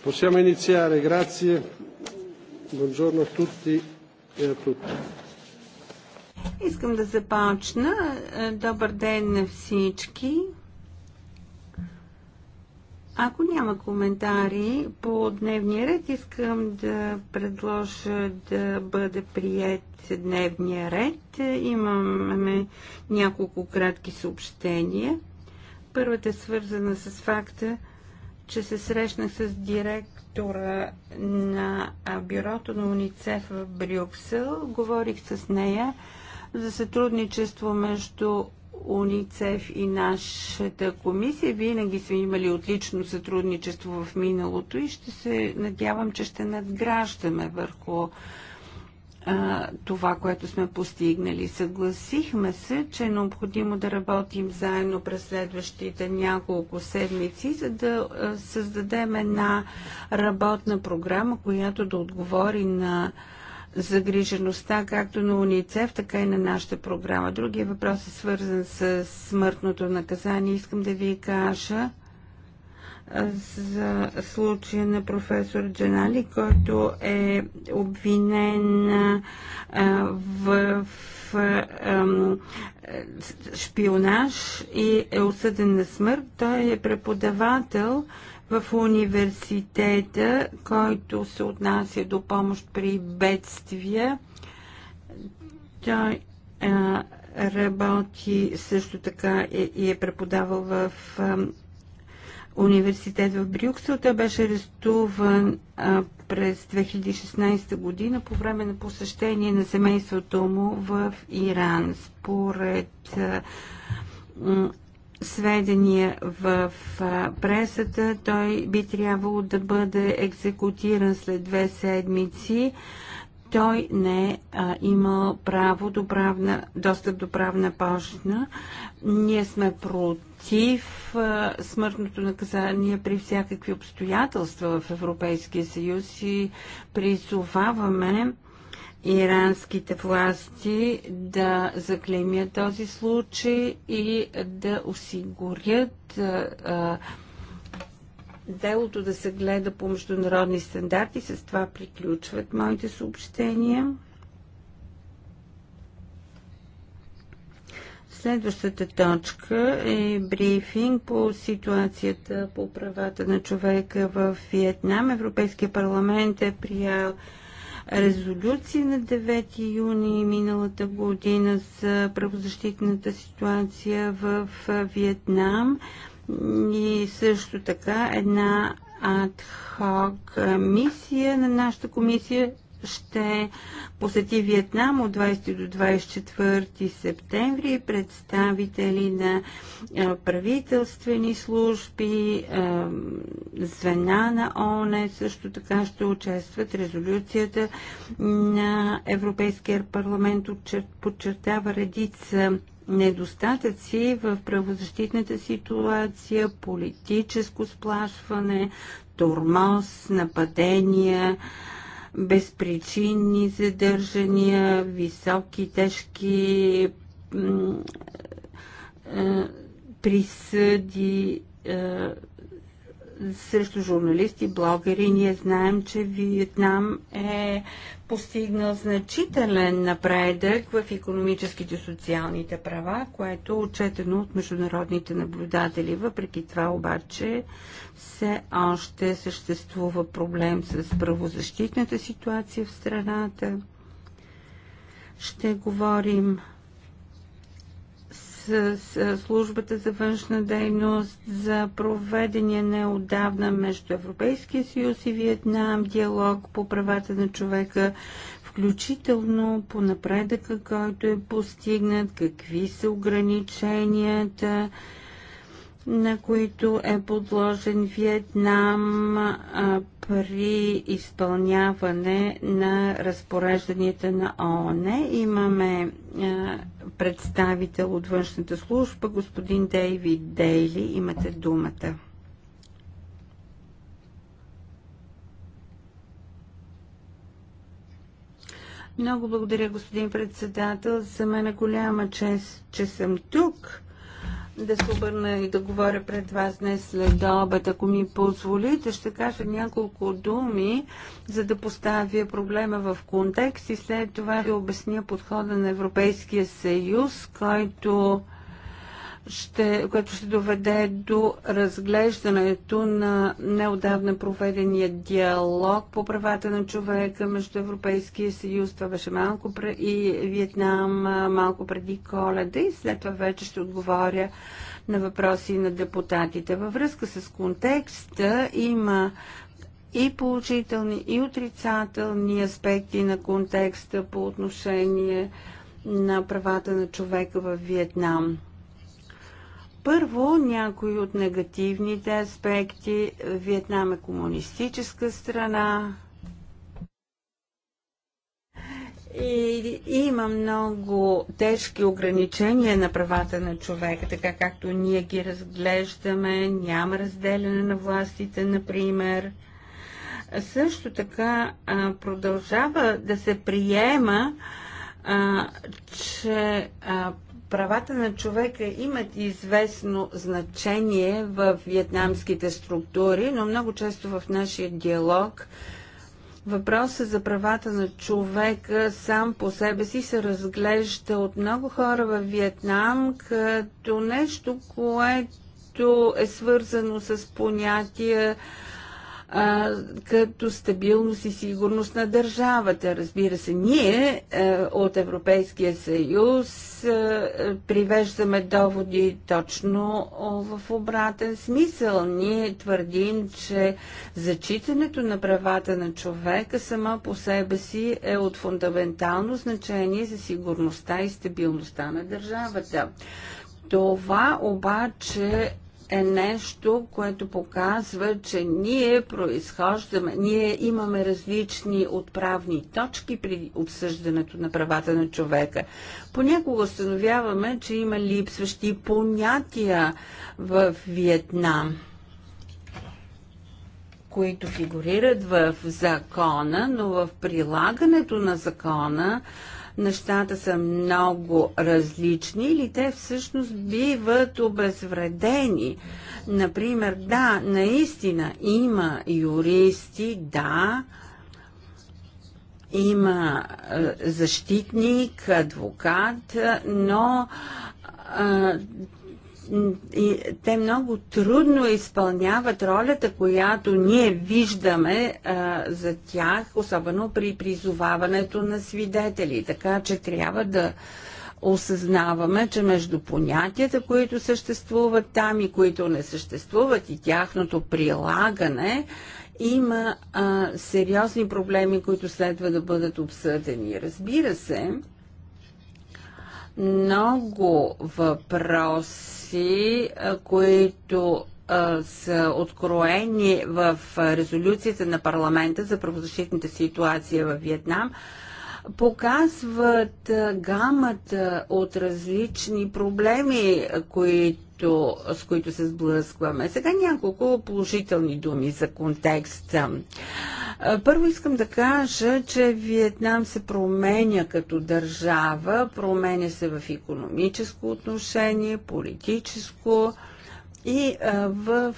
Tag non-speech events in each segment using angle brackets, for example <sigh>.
Possiamo iniziare, grazie. Buongiorno a tutti e a tutte. Искам да започна. Е, добър ден на всички. Ако няма коментари по дневния ред, искам да предложа да бъде прият дневния ред. Имаме няколко кратки съобщения. Първата е свързана с факта, че се срещнах с директора на бюрото на УНИЦЕФ в Брюксел. Говорих с нея за сътрудничество между УНИЦЕФ и нашата комисия. Винаги сме имали отлично сътрудничество в миналото и ще се надявам, че ще надграждаме върху това, което сме постигнали. Съгласихме се, че е необходимо да работим заедно през следващите няколко седмици, за да създадем една работна програма, която да отговори на загрижеността както на УНИЦЕФ, така и на нашата програма. Другия въпрос е свързан с смъртното наказание. Искам да ви кажа, за случая на професор Джанали, който е обвинен в шпионаж и е осъден на смърт. Той е преподавател в университета, който се отнася до помощ при бедствия. Той работи също така и е преподавал в университет в Брюксел. Той беше арестуван а, през 2016 година по време на посещение на семейството му в Иран. Според а, сведения в а, пресата, той би трябвало да бъде екзекутиран след две седмици. А, той не е а, имал право до правна, достъп до правна почна. Ние сме против а, смъртното наказание при всякакви обстоятелства в Европейския съюз и призоваваме иранските власти да заклемят този случай и да осигурят а, а, делото да се гледа по международни стандарти. С това приключват моите съобщения. Следващата точка е брифинг по ситуацията по правата на човека в Виетнам. Европейския парламент е приял резолюция на 9 юни миналата година за правозащитната ситуация в Виетнам и също така една адхок мисия на нашата комисия ще посети Виетнам от 20 до 24 септември. Представители на правителствени служби, звена на ООН също така ще участват. Резолюцията на Европейския парламент подчертава редица недостатъци в правозащитната ситуация, политическо сплашване, тормоз, нападения, безпричинни задържания, високи, тежки е, присъди е, срещу журналисти, блогери. Ние знаем, че Виетнам е постигнал значителен напредък в економическите и социалните права, което е отчетено от международните наблюдатели. Въпреки това обаче все още съществува проблем с правозащитната ситуация в страната. Ще говорим с, службата за външна дейност за проведения неодавна между Европейския съюз и Виетнам диалог по правата на човека, включително по напредъка, който е постигнат, какви са ограниченията, на които е подложен Виетнам при изпълняване на разпорежданията на ООН. Имаме представител от външната служба, господин Дейвид Дейли. Имате думата. Много благодаря, господин председател. За мен е голяма чест, че съм тук да се обърна и да говоря пред вас днес след обед. Ако ми позволите, ще кажа няколко думи, за да поставя проблема в контекст и след това ви обясня подхода на Европейския съюз, който ще, което ще доведе до разглеждането на неодавна проведения диалог по правата на човека между Европейския съюз. Това беше малко пр... и Виетнам малко преди коледа и след това вече ще отговоря на въпроси на депутатите. Във връзка с контекста има и положителни, и отрицателни аспекти на контекста по отношение на правата на човека в Виетнам. Първо, някои от негативните аспекти. Виетнам е комунистическа страна. И има много тежки ограничения на правата на човека, така както ние ги разглеждаме. Няма разделяне на властите, например. Също така продължава да се приема, че правата на човека имат известно значение в вьетнамските структури, но много често в нашия диалог въпросът за правата на човека сам по себе си се разглежда от много хора в Виетнам като нещо, което е свързано с понятия а, като стабилност и сигурност на държавата. Разбира се, ние а, е, от Европейския съюз а, е, привеждаме доводи точно в обратен смисъл. Ние твърдим, че зачитането на правата на човека сама по себе си е от фундаментално значение за сигурността и стабилността на държавата. Това обаче е нещо, което показва, че ние произхождаме, ние имаме различни отправни точки при обсъждането на правата на човека. Понякога установяваме, че има липсващи понятия в Виетнам които фигурират в закона, но в прилагането на закона нещата са много различни или те всъщност биват обезвредени. Например, да, наистина има юристи, да, има защитник, адвокат, но и те много трудно изпълняват ролята, която ние виждаме а, за тях, особено при призоваването на свидетели. Така че трябва да осъзнаваме, че между понятията, които съществуват там и които не съществуват и тяхното прилагане, има а, сериозни проблеми, които следва да бъдат обсъдени. Разбира се, много въпроси, които са откроени в резолюцията на парламента за правозащитната ситуация в Виетнам, показват гамата от различни проблеми, които, с които се сблъскваме. Сега няколко положителни думи за контекста. Първо искам да кажа, че Виетнам се променя като държава, променя се в економическо отношение, политическо и в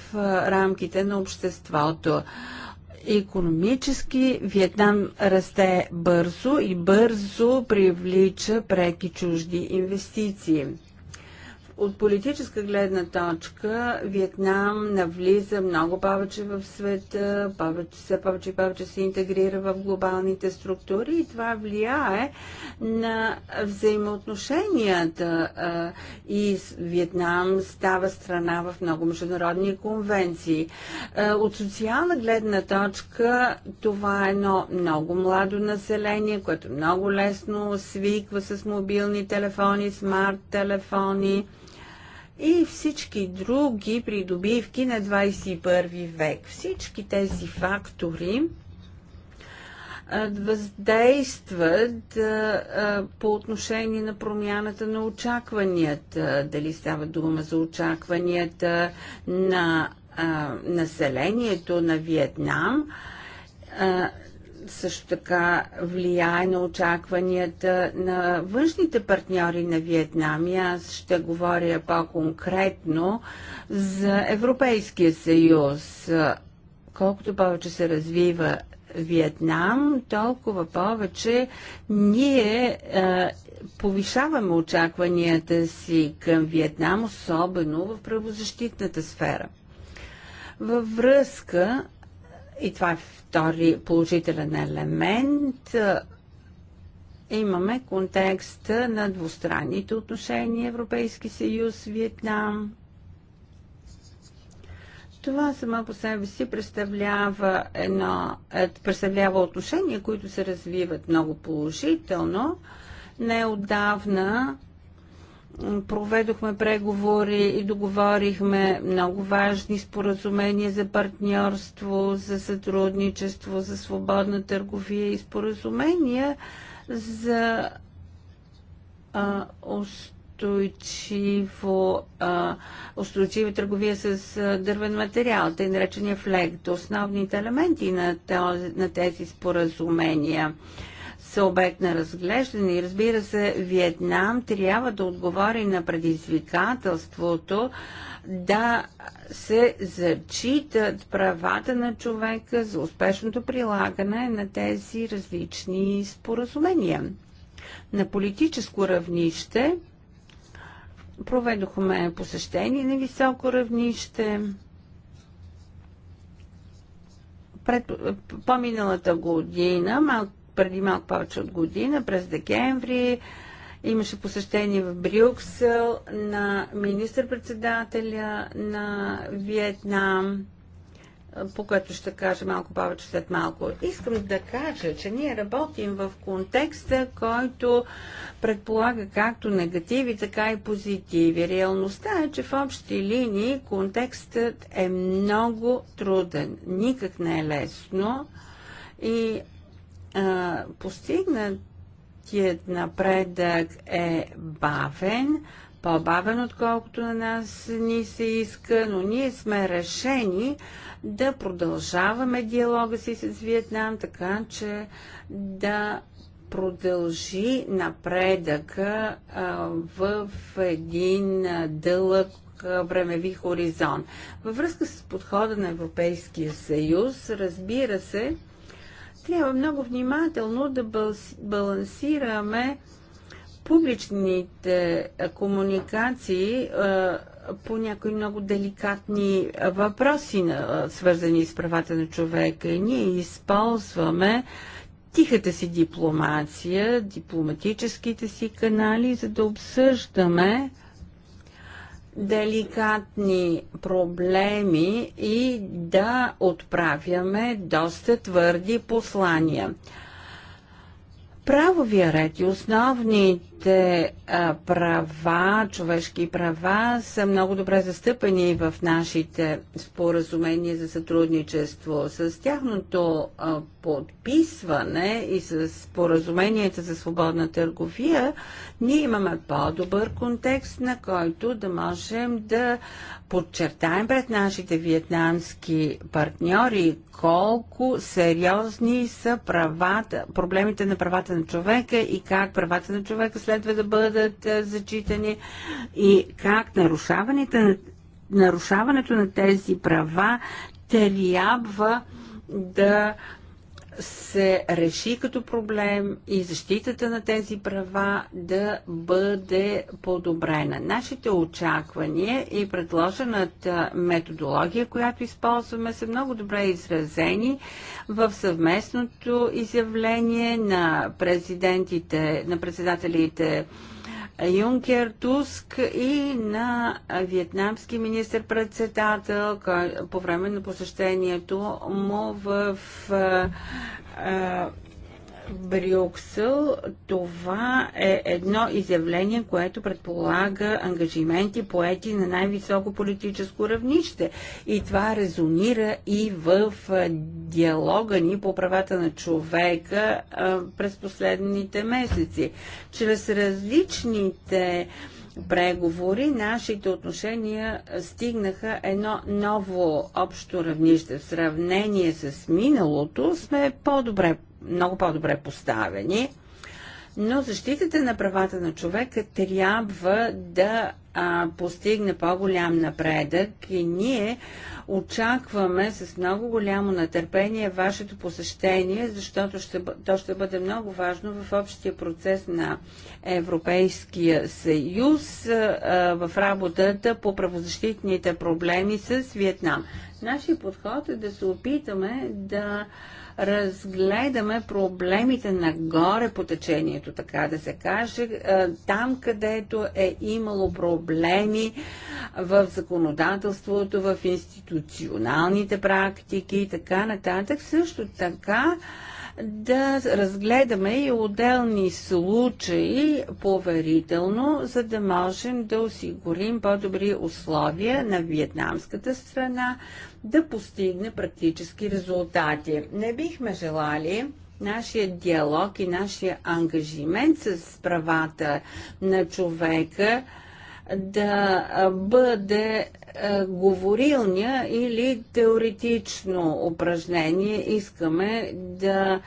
рамките на обществото економически Виетнам расте бързо и бързо привлича преки чужди инвестиции. От политическа гледна точка Виетнам навлиза много повече в света, повече, все повече и повече се интегрира в глобалните структури и това влияе на взаимоотношенията. И Виетнам става страна в много международни конвенции. От социална гледна точка това е едно много младо население, което много лесно свиква с мобилни телефони, смарт телефони и всички други придобивки на 21 век. Всички тези фактори въздействат по отношение на промяната на очакванията. Дали става дума за очакванията на населението на Виетнам, също така влияе на очакванията на външните партньори на Виетнам. И аз ще говоря по-конкретно за Европейския съюз. Колкото повече се развива Виетнам, толкова повече ние е, повишаваме очакванията си към Виетнам, особено в правозащитната сфера. Във връзка и това е втори положителен елемент. Имаме контекста на двустранните отношения Европейски съюз, Виетнам. Това само по себе си представлява, едно, представлява отношения, които се развиват много положително. Неодавна проведохме преговори и договорихме много важни споразумения за партньорство, за сътрудничество, за свободна търговия и споразумения за а, устойчиво, а, устойчива търговия с а, дървен материал, тъй наречения флект, основните елементи на, този, на тези споразумения са обект на разглеждане и разбира се, Виетнам трябва да отговори на предизвикателството да се зачитат правата на човека за успешното прилагане на тези различни споразумения. На политическо равнище проведохме посещение на високо равнище пред, по-миналата година, малко преди малко повече от година, през декември, имаше посещение в Брюксел на министър-председателя на Виетнам, по което ще кажа малко повече след малко. Искам да кажа, че ние работим в контекста, който предполага както негативи, така и позитиви. Реалността е, че в общи линии контекстът е много труден. Никак не е лесно и постигнатият напредък е бавен, по-бавен, отколкото на нас ни се иска, но ние сме решени да продължаваме диалога си с Виетнам, така че да продължи напредъка в един дълъг времеви хоризонт. Във връзка с подхода на Европейския съюз, разбира се, трябва много внимателно да балансираме публичните комуникации по някои много деликатни въпроси, свързани с правата на човека. И ние използваме тихата си дипломация, дипломатическите си канали, за да обсъждаме деликатни проблеми и да отправяме доста твърди послания. Правовия ред и основните а, права, човешки права са много добре застъпени в нашите споразумения за сътрудничество. С тяхното подписване и с споразуменията за свободна търговия, ние имаме по-добър контекст, на който да можем да подчертаем пред нашите вьетнамски партньори колко сериозни са правата, проблемите на правата на човека и как правата на човека следва да бъдат зачитани и как на, нарушаването на тези права трябва да се реши като проблем и защитата на тези права да бъде подобрена. Нашите очаквания и предложената методология, която използваме, са много добре изразени в съвместното изявление на президентите, на председателите Юнкер Туск и на вьетнамски министр-председател по време на посещението му в Брюксел, това е едно изявление, което предполага ангажименти поети на най-високо политическо равнище. И това резонира и в диалога ни по правата на човека през последните месеци. Чрез различните преговори нашите отношения стигнаха едно ново общо равнище. В сравнение с миналото сме по-добре много по-добре поставени. Но защитата на правата на човека трябва да а, постигне по-голям напредък и ние очакваме с много голямо натърпение вашето посещение, защото ще, то ще бъде много важно в общия процес на Европейския съюз а, в работата по правозащитните проблеми с Виетнам. Нашия подход е да се опитаме да а, разгледаме проблемите нагоре по течението, така да се каже, е, там където е имало проблеми в законодателството, в институционалните практики и така нататък. Също така да разгледаме и отделни случаи поверително, за да можем да осигурим по-добри условия на вьетнамската страна да постигне практически резултати. Не бихме желали нашия диалог и нашия ангажимент с правата на човека да бъде е, говорилня или теоретично упражнение. Искаме да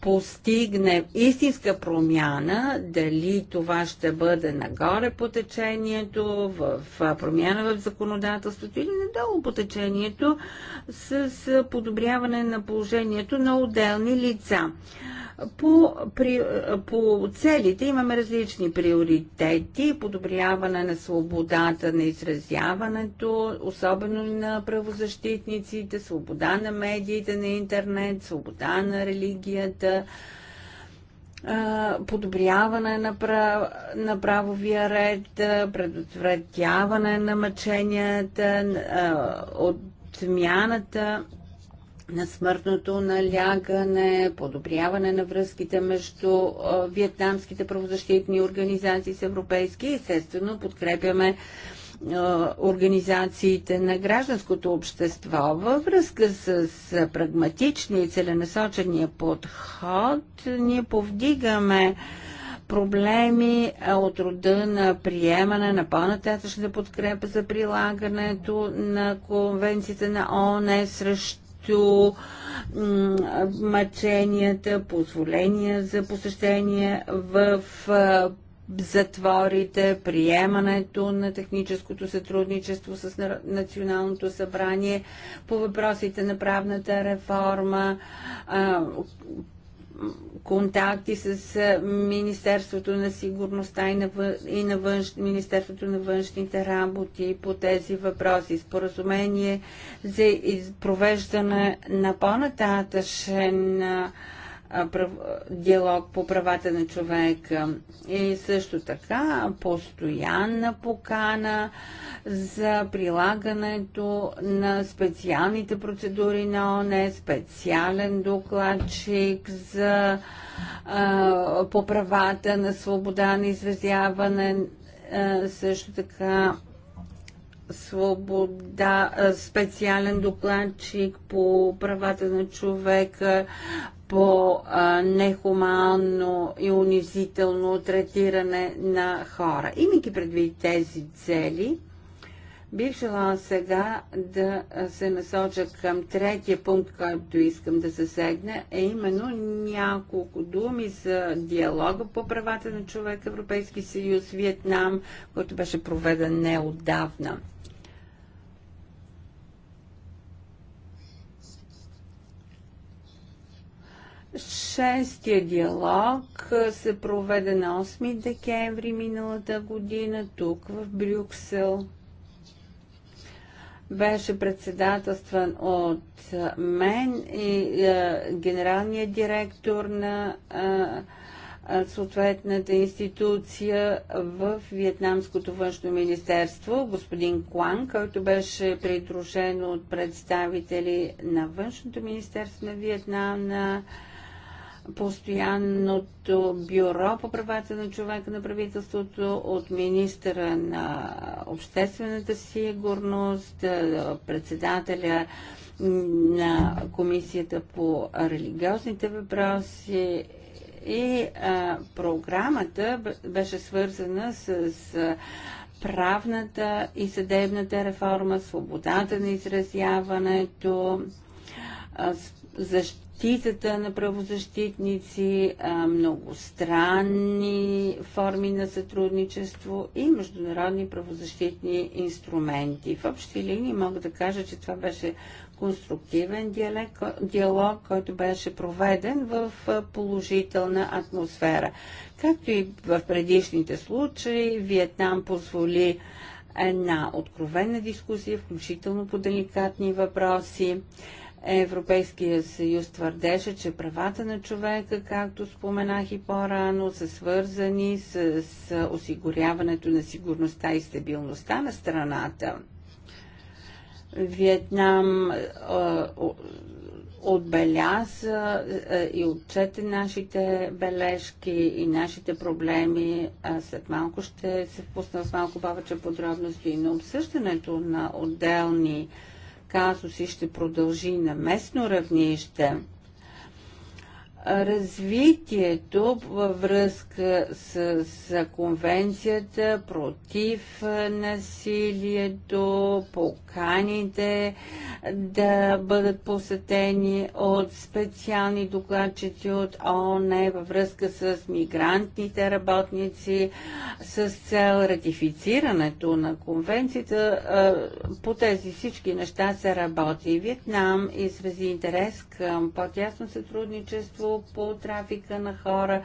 постигне истинска промяна, дали това ще бъде нагоре по течението, в, промяна в законодателството или надолу по течението, с подобряване на положението на отделни лица. По, при, по целите имаме различни приоритети, подобряване на свободата на изразяването, особено на правозащитниците, свобода на медиите, на интернет, свобода на религията, подобряване на, прав... на правовия ред, предотвратяване на мъченията, отмяната на смъртното налягане, подобряване на връзките между вьетнамските правозащитни организации с европейски. Естествено, подкрепяме организациите на гражданското общество във връзка с прагматичния и целенасочения подход. Ние повдигаме проблеми от рода на приемане на по-нататъчната подкрепа за прилагането на конвенцията на ООН срещу като мъченията, позволения за посещение в затворите, приемането на техническото сътрудничество с Националното събрание по въпросите на правната реформа, контакти с Министерството на сигурността и на, и на външ, Министерството на външните работи по тези въпроси. Споразумение за провеждане на по-нататъчен диалог по правата на човека и също така постоянна покана за прилагането на специалните процедури на ОНЕ, специален докладчик за а, по правата на свобода на изразяване, а, също така свобода, специален докладчик по правата на човека, по а, и унизително третиране на хора. Имайки предвид тези цели, бих желала сега да се насоча към третия пункт, който искам да засегна, е именно няколко думи за диалога по правата на човека Европейски съюз, Виетнам, който беше проведен неодавна. Шестия диалог се проведе на 8 декември миналата година тук в Брюксел. Беше председателстван от мен и е, генералния директор на е, съответната институция в Виетнамското външно министерство, господин Куан, който беше придружен от представители на външното министерство на Виетнам, на постоянното бюро по правата на човека на правителството, от министра на обществената сигурност, е, председателя на комисията по религиозните въпроси и а, е, програмата беше свързана с, с е, правната и съдебната реформа, свободата на изразяването, а, защ, защитата на правозащитници, много странни форми на сътрудничество и международни правозащитни инструменти. В общи линии мога да кажа, че това беше конструктивен диалог който беше проведен в положителна атмосфера. Както и в предишните случаи, Виетнам позволи една откровена дискусия, включително по деликатни въпроси. Европейския съюз твърдеше, че правата на човека, както споменах и по-рано, са свързани с, с осигуряването на сигурността и стабилността на страната. Виетнам отбеляза и отчете нашите бележки и нашите проблеми. След малко ще се впусна с малко повече подробности, на обсъждането на отделни казуси ще продължи на местно равнище развитието във връзка с, с конвенцията против насилието, поканите да бъдат посетени от специални докладчици от ООН във връзка с мигрантните работници с цел ратифицирането на конвенцията. По тези всички неща се работи. Вьетнам изрази интерес към по-тясно сътрудничество по, трафика на хора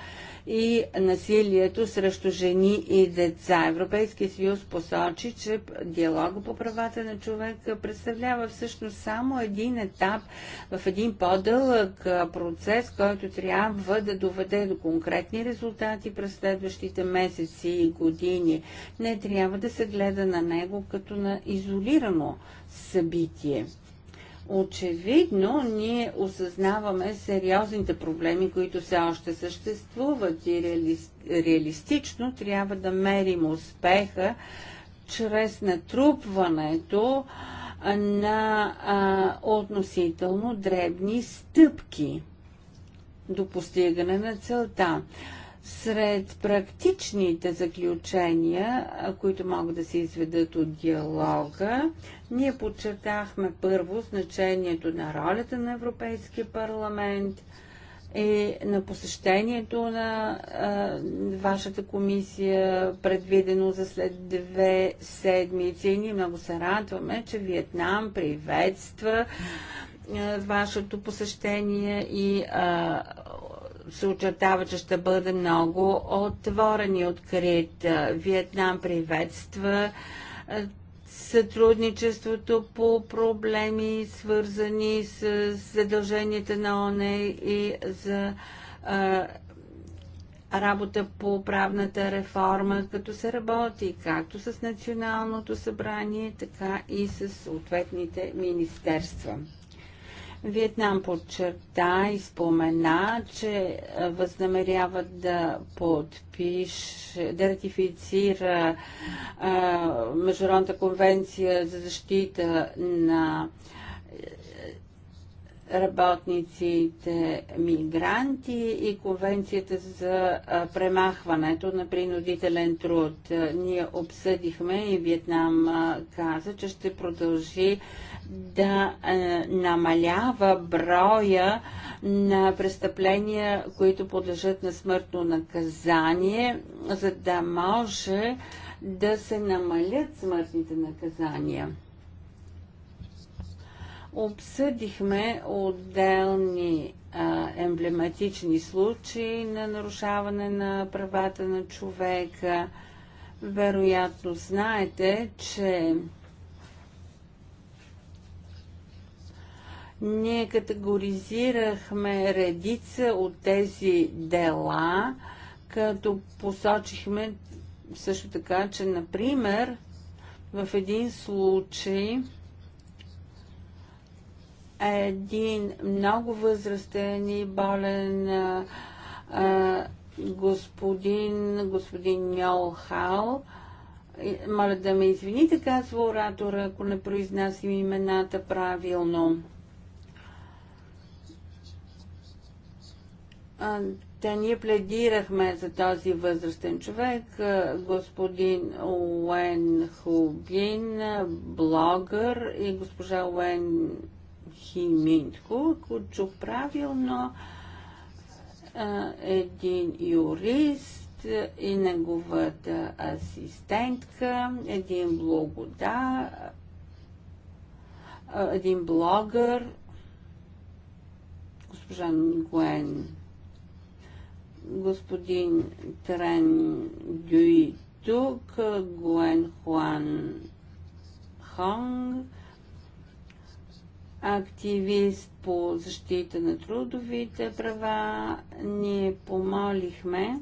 и насилието срещу жени и деца. Европейския съюз посочи, че диалога по правата на човека представлява всъщност само един етап в един по-дълъг процес, който трябва да доведе до конкретни резултати през следващите месеци и години. Не трябва да се гледа на него като на изолирано събитие. Очевидно, ние осъзнаваме сериозните проблеми, които все още съществуват и реалистично трябва да мерим успеха чрез натрупването на а, относително дребни стъпки до постигане на целта. Сред практичните заключения, които могат да се изведат от диалога, ние подчертахме първо значението на ролята на Европейския парламент и на посещението на а, вашата комисия, предвидено за след две седмици. И ние много се радваме, че Виетнам приветства а, вашето посещение и а, се очертава, че ще бъде много отворен и открит. Виетнам приветства сътрудничеството по проблеми, свързани с задълженията на ОНЕ и за а, работа по правната реформа, като се работи както с Националното събрание, така и с съответните министерства. Виетнам подчерта и спомена, че възнамерява да подпише, да ратифицира а, Международната конвенция за защита на работниците мигранти и Конвенцията за премахването на принудителен труд. Ние обсъдихме и Виетнам каза, че ще продължи да намалява броя на престъпления, които подлежат на смъртно наказание, за да може да се намалят смъртните наказания. Обсъдихме отделни а, емблематични случаи на нарушаване на правата на човека. Вероятно знаете, че ние категоризирахме редица от тези дела, като посочихме също така, че, например, в един случай един много възрастен и болен а, господин, господин Ньолхал. Моля да ме извините, казва оратора, ако не произнасям имената правилно. Та ние пледирахме за този възрастен човек, господин Уен Хубин, блогър и госпожа Уен Химинко, ако чух правилно, един юрист и неговата асистентка, един блогода, един блогър, госпожа Гуен, господин Трен Дюи тук, Гуен Хуан Хонг, активист по защита на трудовите права, ние помолихме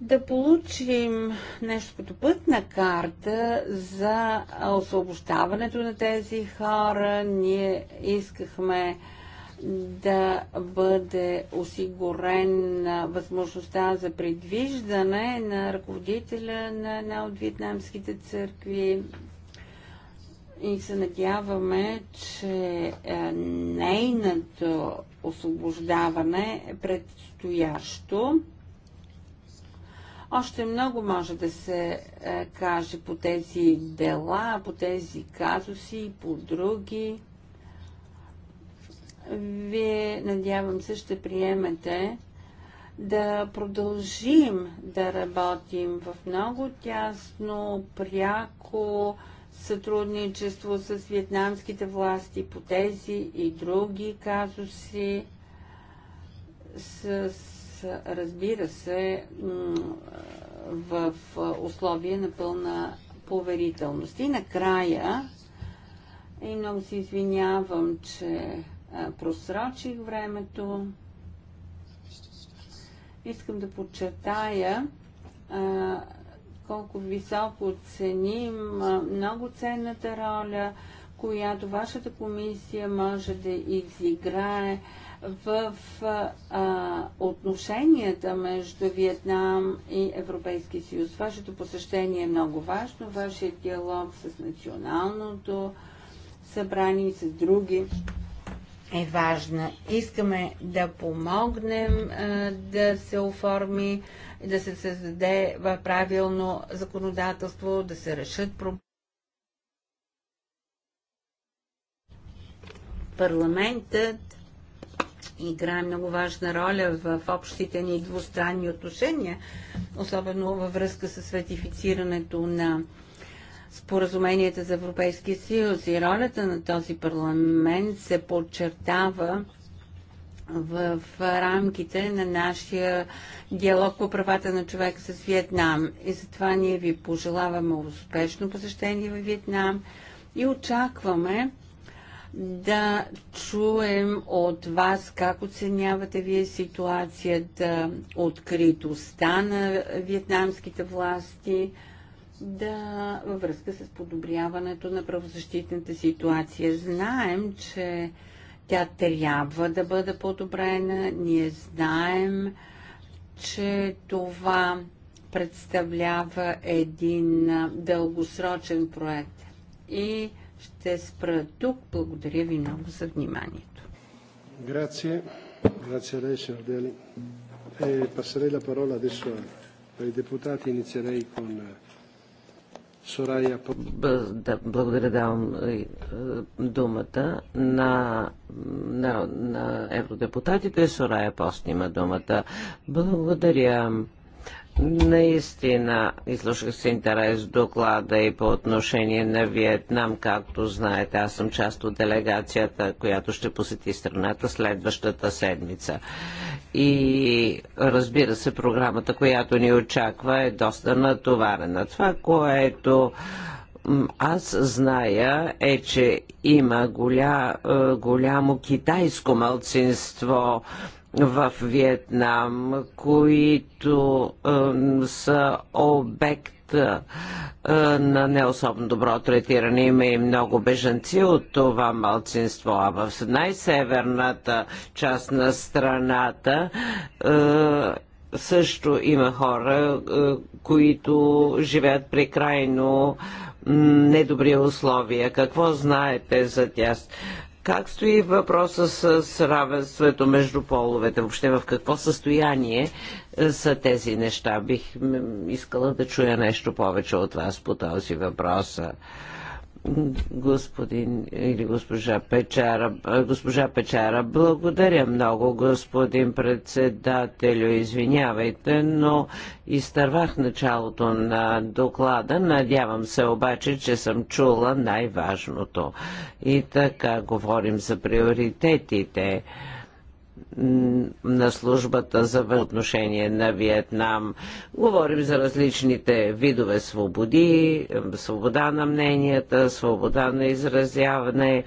да получим нещо като пътна карта за освобождаването на тези хора. Ние искахме да бъде осигурен възможността за предвиждане на ръководителя на една от вьетнамските църкви и се надяваме, че е, нейното освобождаване е предстоящо. Още много може да се е, каже по тези дела, по тези казуси и по други. Вие, надявам се, ще приемете да продължим да работим в много тясно, пряко, сътрудничество с вьетнамските власти по тези и други казуси, с, разбира се, в условия на пълна поверителност. И накрая, и много се извинявам, че просрочих времето, искам да подчертая, колко високо ценим много ценната роля, която вашата комисия може да изиграе в а, отношенията между Виетнам и Европейския съюз. Вашето посещение е много важно, вашия диалог с националното събрание и с други е важна. Искаме да помогнем а, да се оформи да се създаде правилно законодателство, да се решат проблеми. Парламентът играе много важна роля в общите ни двустранни отношения, особено във връзка с ратифицирането на споразуменията за Европейския съюз и ролята на този парламент се подчертава в рамките на нашия диалог по правата на човек с Виетнам. И затова ние ви пожелаваме успешно посещение в Виетнам и очакваме да чуем от вас как оценявате вие ситуацията, откритостта на вьетнамските власти да, във връзка с подобряването на правозащитната ситуация. Знаем, че тя трябва да бъде подобрена. Ние знаем, че това представлява един дългосрочен проект. И ще спра тук. Благодаря ви много за вниманието. Грация. Грация a lei, Пасарей Deli. E passerei la parola adesso ai deputati. Inizierei con Сурая. Да, благодаря, давам е, думата на, на, на евродепутатите. Сурая Пост има думата. Благодаря. Наистина, изслушах с интерес доклада и по отношение на Виетнам, както знаете, аз съм част от делегацията, която ще посети страната следващата седмица. И разбира се, програмата, която ни очаква е доста натоварена. Това, което аз зная е, че има голя, е, голямо китайско мълцинство в Виетнам, които а, са обект на не особено добро третиране. Има и много бежанци от това малцинство. А в най-северната част на страната също има хора, които живеят при крайно недобри условия. Какво знаете за тях? Как стои въпроса с равенството между половете? Въобще в какво състояние е, са тези неща? Бих искала да чуя нещо повече от вас по този въпрос господин или госпожа Печара. Госпожа Печара, благодаря много, господин председателю. Извинявайте, но изтървах началото на доклада. Надявам се обаче, че съм чула най-важното. И така говорим за приоритетите на службата за отношение на Виетнам. Говорим за различните видове свободи, свобода на мненията, свобода на изразяване,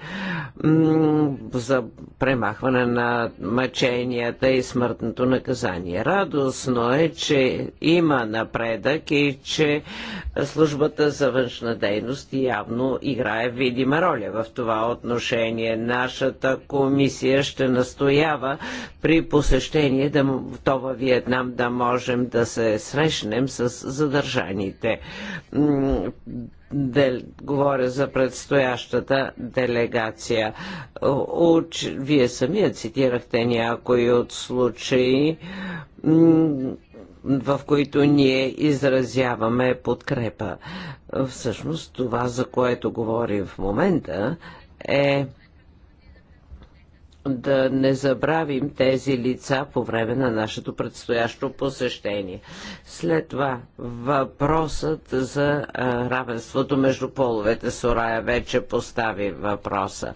за премахване на мъченията и смъртното наказание. Радостно е, че има напредък и че службата за външна дейност явно играе видима роля в това отношение. Нашата комисия ще настоява при посещение да, то във Виетнам да можем да се срещнем с задържаните. Дел, говоря за предстоящата делегация. Уч, вие самия цитирахте някои от случаи, в които ние изразяваме подкрепа. Всъщност това, за което говорим в момента, е да не забравим тези лица по време на нашето предстоящо посещение. След това въпросът за а, равенството между половете. Сорая вече постави въпроса.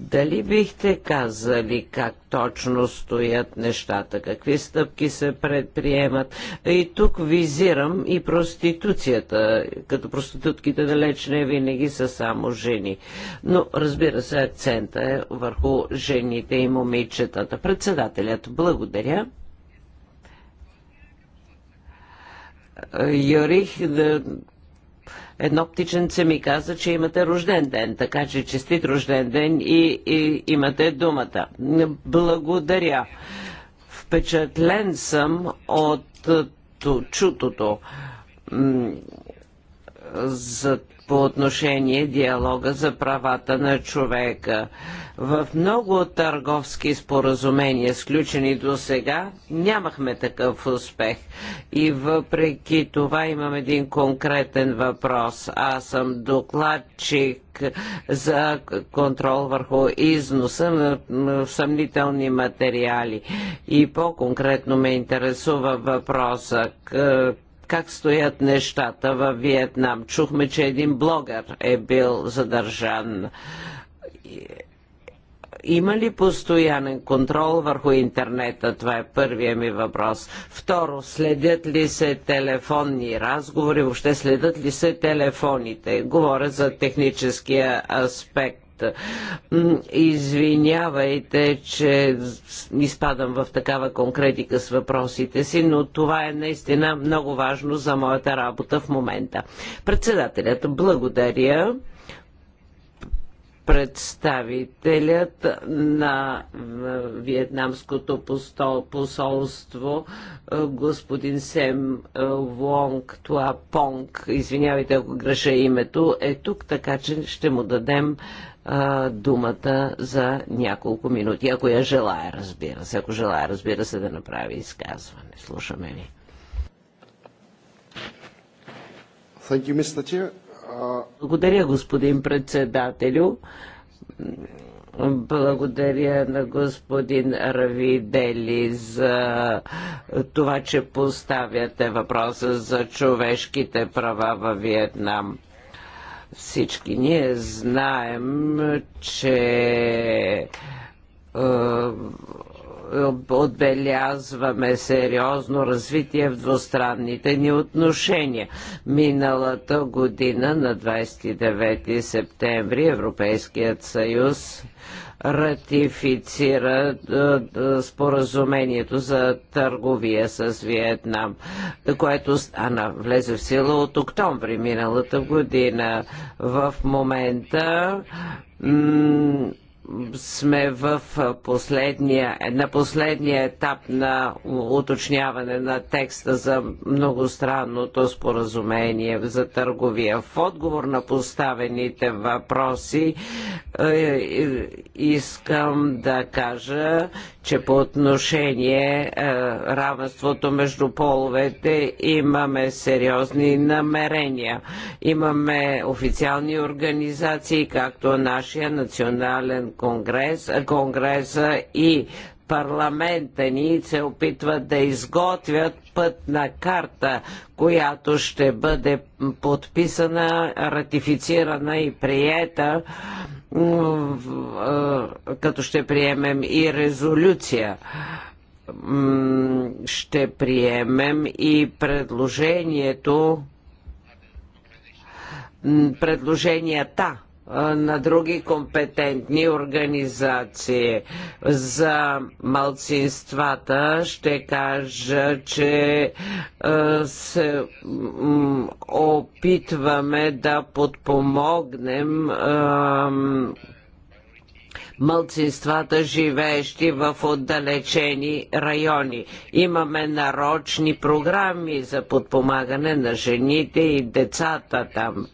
Дали бихте казали как точно стоят нещата, какви стъпки се предприемат? И тук визирам и проституцията, като проститутките далеч не винаги са само жени. Но разбира се, акцента е върху жените жените и момичетата. Председателят, благодаря. Юрих, едно птиченце ми каза, че имате рожден ден, така че честит рожден ден и, и имате думата. Благодаря. Впечатлен съм от е, чутото за по отношение диалога за правата на човека. В много от търговски споразумения, сключени до сега, нямахме такъв успех. И въпреки това имам един конкретен въпрос. Аз съм докладчик за контрол върху износа на съмнителни материали. И по-конкретно ме интересува въпроса как стоят нещата във Виетнам. Чухме, че един блогър е бил задържан има ли постоянен контрол върху интернета? Това е първия ми въпрос. Второ, следят ли се телефонни разговори? Въобще следят ли се телефоните? Говоря за техническия аспект. Извинявайте, че изпадам в такава конкретика с въпросите си, но това е наистина много важно за моята работа в момента. Председателят, благодаря представителят на Виетнамското посолство, господин Сем Вонг Туа Понг, извинявайте ако греша името, е тук, така че ще му дадем а, думата за няколко минути, ако я желая, разбира се. Ако желая, разбира се, да направи изказване. Слушаме ви. Благодаря, господин председателю. Благодаря на господин Равидели за това, че поставяте въпроса за човешките права във Виетнам. Всички ние знаем, че е, отбелязваме сериозно развитие в двустранните ни отношения. Миналата година на 29 септември Европейският съюз ратифицира споразумението за търговия с Виетнам, което стана, влезе в сила от октомври миналата година. В момента сме в последния, на последния етап на уточняване на текста за многостранното споразумение за търговия. В отговор на поставените въпроси е, е, искам да кажа, че по отношение е, равенството между половете имаме сериозни намерения. Имаме официални организации, както нашия национален конгрес, конгреса и парламента ни се опитват да изготвят пътна карта, която ще бъде подписана, ратифицирана и приета, като ще приемем и резолюция ще приемем и предложението предложенията на други компетентни организации. За малцинствата ще кажа, че се опитваме да подпомогнем мълцинствата, живеещи в отдалечени райони. Имаме нарочни програми за подпомагане на жените и децата там.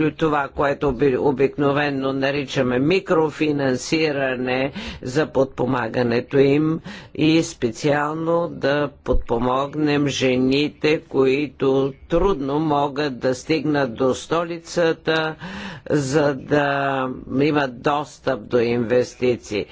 Е, това, което обикновенно наричаме микрофинансиране за подпомагането им и специално да подпомогнем жените, които трудно могат да стигнат до столицата, за да имат достъп достъп до инвестиции.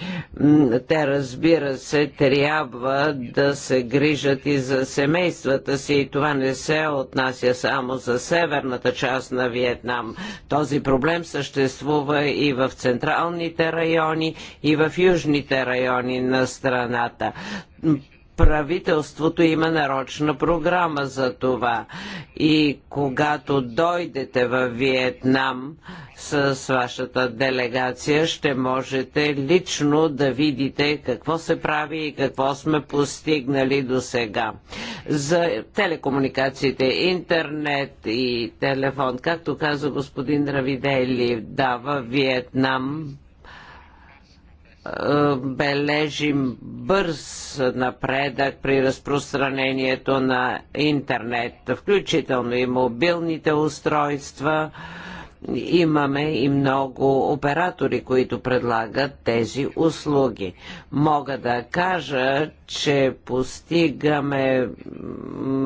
Те, разбира се, трябва да се грижат и за семействата си и това не се отнася само за северната част на Виетнам. Този проблем съществува и в централните райони, и в южните райони на страната правителството има нарочна програма за това. И когато дойдете в Виетнам с вашата делегация, ще можете лично да видите какво се прави и какво сме постигнали до сега. За телекомуникациите, интернет и телефон, както каза господин Равидели, дава Виетнам бележим бърз напредък при разпространението на интернет, включително и мобилните устройства. Имаме и много оператори, които предлагат тези услуги. Мога да кажа, че постигаме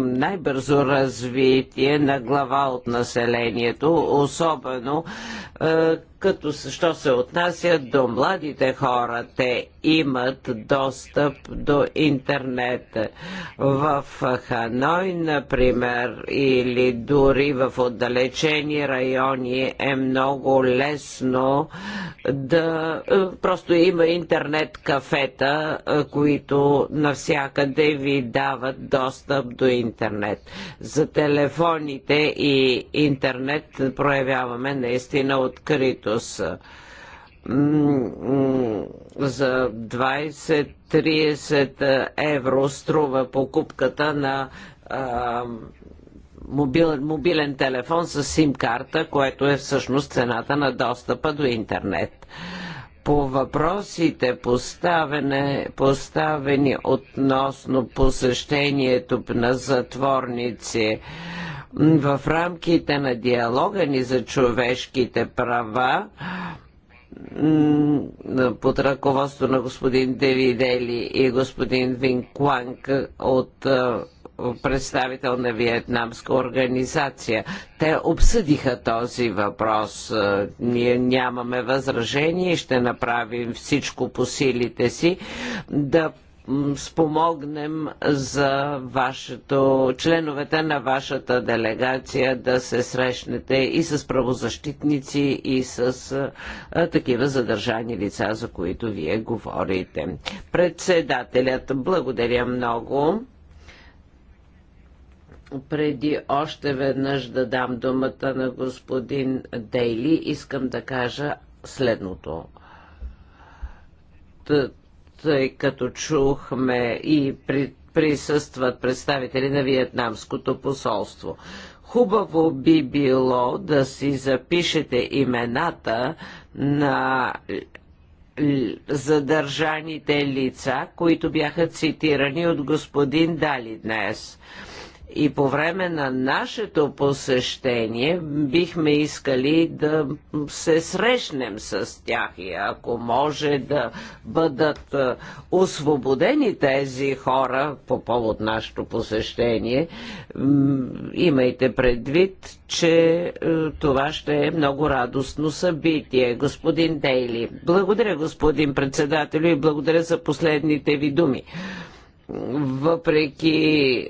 най-бързо развитие на глава от населението, особено е, като що се отнася до младите хора, те имат достъп до интернет. В Ханой, например, или дори в отдалечени райони е много лесно да... Е, просто има интернет кафета, е, които навсякъде ви дават достъп до интернет. За телефоните и интернет проявяваме наистина открито заетост за 20-30 евро струва покупката на а, мобил, мобилен телефон с сим-карта, което е всъщност цената на достъпа до интернет по въпросите поставени, поставени относно посещението на затворници. В рамките на диалога ни за човешките права под ръководство на господин Девидели и господин Вин Куанг от е, представител на Виетнамска организация. Те обсъдиха този въпрос. Е, ние нямаме възражение и ще направим всичко по силите си да спомогнем за вашето, членовете на вашата делегация да се срещнете и с правозащитници, и с а, такива задържани лица, за които вие говорите. Председателят, благодаря много преди още веднъж да дам думата на господин Дейли, искам да кажа следното тъй като чухме и при, присъстват представители на Виетнамското посолство. Хубаво би било да си запишете имената на задържаните лица, които бяха цитирани от господин Дали днес. И по време на нашето посещение бихме искали да се срещнем с тях и ако може да бъдат е, освободени тези хора по повод нашето посещение, имайте предвид, че е, това ще е много радостно събитие. Господин Дейли, благодаря господин председател, и благодаря за последните ви думи въпреки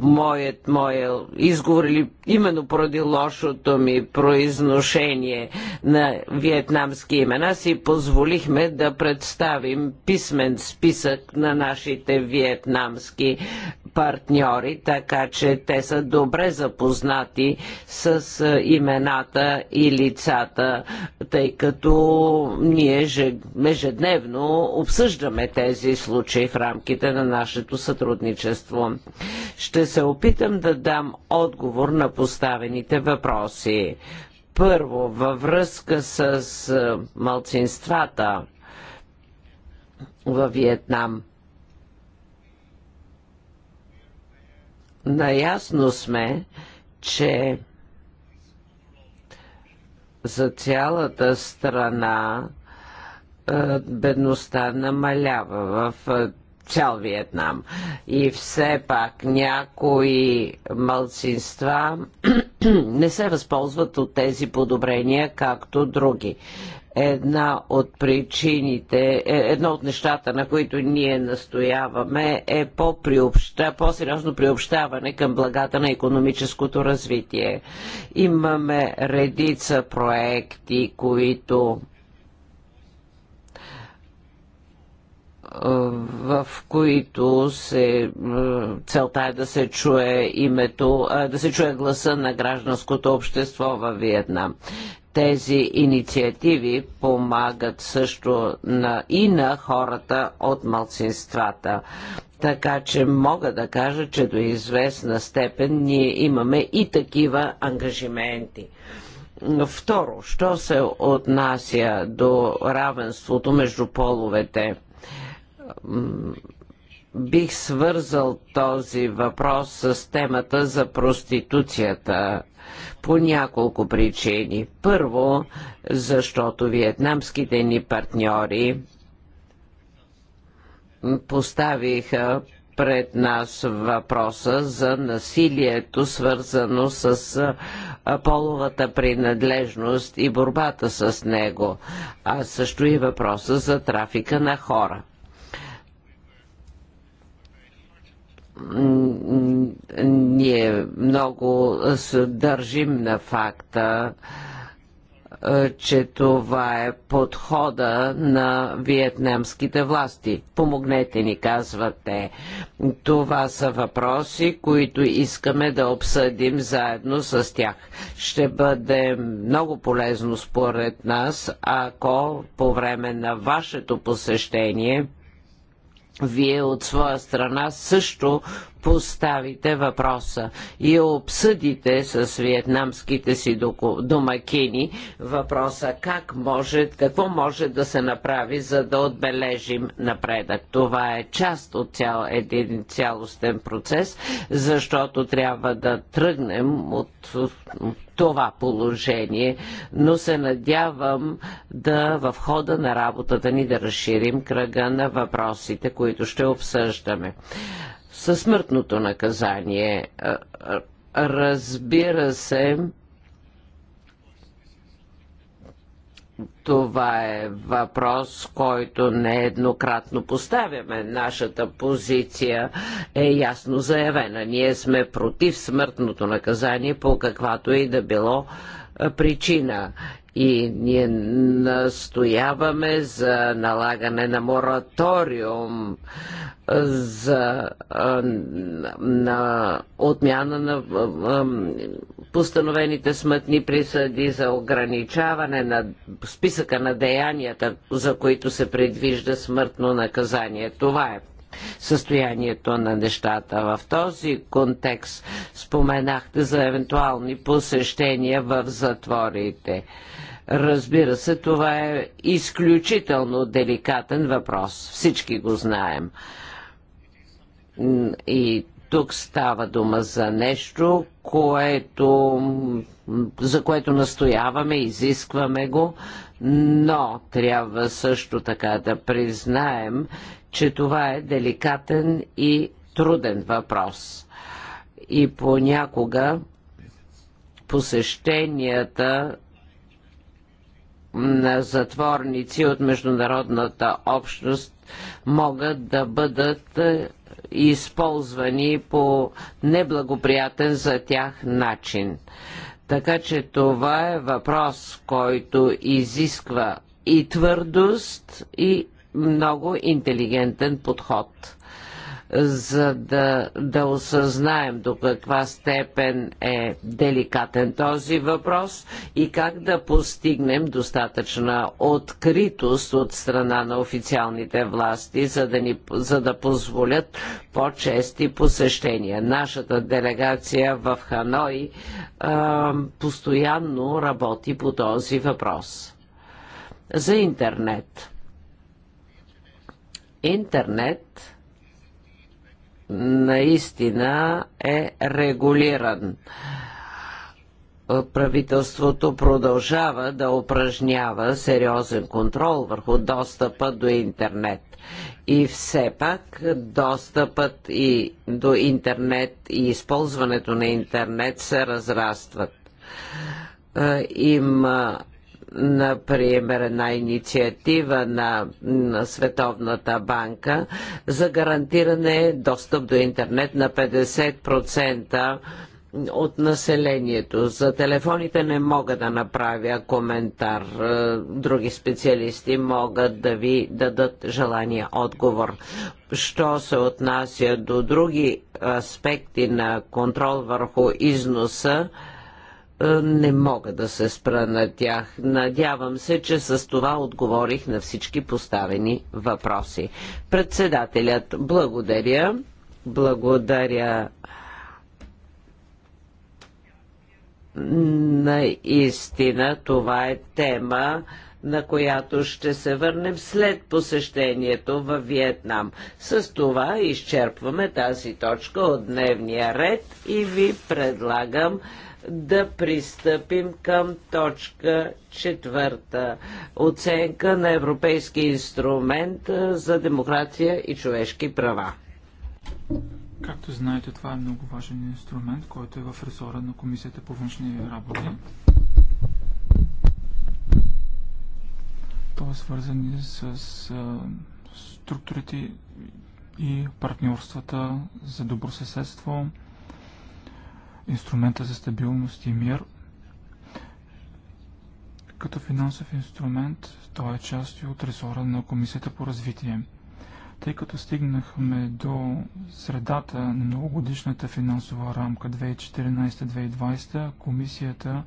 моят, моя изговор или именно поради лошото ми произношение на виетнамски имена, си позволихме да представим писмен списък на нашите виетнамски партньори, така че те са добре запознати с имената и лицата, тъй като ние ежедневно обсъждаме тези случаи в рамките на нашето сътрудничество. Ще се опитам да дам отговор на поставените въпроси. Първо, във връзка с малцинствата във Виетнам – Наясно сме, че за цялата страна е, бедността намалява в е, цял Виетнам. И все пак някои мълцинства <clears throat> не се възползват от тези подобрения, както други. Една от причините, е, едно от нещата, на които ние настояваме, е по сериозно приобщаване към благата на економическото развитие. Имаме редица проекти, които е, в които се, е, целта е да се чуе името, да се чуе гласа на гражданското общество във Виетнам. Тези инициативи помагат също на, и на хората от малцинствата. Така че мога да кажа, че до известна степен ние имаме и такива ангажименти. Второ, що се отнася до равенството между половете? Бих свързал този въпрос с темата за проституцията по няколко причини. Първо, защото виетнамските ни партньори поставиха пред нас въпроса за насилието, свързано с половата принадлежност и борбата с него, а също и въпроса за трафика на хора. ние много държим на факта, е, че това е подхода на виетнамските власти. Помогнете ни, казват те. Това са въпроси, които искаме да обсъдим заедно с тях. Ще бъде много полезно според нас, ако по време на вашето посещение вие от своя страна също поставите въпроса и обсъдите с виетнамските си домакини въпроса как може, какво може да се направи, за да отбележим напредък. Това е част от цял един цялостен процес, защото трябва да тръгнем от това положение, но се надявам да в хода на работата ни да разширим кръга на въпросите, които ще обсъждаме със смъртното наказание. Е, е, разбира се, Това е въпрос, който нееднократно поставяме. Нашата позиция е ясно заявена. Ние сме против смъртното наказание по каквато и да било причина и ние настояваме за налагане на мораториум за на отмяна на постановените смътни присъди за ограничаване на списъка на деянията, за които се предвижда смъртно наказание. Това е състоянието на нещата. В този контекст споменахте за евентуални посещения в затворите. Разбира се, това е изключително деликатен въпрос. Всички го знаем. И тук става дума за нещо, което, за което настояваме, изискваме го, но трябва също така да признаем, че това е деликатен и труден въпрос. И понякога посещенията на затворници от международната общност могат да бъдат е, използвани по неблагоприятен за тях начин. Така че това е въпрос, който изисква и твърдост, и много интелигентен подход за да, да осъзнаем до каква степен е деликатен този въпрос и как да постигнем достатъчна откритост от страна на официалните власти, за да, ни, за да позволят по-чести посещения. Нашата делегация в Ханой а, постоянно работи по този въпрос. За интернет интернет наистина е регулиран. Правителството продължава да упражнява сериозен контрол върху достъпа до интернет. И все пак достъпът и до интернет и използването на интернет се разрастват. Е, има например, една инициатива на, на Световната банка за гарантиране достъп до интернет на 50% от населението. За телефоните не мога да направя коментар. Е, други специалисти могат да ви дадат желания отговор. Що се отнася до други аспекти на контрол върху износа, е, не мога да се спра на тях. Надявам се, че с това отговорих на всички поставени въпроси. Председателят, благодаря. Благодаря наистина това е тема, на която ще се върнем след посещението във Виетнам. С това изчерпваме тази точка от дневния ред и ви предлагам да пристъпим към точка четвърта. Оценка на Европейски инструмент за демокрация и човешки права. Както знаете, това е много важен инструмент, който е в ресора на Комисията по външни работи. Той е свързан с структурите и партньорствата за добросъседство, съседство инструмента за стабилност и мир. Като финансов инструмент, той е част и от ресора на Комисията по развитие. Тъй като стигнахме до средата на многогодишната финансова рамка 2014-2020, Комисията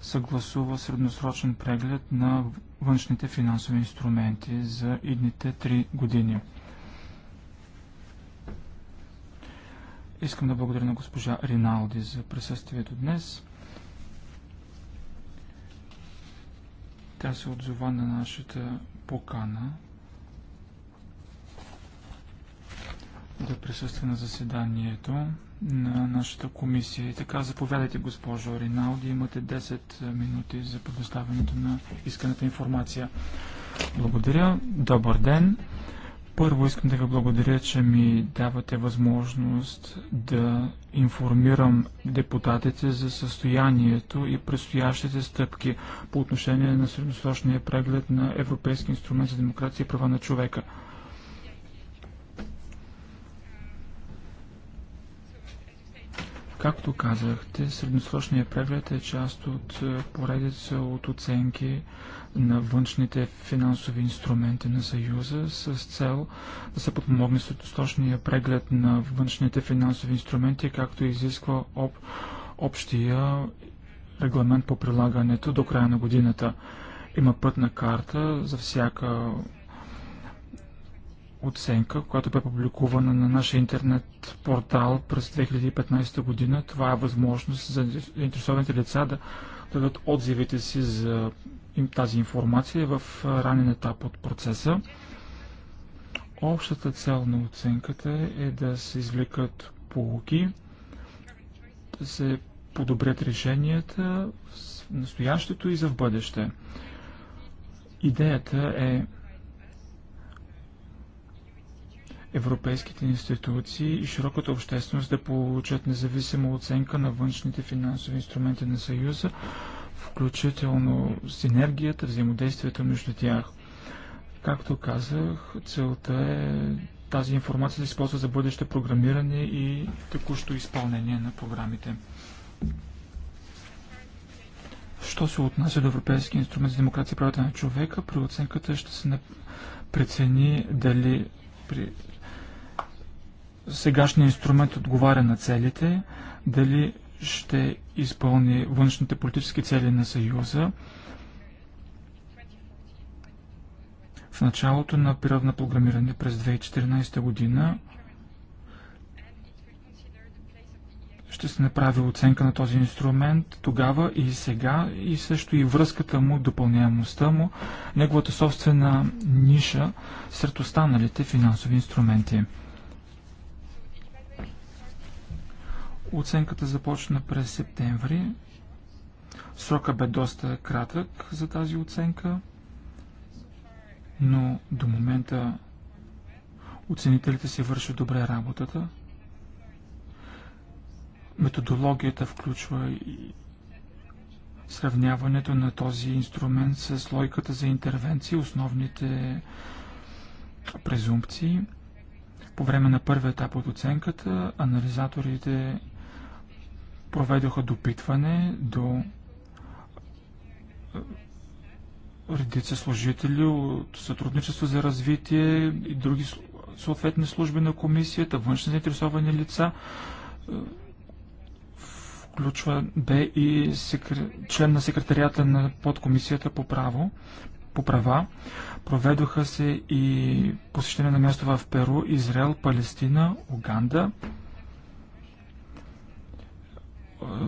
съгласува средносрочен преглед на външните финансови инструменти за идните три години. Искам да благодаря на госпожа Риналди за присъствието днес. Тя се отзова на нашата покана да присъства на заседанието на нашата комисия. И така, заповядайте, госпожо Риналди. Имате 10 минути за предоставянето на исканата информация. Благодаря. Добър ден. Първо искам да ви благодаря, че ми давате възможност да информирам депутатите за състоянието и предстоящите стъпки по отношение на средносрочния преглед на Европейски инструмент за демокрация и права на човека. Както казахте, средносрочният преглед е част от поредица от оценки на външните финансови инструменти на Съюза с цел да се подпомогне с преглед на външните финансови инструменти, както изисква об, общия регламент по прилагането до края на годината. Има пътна карта за всяка оценка, която бе публикувана на нашия интернет портал през 2015 година. Това е възможност за заинтересованите лица да дадат отзивите си за им тази информация в ранен етап от процеса. Общата цел на оценката е да се извлекат полуки, да се подобрят решенията в настоящето и за в бъдеще. Идеята е европейските институции и широката общественост да получат независима оценка на външните финансови инструменти на Съюза, включително синергията, взаимодействието между тях. Както казах, целта е тази информация да се използва за бъдеще програмиране и текущо изпълнение на програмите. Що се отнася до Европейския инструмент за демокрация и правата на човека, при оценката ще се прецени дали при сегашния инструмент отговаря на целите, дали ще изпълни външните политически цели на Съюза. В началото на период на програмиране през 2014 година ще се направи оценка на този инструмент тогава и сега и също и връзката му, допълняемостта му, неговата собствена ниша сред останалите финансови инструменти. Оценката започна през септември. Срока бе доста кратък за тази оценка, но до момента оценителите си вършат добре работата. Методологията включва и сравняването на този инструмент с логиката за интервенции, основните презумпции. По време на първи етап от оценката, анализаторите проведоха допитване до е, редица служители от сътрудничество за развитие и други съответни служби на комисията, външни заинтересовани лица. Е, включва бе и секр... член на секретарията на подкомисията по право, по права. Проведоха се и посещения на място в Перу, Израел, Палестина, Уганда,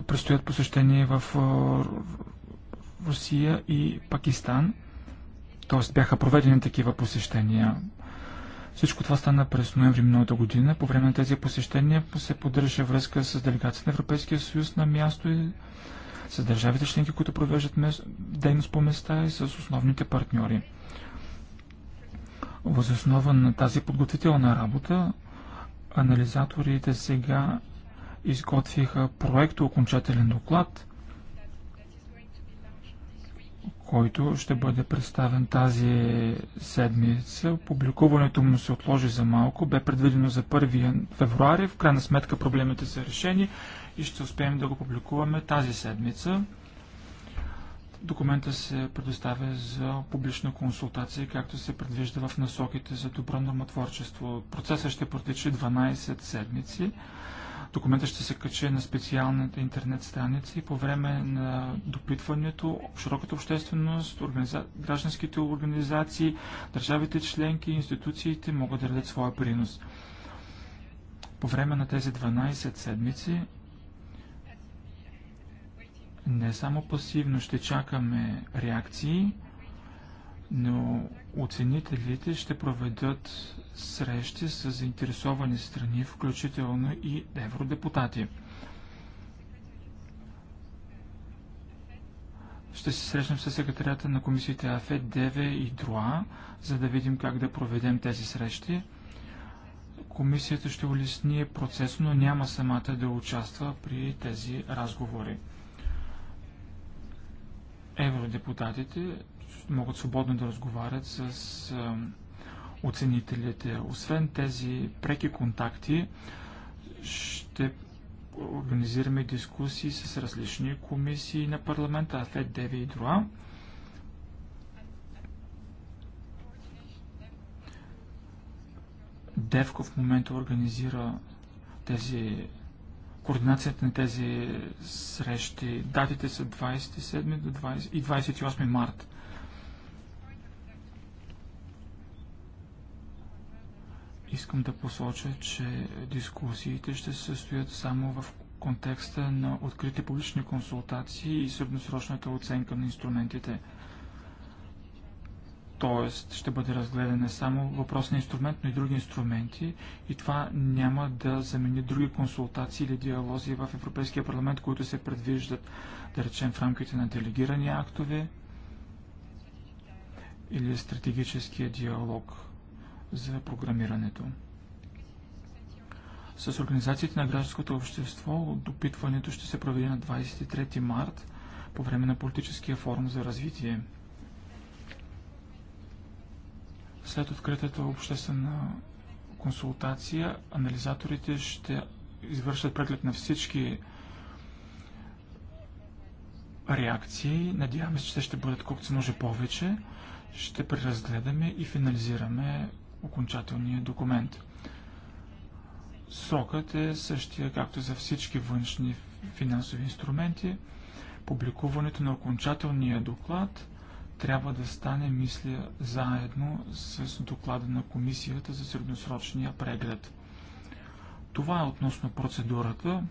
предстоят посещения в Русия и Пакистан. Т.е. бяха проведени такива посещения. Всичко това стана през ноември миналата година. По време на тези посещения се поддържа връзка с делегацията на Европейския съюз на място и с държавите членки, които провеждат дейност по места и с основните партньори. Възоснова на тази подготвителна работа, анализаторите сега изготвиха проекто окончателен доклад, който ще бъде представен тази седмица. Публикуването му се отложи за малко. Бе предвидено за 1 февруари. В крайна сметка проблемите са решени и ще успеем да го публикуваме тази седмица. Документа се предоставя за публична консултация, както се предвижда в насоките за добро нормотворчество. Процесът ще протече 12 седмици. Документът ще се качи на специалната интернет страница и по време на допитването широката общественост, организа... гражданските организации, държавите членки и институциите могат да дадат своя принос. По време на тези 12 седмици не само пасивно ще чакаме реакции, но оценителите ще проведат срещи с заинтересовани страни, включително и евродепутати. Ще се срещнем с секретарята на комисиите АФЕ ДЕВЕ и ДРУА, за да видим как да проведем тези срещи. Комисията ще улесни процес, но няма самата да участва при тези разговори. Евродепутатите могат свободно да разговарят с оценителите. Освен тези преки контакти, ще организираме дискусии с различни комисии на парламента, АФЕД, ДЕВИ и ДРУА. ДЕВКО в момента организира тези координацията на тези срещи. Датите са 27 до 20, и 28 март. Искам да посоча, че дискусиите ще се състоят само в контекста на открити публични консултации и средносрочната оценка на инструментите. Тоест, ще бъде разгледан не само въпрос на инструмент, но и други инструменти и това няма да замени други консултации или диалози в Европейския парламент, които се предвиждат, да речем, в рамките на делегирани актове или стратегическия диалог – за програмирането. С организациите на гражданското общество допитването ще се проведе на 23 март по време на политическия форум за развитие. След откритата обществена консултация, анализаторите ще извършат преглед на всички реакции. Надяваме се, че те ще бъдат колкото се може повече. Ще преразгледаме и финализираме окончателния документ. Срокът е същия както за всички външни финансови инструменти. Публикуването на окончателния доклад трябва да стане, мисля, заедно с доклада на комисията за средносрочния преглед. Това е относно процедурата.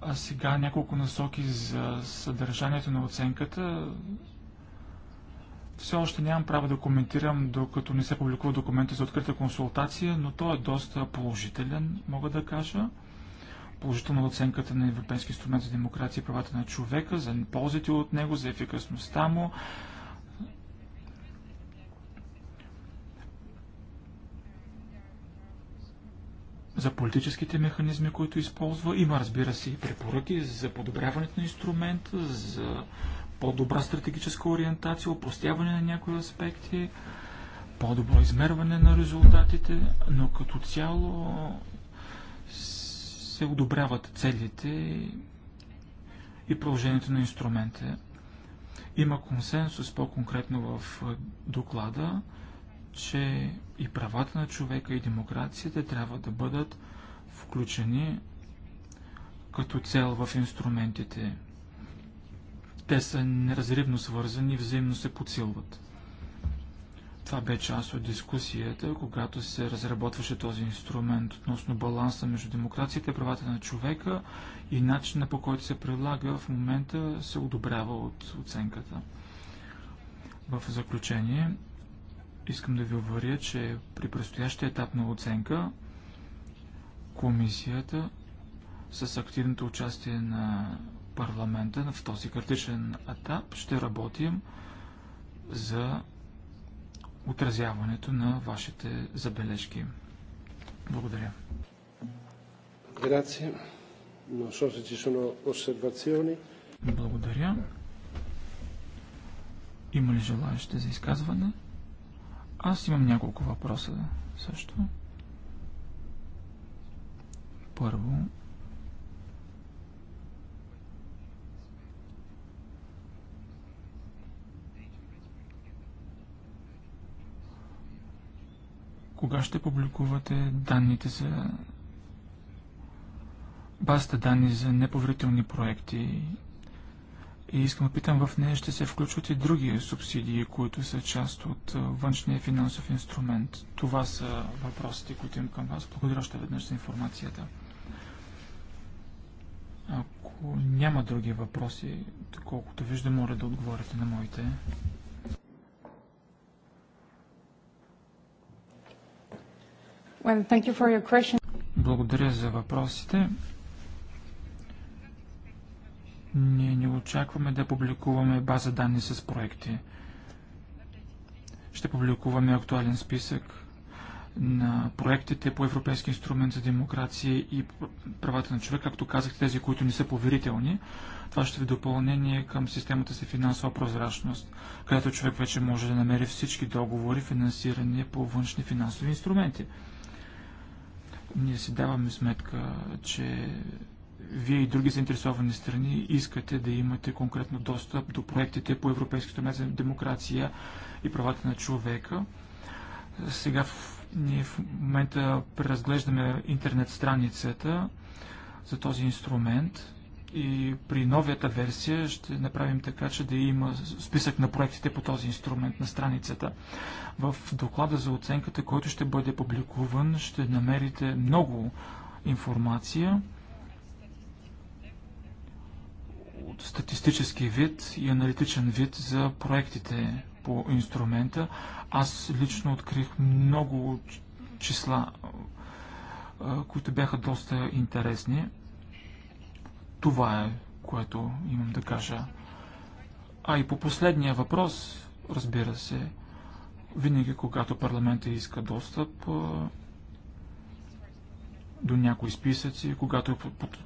А сега няколко насоки за съдържанието на оценката все още нямам право да коментирам, докато не се публикува документа за открита консултация, но той е доста положителен, мога да кажа. Положителна е оценката на Европейски инструмент за демокрация и правата на човека, за ползите от него, за ефикасността му. за политическите механизми, които използва. Има, разбира се, и препоръки за подобряването на инструмента, за по-добра стратегическа ориентация, упростяване на някои аспекти, по-добро измерване на резултатите, но като цяло се одобряват целите и приложението на инструмента. Има консенсус по-конкретно в доклада, че и правата на човека и демокрацията трябва да бъдат включени като цел в инструментите. Те са неразривно свързани и взаимно се подсилват. Това бе част от дискусията, когато се разработваше този инструмент относно баланса между демокрацията, правата на човека и начина по който се прилага в момента се одобрява от оценката. В заключение, искам да ви уверя, че при предстоящия етап на оценка комисията с активното участие на парламента в този критичен етап ще работим за отразяването на вашите забележки. Благодаря. Благодаря. Има ли желаящи за изказване? Аз имам няколко въпроса също. Първо, Кога ще публикувате данните за базата данни за неповерителни проекти? И искам да питам, в нея ще се включват и други субсидии, които са част от външния финансов инструмент. Това са въпросите, които имам към вас. Благодаря още веднъж за информацията. Ако няма други въпроси, доколкото виждам, моля да отговорите на моите. Благодаря за въпросите. Ние не очакваме да публикуваме база данни с проекти. Ще публикуваме актуален списък на проектите по Европейски инструмент за демокрация и правата на човек, както казах, тези, които не са поверителни. Това ще е допълнение към системата за финансова прозрачност, където човек вече може да намери всички договори, финансирани по външни финансови инструменти. Ние си даваме сметка, че вие и други заинтересовани страни искате да имате конкретно достъп до проектите по Европейското за демокрация и правата на човека. Сега в, ние в момента преразглеждаме интернет страницата за този инструмент и при новията версия ще направим така, че да има списък на проектите по този инструмент на страницата. В доклада за оценката, който ще бъде публикуван, ще намерите много информация от статистически вид и аналитичен вид за проектите по инструмента. Аз лично открих много числа, които бяха доста интересни. Това е, което имам да кажа. А и по последния въпрос, разбира се, винаги, когато парламента иска достъп до някои списъци, когато е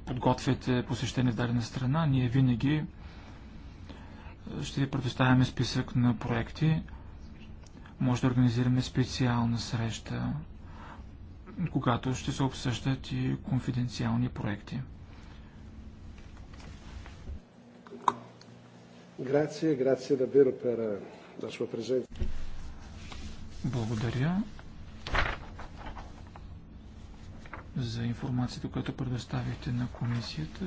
подготвяте посещение в дадена страна, ние винаги ще ви предоставяме списък на проекти. Може да организираме специална среща, когато ще се обсъждат и конфиденциални проекти. Grazie, grazie davvero per eh, la sua presenza. Благодаря за информацията, която предоставихте на комисията.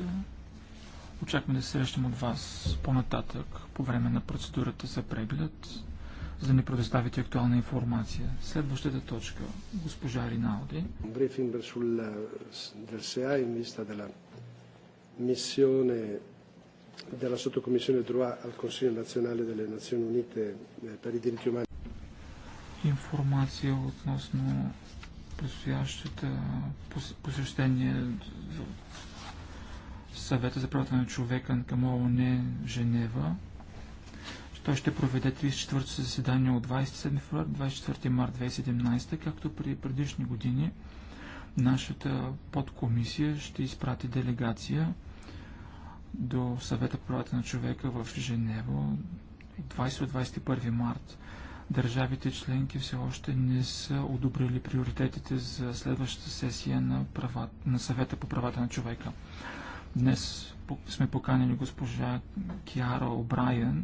Очакваме да се срещам от вас по-нататък, по време на процедурата за преглед, за да ни предоставите актуална информация. Следващата точка, госпожа Риналди. Брифинг del SEA in vista della missione della sottocommissione Droit al Consiglio nazionale delle Nazioni Unite eh, per i diritti umani информация относно предстоящите посещение за съвета за правата на човека към ООН Женева. Той ще проведе 34-то заседание от 27 февраля, 24 март 2017, както при предишни години нашата подкомисия ще изпрати делегация до съвета правата на човека в Женева от 20 до 21 март Държавите членки все още не са одобрили приоритетите за следващата сесия на, права, на съвета по правата на човека. Днес сме поканили госпожа Киара О'Брайен,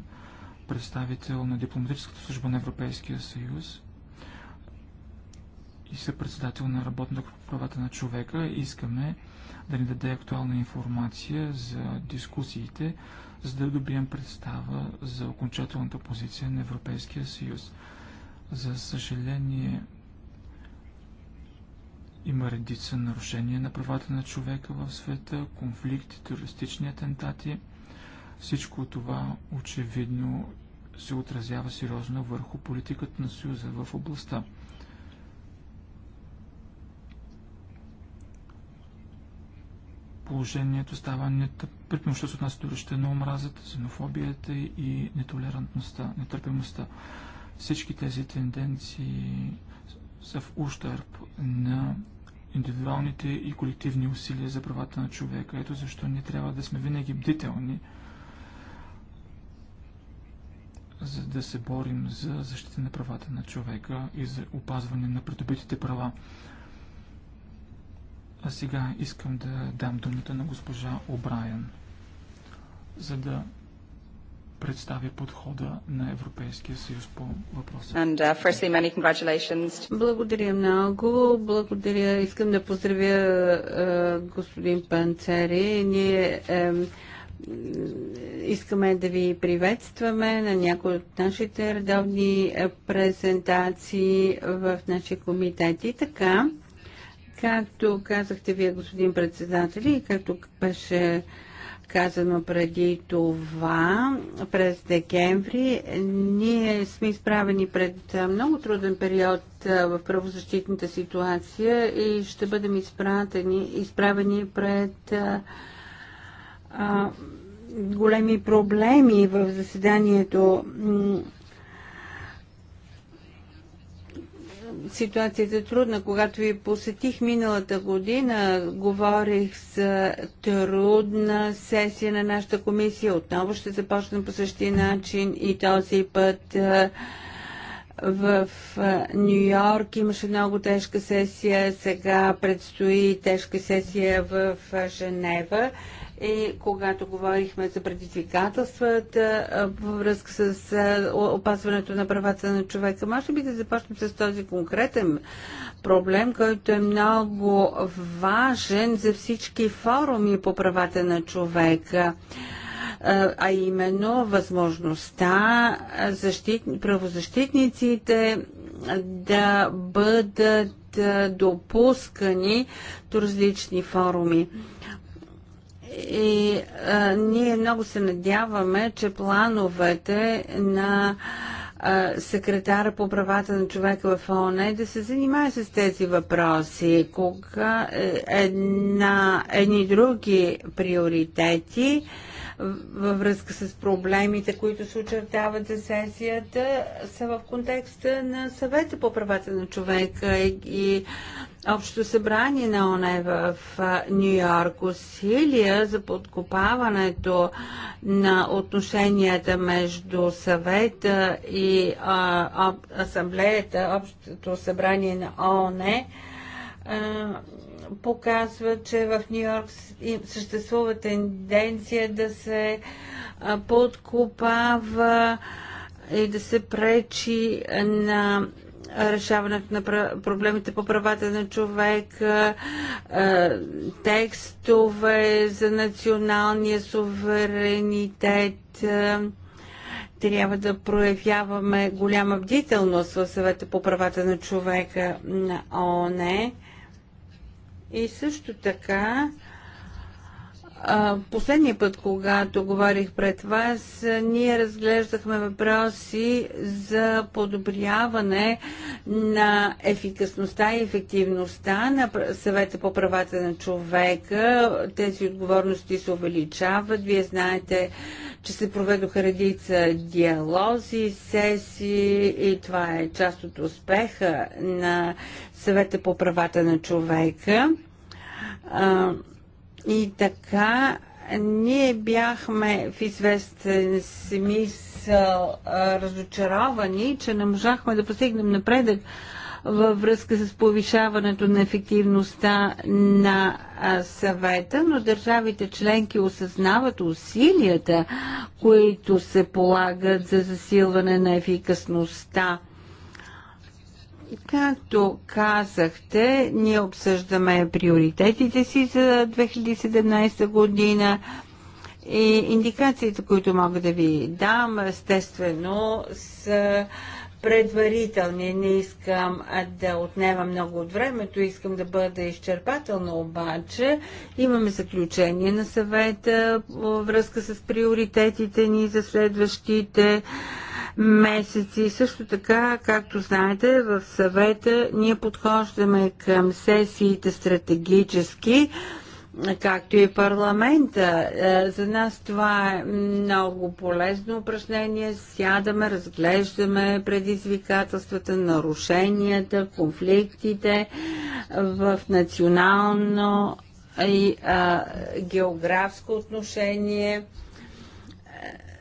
представител на дипломатическата служба на Европейския съюз и съпредседател на работната по правата на човека. Искаме да ни даде актуална информация за дискусиите, за да добием представа за окончателната позиция на Европейския съюз. За съжаление, има редица нарушения на правата на човека в света, конфликти, терористични атентати. Всичко това очевидно се отразява сериозно върху политиката на Съюза в областта. положението става нетърпимо, що се отнася до речта на омразата, ксенофобията и нетолерантността, нетърпимостта. Всички тези тенденции са в ущърп на индивидуалните и колективни усилия за правата на човека. Ето защо ние трябва да сме винаги бдителни, за да се борим за защита на правата на човека и за опазване на придобитите права. А сега искам да дам думата на госпожа Обраян, за да представя подхода на Европейския съюз по въпроса. Uh, Благодаря много. Благодаря. Искам да поздравя uh, господин Панцери. Ние искаме да ви приветстваме на някои от нашите редовни презентации в нашия комитет. И така, Както казахте вие, господин председател, и както беше казано преди това, през декември, ние сме изправени пред много труден период в правозащитната ситуация и ще бъдем изпратени, изправени пред а, а, големи проблеми в заседанието ситуацията е трудна. Когато ви посетих миналата година, говорих за трудна сесия на нашата комисия. Отново ще започна по същия начин и този път в Нью Йорк имаше много тежка сесия, сега предстои тежка сесия в Женева и когато говорихме за предизвикателствата във връзка с опазването на правата на човека. Може би да започнем с този конкретен проблем, който е много важен за всички форуми по правата на човека а именно възможността защит, правозащитниците да бъдат допускани до различни форуми. И а, ние много се надяваме, че плановете на а, секретара по правата на човека в ООН е да се занимае с тези въпроси. Кога е, една, едни други приоритети във връзка с проблемите, които се очертават за сесията, са в контекста на съвета по правата на човека и Общото събрание на ОНЕ в Нью Йорк усилия за подкопаването на отношенията между съвета и асамблеята, Общото събрание на ОНЕ показва, че в Нью Йорк съществува тенденция да се подкопава и да се пречи на решаването на проблемите по правата на човека, текстове за националния суверенитет. Трябва да проявяваме голяма бдителност в съвета по правата на човека на ОНЕ. И също така, последния път, когато говорих пред вас, ние разглеждахме въпроси за подобряване на ефикасността и ефективността на съвета по правата на човека. Тези отговорности се увеличават. Вие знаете, че се проведоха редица диалози, сесии и това е част от успеха на съвета по правата на човека. И така, ние бяхме в известен смисъл разочаровани, че не можахме да постигнем напредък във връзка с повишаването на ефективността на съвета, но държавите членки осъзнават усилията, които се полагат за засилване на ефикасността Както казахте, ние обсъждаме приоритетите си за 2017 година и индикациите, които мога да ви дам, естествено, са предварителни. Не искам да отнема много от времето, искам да бъда изчерпателна, обаче имаме заключение на съвета във връзка с приоритетите ни за следващите месеци. Също така, както знаете, в съвета ние подхождаме към сесиите стратегически, както и парламента. Е, за нас това е много полезно упражнение. Сядаме, разглеждаме предизвикателствата, нарушенията, конфликтите в национално и а, географско отношение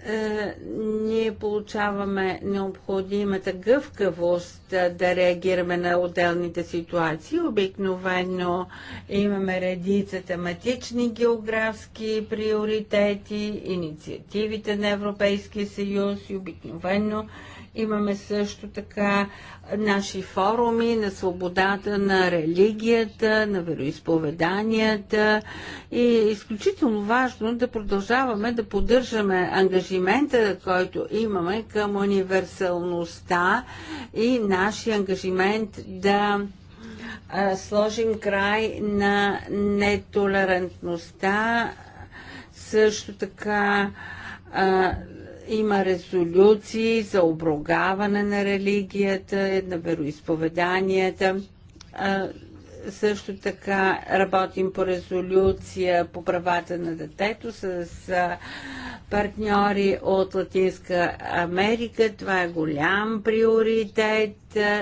е, ние получаваме необходимата гъвкавост е, да реагираме на отделните ситуации. Обикновено имаме редица тематични географски приоритети, инициативите на Европейския съюз и обикновено Имаме също така наши форуми на свободата на религията, на вероисповеданията и е изключително важно да продължаваме да поддържаме ангажимента, който имаме към универсалността и нашия ангажимент да сложим край на нетолерантността, също така има резолюции за обругаване на религията, на вероисповеданията. също така работим по резолюция по правата на детето с партньори от Латинска Америка. Това е голям приоритет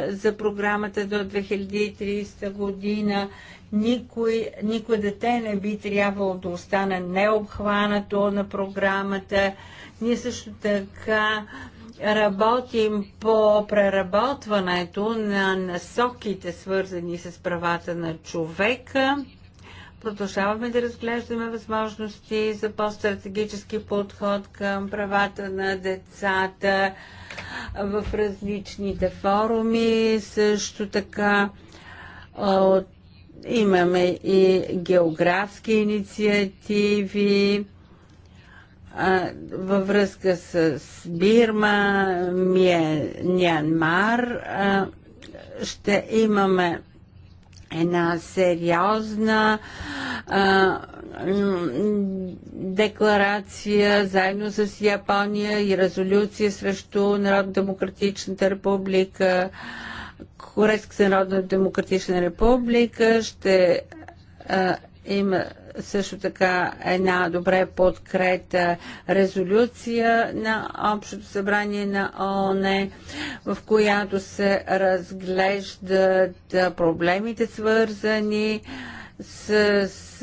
за програмата до 2030 година. Никой, никой дете не би трябвало да остане необхванато на програмата. Ние също така работим по преработването на насоките, свързани с правата на човека. Продължаваме да разглеждаме възможности за по-стратегически подход към правата на децата в различните форуми. Също така имаме и географски инициативи във връзка с Бирма, а, ще имаме една сериозна а, декларация заедно с Япония и резолюция срещу Народно-демократичната република, Корейска народно-демократична република ще а, има също така една добре подкрета резолюция на Общото събрание на ООН, в която се разглеждат проблемите свързани с, с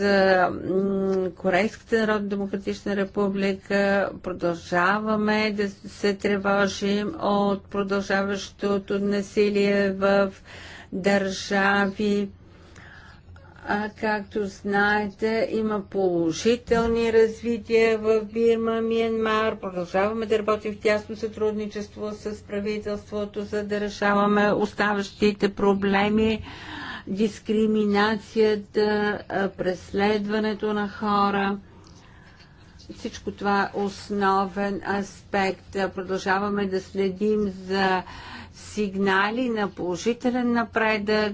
Корейската народно-демократична република продължаваме да се тревожим от продължаващото насилие в държави, а, както знаете, има положителни развития в Бирма, Миенмар. Продължаваме да работим в тясно сътрудничество с правителството, за да решаваме оставащите проблеми, дискриминацията, преследването на хора. Всичко това е основен аспект. Продължаваме да следим за сигнали на положителен напредък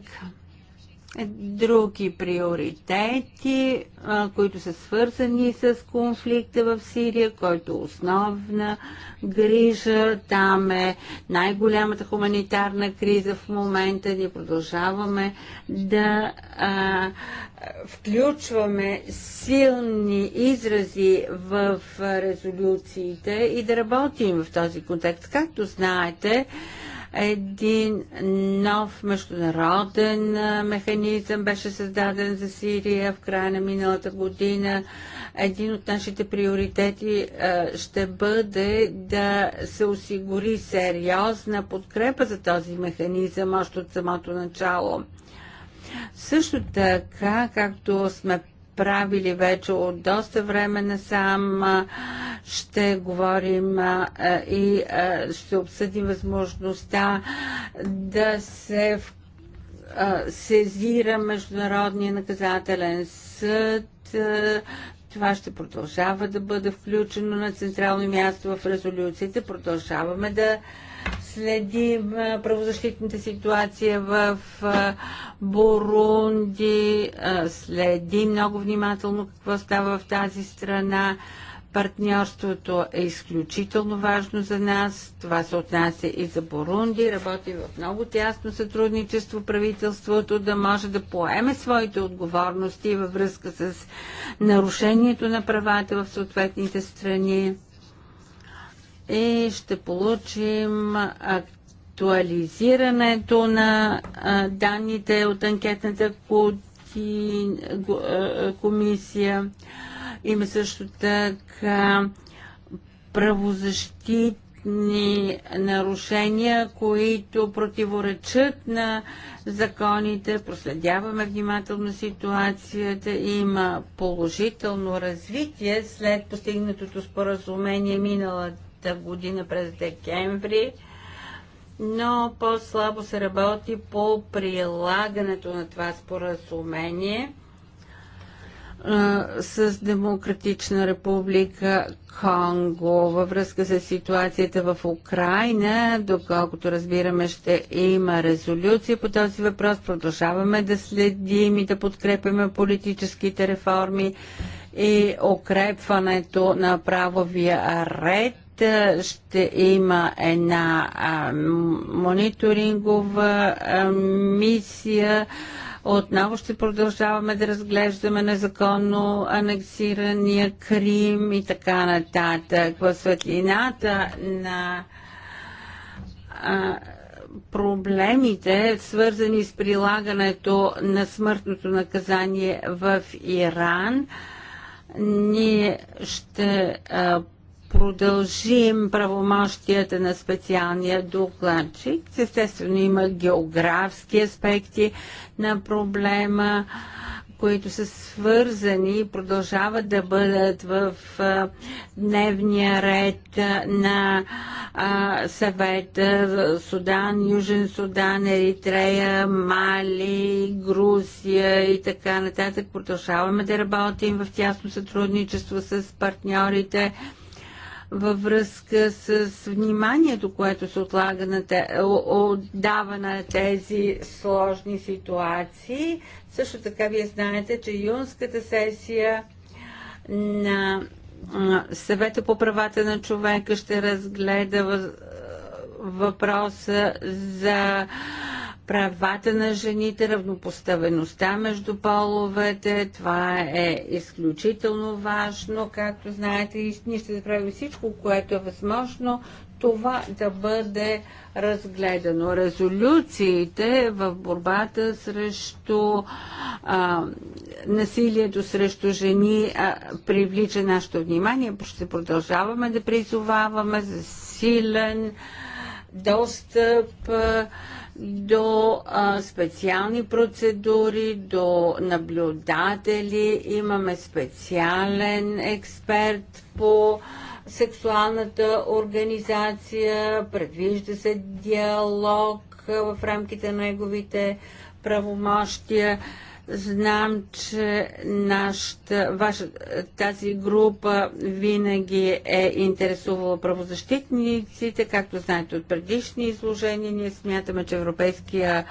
други приоритети, които са свързани с конфликта в Сирия, който е основна грижа. Там е най-голямата хуманитарна криза в момента. Ние продължаваме да а, включваме силни изрази в резолюциите и да работим в този контекст. Както знаете, а, един нов международен механизъм беше създаден за Сирия в края на миналата година. Един от нашите приоритети ще бъде да се осигури сериозна подкрепа за този механизъм още от самото начало. Също така, както сме правили вече от доста време насам. Ще говорим и ще обсъдим възможността да се сезира Международния наказателен съд. Това ще продължава да бъде включено на централно място в резолюцията. Продължаваме да Следим правозащитната ситуация в Бурунди, следим много внимателно какво става в тази страна. Партньорството е изключително важно за нас. Това се отнася и за Бурунди. Работи в много тясно сътрудничество правителството да може да поеме своите отговорности във връзка с нарушението на правата в съответните страни и ще получим актуализирането на данните от анкетната комисия. Има също така правозащитни нарушения, които противоречат на законите. Проследяваме внимателно ситуацията. Има положително развитие след постигнатото споразумение миналата 2010 година през декември, но по-слабо се работи по прилагането на това споразумение с Демократична република Конго във връзка с ситуацията в Украина. Доколкото разбираме, ще има резолюция по този въпрос. Продължаваме да следим и да подкрепяме политическите реформи и укрепването на правовия ред ще има една а, мониторингова а, мисия. Отново ще продължаваме да разглеждаме незаконно анексирания Крим и така нататък. В светлината на а, проблемите, свързани с прилагането на смъртното наказание в Иран, ние ще а, продължим правомощията на специалния докладчик. Естествено има географски аспекти на проблема, които са свързани и продължават да бъдат в дневния ред на съвета Судан, Южен Судан, Еритрея, Мали, Грузия и така нататък. Продължаваме да работим в тясно сътрудничество с партньорите във връзка с вниманието, което се отлага на те, отдава на тези сложни ситуации. Също така вие знаете, че юнската сесия на съвета по правата на човека ще разгледа въпроса за правата на жените, равнопоставеността между половете. Това е изключително важно. Както знаете, и ние ще направим всичко, което е възможно това да бъде разгледано. Резолюциите в борбата срещу а, насилието срещу жени а, привлича нашето внимание. Ще продължаваме да призоваваме за силен достъп. А, до а, специални процедури, до наблюдатели. Имаме специален експерт по сексуалната организация, предвижда се диалог в рамките на неговите правомощия. Знам, че нашата, ваша, тази група винаги е интересувала правозащитниците, както знаете от предишни изложения. Ние смятаме, че Европейския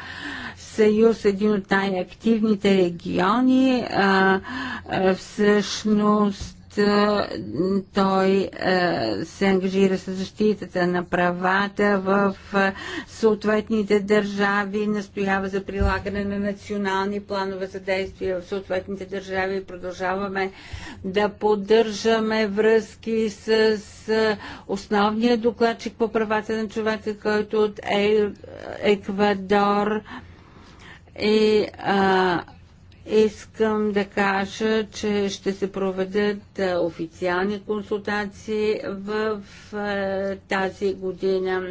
съюз е един от най-активните региони. А, а, всъщност той се ангажира с защитата на правата в съответните държави, настоява за прилагане на национални планове за действие в съответните държави. Продължаваме да поддържаме връзки с основния докладчик по правата на човека, който от е- Еквадор и а, Искам да кажа, че ще се проведат официални консултации в тази година.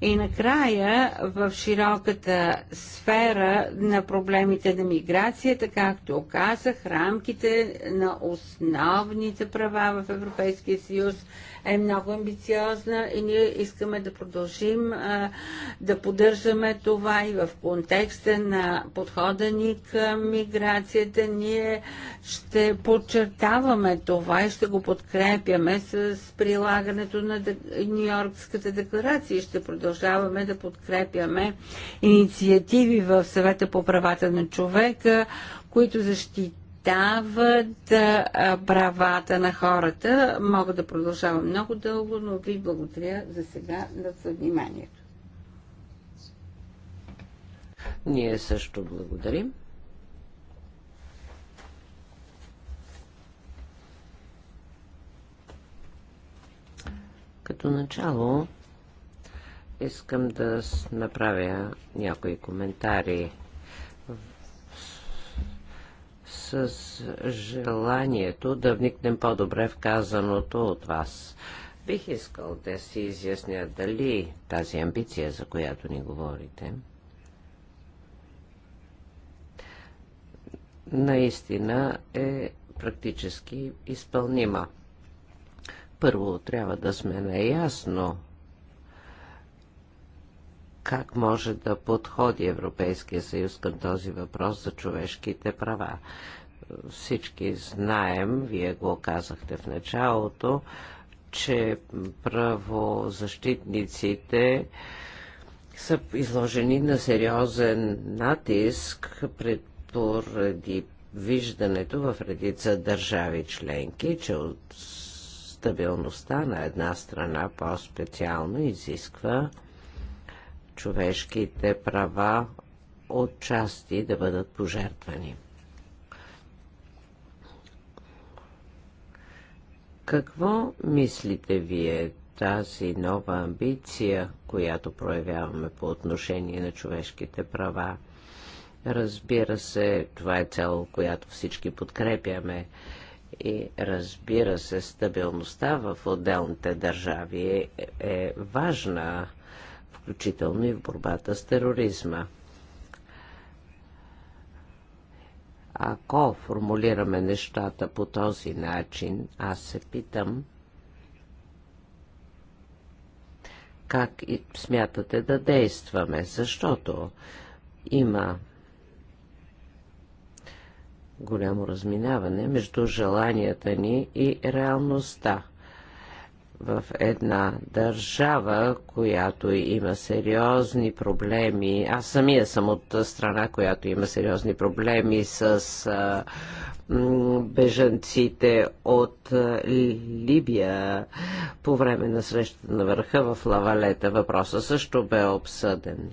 И накрая в широката сфера на проблемите на миграцията, както казах, рамките на основните права в Европейския съюз – е много амбициозна и ние искаме да продължим да поддържаме това и в контекста на подхода ни към миграцията. Ние ще подчертаваме това и ще го подкрепяме с прилагането на Нью-Йоркската декларация и ще продължаваме да подкрепяме инициативи в съвета по правата на човека, които защитават дават правата на хората. Мога да продължавам много дълго, но ви благодаря за сега за вниманието. Ние също благодарим. Като начало искам да направя някои коментари с желанието да вникнем по-добре в казаното от вас. Бих искал да си изясня дали тази амбиция, за която ни говорите, наистина е практически изпълнима. Първо трябва да сме наясно как може да подходи Европейския съюз към този въпрос за човешките права всички знаем, вие го казахте в началото, че правозащитниците са изложени на сериозен натиск пред поради виждането в редица държави членки, че от стабилността на една страна по-специално изисква човешките права отчасти да бъдат пожертвани. Какво мислите вие тази нова амбиция, която проявяваме по отношение на човешките права? Разбира се, това е цел, която всички подкрепяме. И разбира се, стабилността в отделните държави е, е важна, включително и в борбата с тероризма. Ако формулираме нещата по този начин, аз се питам, как и смятате да действаме, защото има голямо разминаване между желанията ни и реалността в една държава, която има сериозни проблеми. Аз самия съм от страна, която има сериозни проблеми с а, бежанците от Либия по време на срещата на върха в Лавалета. Въпросът също бе обсъден.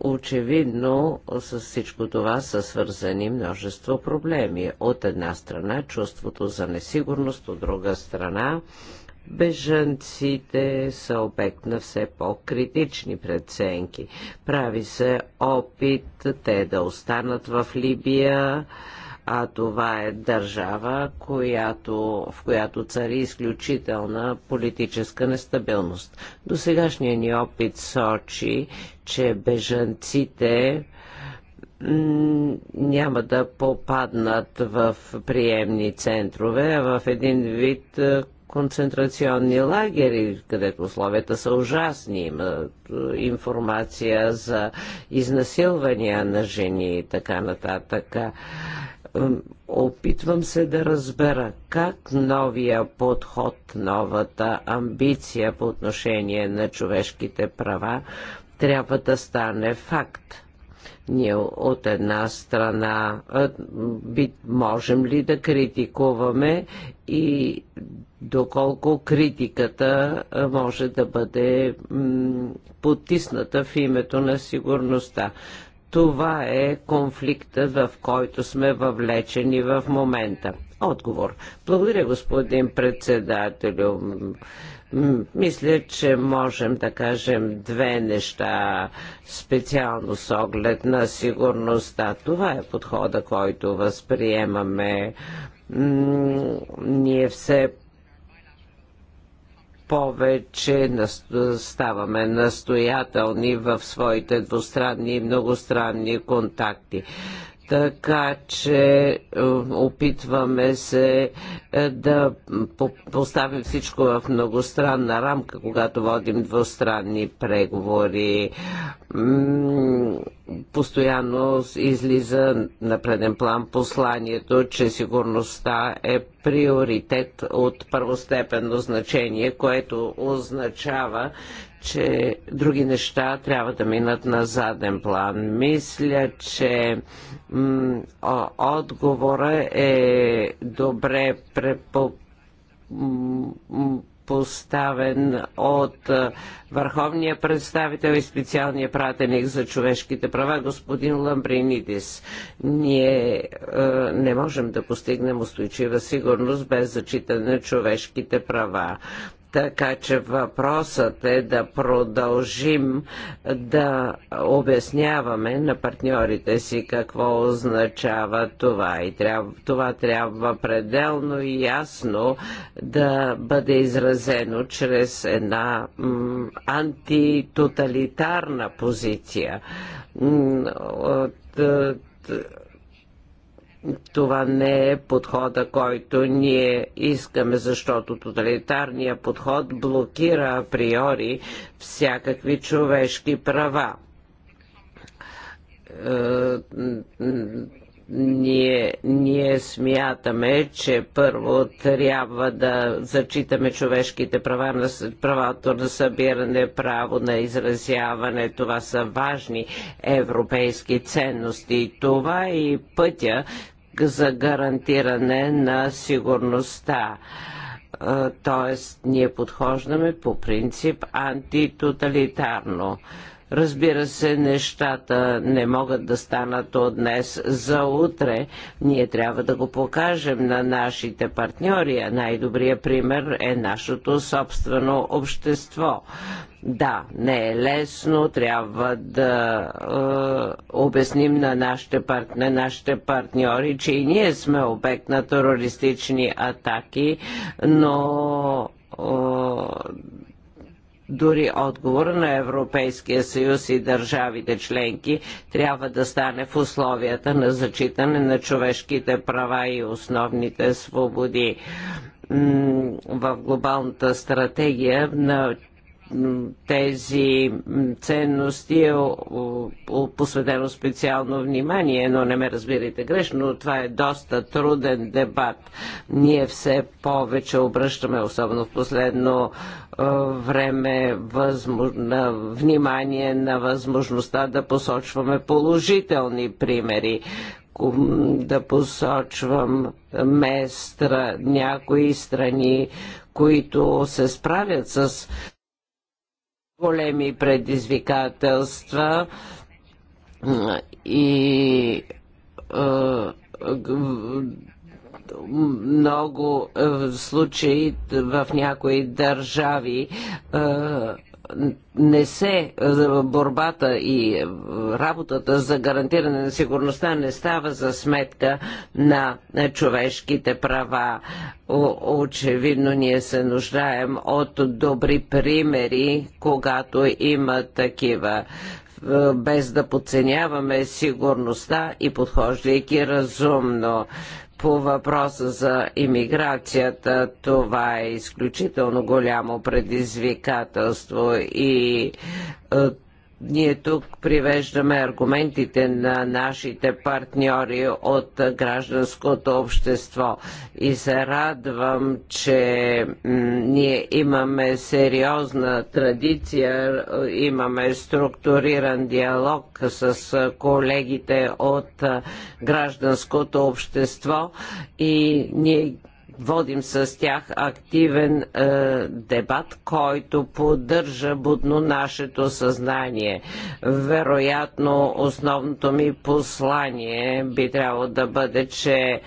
Очевидно с всичко това са свързани множество проблеми. От една страна чувството за несигурност, от друга страна Бежанците са обект на все по-критични преценки. Прави се опит те да останат в Либия, а това е държава, която, в която цари изключителна политическа нестабилност. До сегашния ни опит сочи, че бежанците няма да попаднат в приемни центрове, а в един вид концентрационни лагери, където условията са ужасни. Има е, информация за изнасилвания на жени и така нататък. Е, опитвам се да разбера как новия подход, новата амбиция по отношение на човешките права трябва да стане факт ние от една страна е, можем ли да критикуваме и доколко критиката може да бъде потисната в името на сигурността. Това е конфликтът, в който сме въвлечени в момента. Отговор. Благодаря, господин председателю. Мисля, че можем да кажем две неща специално с оглед на сигурността. Това е подхода, който възприемаме. Ние все повече ставаме настоятелни в своите двустранни и многостранни контакти. Така че е, опитваме се е, да поставим всичко в многостранна рамка, когато водим двустранни преговори. Постоянно излиза на преден план посланието, че сигурността е приоритет от първостепенно значение, което означава, че други неща трябва да минат на заден план. Мисля, че отговора е добре препо поставен от върховния представител и специалния пратеник за човешките права, господин Ламбринидис. Ние е, не можем да постигнем устойчива сигурност без зачитане на човешките права. Така че въпросът е да продължим да обясняваме на партньорите си какво означава това. И трябва, това трябва пределно и ясно да бъде изразено чрез една антитоталитарна позиция това не е подхода, който ние искаме, защото тоталитарният подход блокира априори всякакви човешки права. Е, ние, ние смятаме, че първо трябва да зачитаме човешките права, на, правото на събиране, право на изразяване. Това са важни европейски ценности. Това е и пътя, за гарантиране на сигурността. Е, тоест, ние подхождаме по принцип антитоталитарно. Разбира се, нещата не могат да станат от днес за утре. Ние трябва да го покажем на нашите партньори. Най-добрият пример е нашето собствено общество. Да, не е лесно, трябва да е, обясним на нашите, парт, на нашите партньори, че и ние сме обект на терористични атаки, но е, дори отговора на Европейския съюз и държавите членки трябва да стане в условията на зачитане на човешките права и основните свободи в глобалната стратегия на тези ценности е посветено специално внимание, но не ме разбирайте грешно, това е доста труден дебат. Ние все повече обръщаме, особено в последно е, време, възможно, внимание на възможността да посочваме положителни примери да посочвам местра, някои страни, които се справят с големи предизвикателства и много случаи в някои държави не се борбата и работата за гарантиране на сигурността не става за сметка на човешките права. Очевидно ние се нуждаем от добри примери, когато има такива без да подценяваме сигурността и подхождайки разумно. По въпроса за иммиграцията, това е изключително голямо предизвикателство и е, ние тук привеждаме аргументите на нашите партньори от гражданското общество и се радвам, че ние имаме сериозна традиция, имаме структуриран диалог с колегите от гражданското общество и ние водим с тях активен е, дебат, който поддържа будно нашето съзнание. Вероятно, основното ми послание би трябвало да бъде, че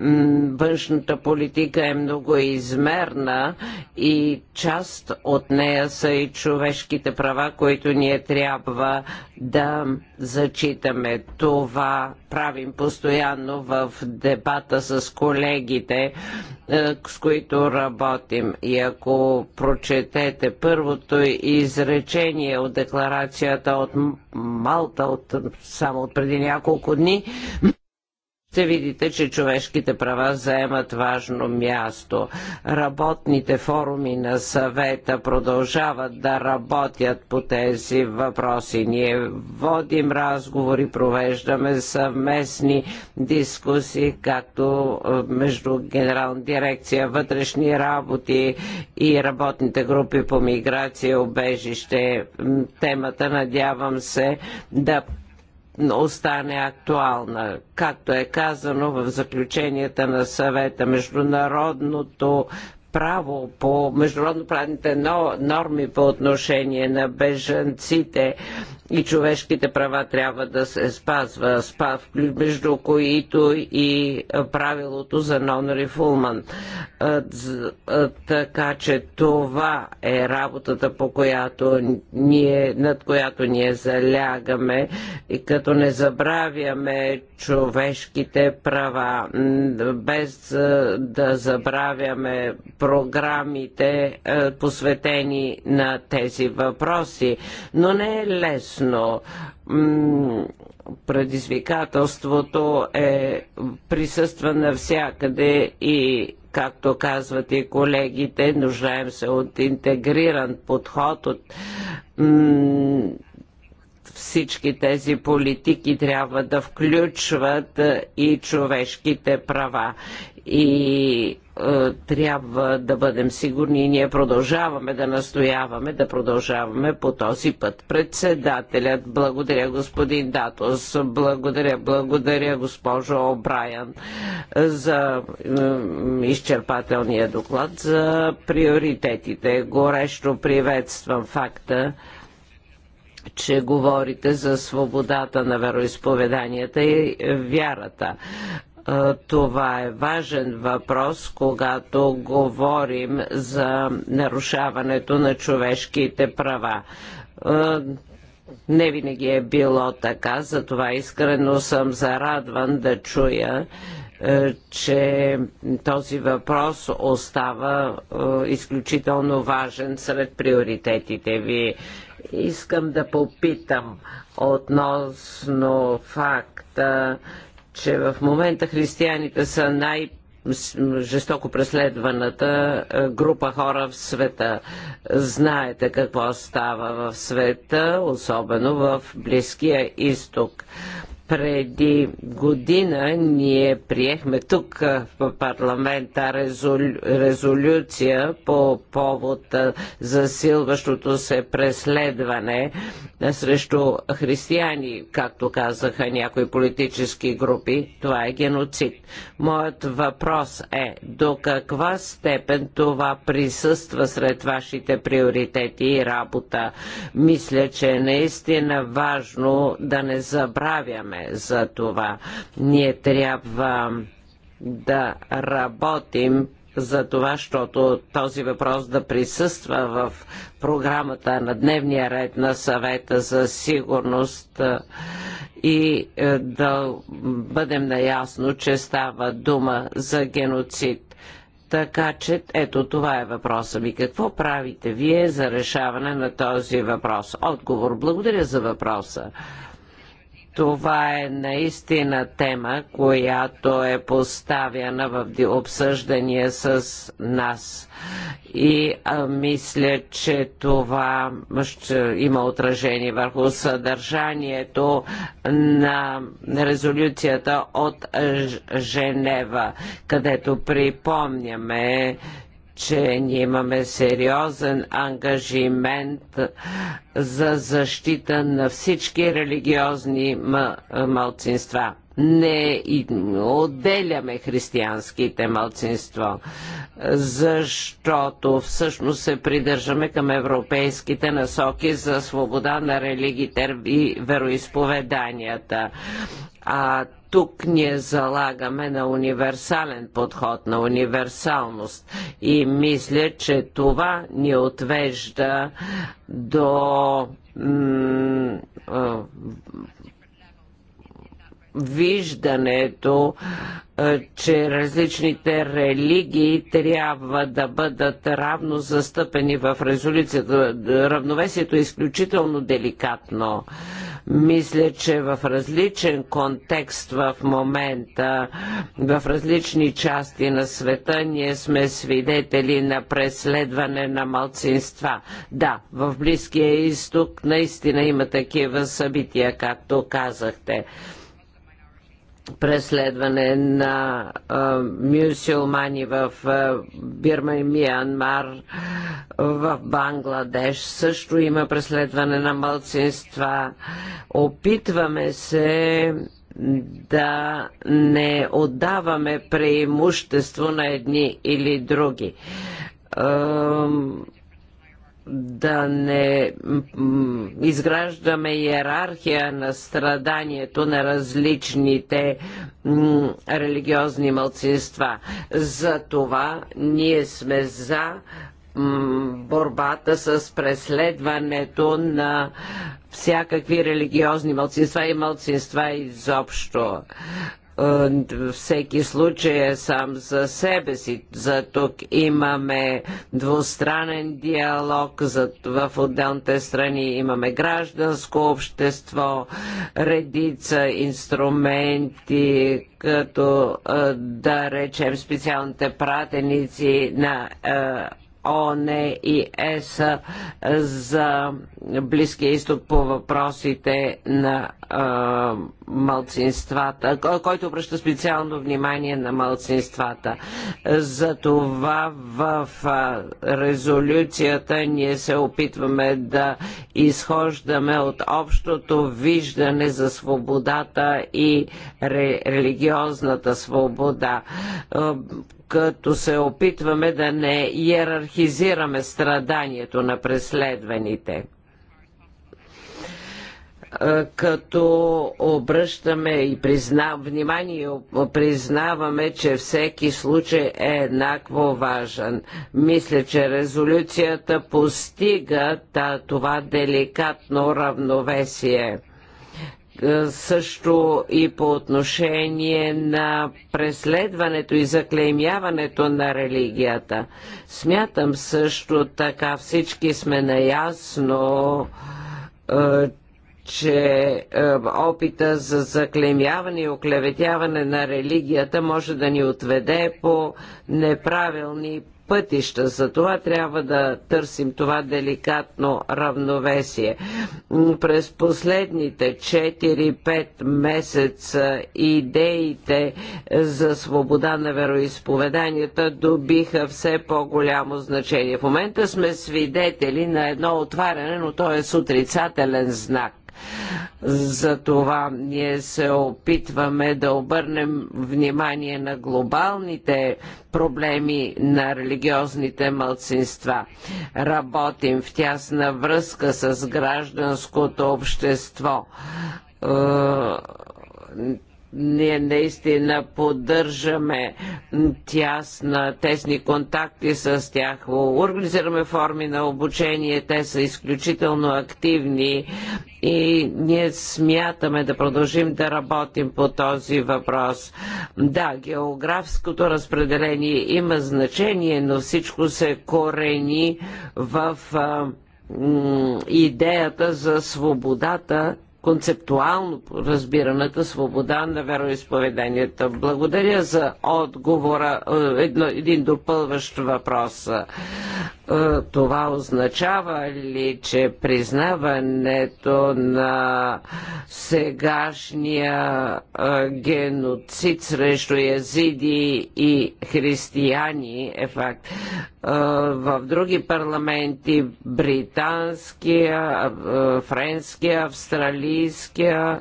външната политика е многоизмерна и част от нея са и човешките права, които ние трябва да зачитаме. Това правим постоянно в дебата с колегите, е, с които работим. И ако прочетете първото изречение от декларацията от Малта, от, само от преди няколко дни, ще видите, че човешките права заемат важно място. Работните форуми на съвета продължават да работят по тези въпроси. Ние водим разговори, провеждаме съвместни дискусии, както е, между Генерална дирекция вътрешни работи и работните групи по миграция и обежище. Темата, надявам се, да остане актуална. Както е казано в заключенията на съвета, международното право по международноправните норми по отношение на бежанците и човешките права трябва да се спазва, спав, между които и правилото за нон-рефулман. Така че това е работата, по която ние, над която ние залягаме и като не забравяме човешките права, без да забравяме програмите, е, посветени на тези въпроси. Но не е лесно предизвикателството е присъства навсякъде и както казват и колегите, нуждаем се от интегриран подход, от всички тези политики трябва да включват е, и човешките права. И е, трябва да бъдем сигурни и ние продължаваме да настояваме, да продължаваме по този път. Председателят, благодаря господин Датос, благодаря, благодаря госпожо Обраян за изчерпателния доклад за приоритетите. Горещо приветствам факта, че говорите за свободата на вероисповеданията и вярата. Това е важен въпрос, когато говорим за нарушаването на човешките права. Не винаги е било така, затова искрено съм зарадван да чуя, е, че този въпрос остава е, изключително важен сред приоритетите ви. Искам да попитам относно факта, че в момента християните са най- жестоко преследваната е, група хора в света. Знаете какво става в света, особено в Близкия изток. Преди година ние приехме тук в парламента резолю... резолюция по повод засилващото се преследване срещу християни, както казаха някои политически групи. Това е геноцид. Моят въпрос е до каква степен това присъства сред вашите приоритети и работа? Мисля, че е наистина важно да не забравяме време за това. Ние трябва да работим за това, защото този въпрос да присъства в програмата на дневния ред на съвета за сигурност и е, да бъдем наясно, че става дума за геноцид. Така че, ето това е въпроса ми. Какво правите вие за решаване на този въпрос? Отговор. Благодаря за въпроса. Това е наистина тема, която е поставяна в обсъждания с нас. И а, мисля, че това ще има отражение върху съдържанието на резолюцията от Женева, където припомняме, че ние имаме сериозен ангажимент за защита на всички религиозни мълцинства не отделяме християнските малцинства, защото всъщност се придържаме към европейските насоки за свобода на религиите и вероисповеданията. А тук ние залагаме на универсален подход, на универсалност. И мисля, че това ни отвежда до виждането, е, че различните религии трябва да бъдат равно застъпени в резолюцията. Равновесието е изключително деликатно. Мисля, че в различен контекст в момента, в различни части на света, ние сме свидетели на преследване на малцинства. Да, в Близкия изток наистина има такива събития, както казахте преследване на а, мюсюлмани в а, Бирма и Миянмар, в Бангладеш. Също има преследване на мълцинства. Опитваме се да не отдаваме преимущество на едни или други. А, да не изграждаме иерархия на страданието на различните религиозни мълцинства. За това ние сме за борбата с преследването на всякакви религиозни мълцинства и мълцинства изобщо. Е, всеки случай е сам за себе си. За тук имаме двустранен диалог в отделните страни, имаме гражданско общество, редица инструменти, като е, да речем специалните пратеници на е, ООН и ЕС за Близкия изток по въпросите на а, малцинствата, който обръща специално внимание на малцинствата. Затова в резолюцията ние се опитваме да изхождаме от общото виждане за свободата и религиозната свобода като се опитваме да не иерархизираме страданието на преследваните е, като обръщаме и призна, внимание, признаваме, че всеки случай е еднакво важен. Мисля, че резолюцията постига това деликатно равновесие е, също и по отношение на преследването и заклеймяването на религията. Смятам също така, всички сме наясно, е, че е, опита за заклемяване и оклеветяване на религията може да ни отведе по неправилни пътища. За това трябва да търсим това деликатно равновесие. През последните 4-5 месеца идеите за свобода на вероисповеданията добиха все по-голямо значение. В момента сме свидетели на едно отваряне, но то е с отрицателен знак затова ние се опитваме да обърнем внимание на глобалните проблеми на религиозните мълцинства. Работим в тясна връзка с гражданското общество е, ние наистина поддържаме тясна, тесни контакти с тях. Организираме форми на обучение, те са изключително активни и ние смятаме да продължим да работим по този въпрос. Да, географското разпределение има значение, но всичко се корени в идеята за свободата концептуално разбираната свобода на вероисповеданията. Благодаря за отговора. Е, едно, един допълващ въпрос. Е, това означава ли, че признаването на сегашния е, геноцид срещу язиди и християни е факт? в други парламенти, британския, френския, австралийския,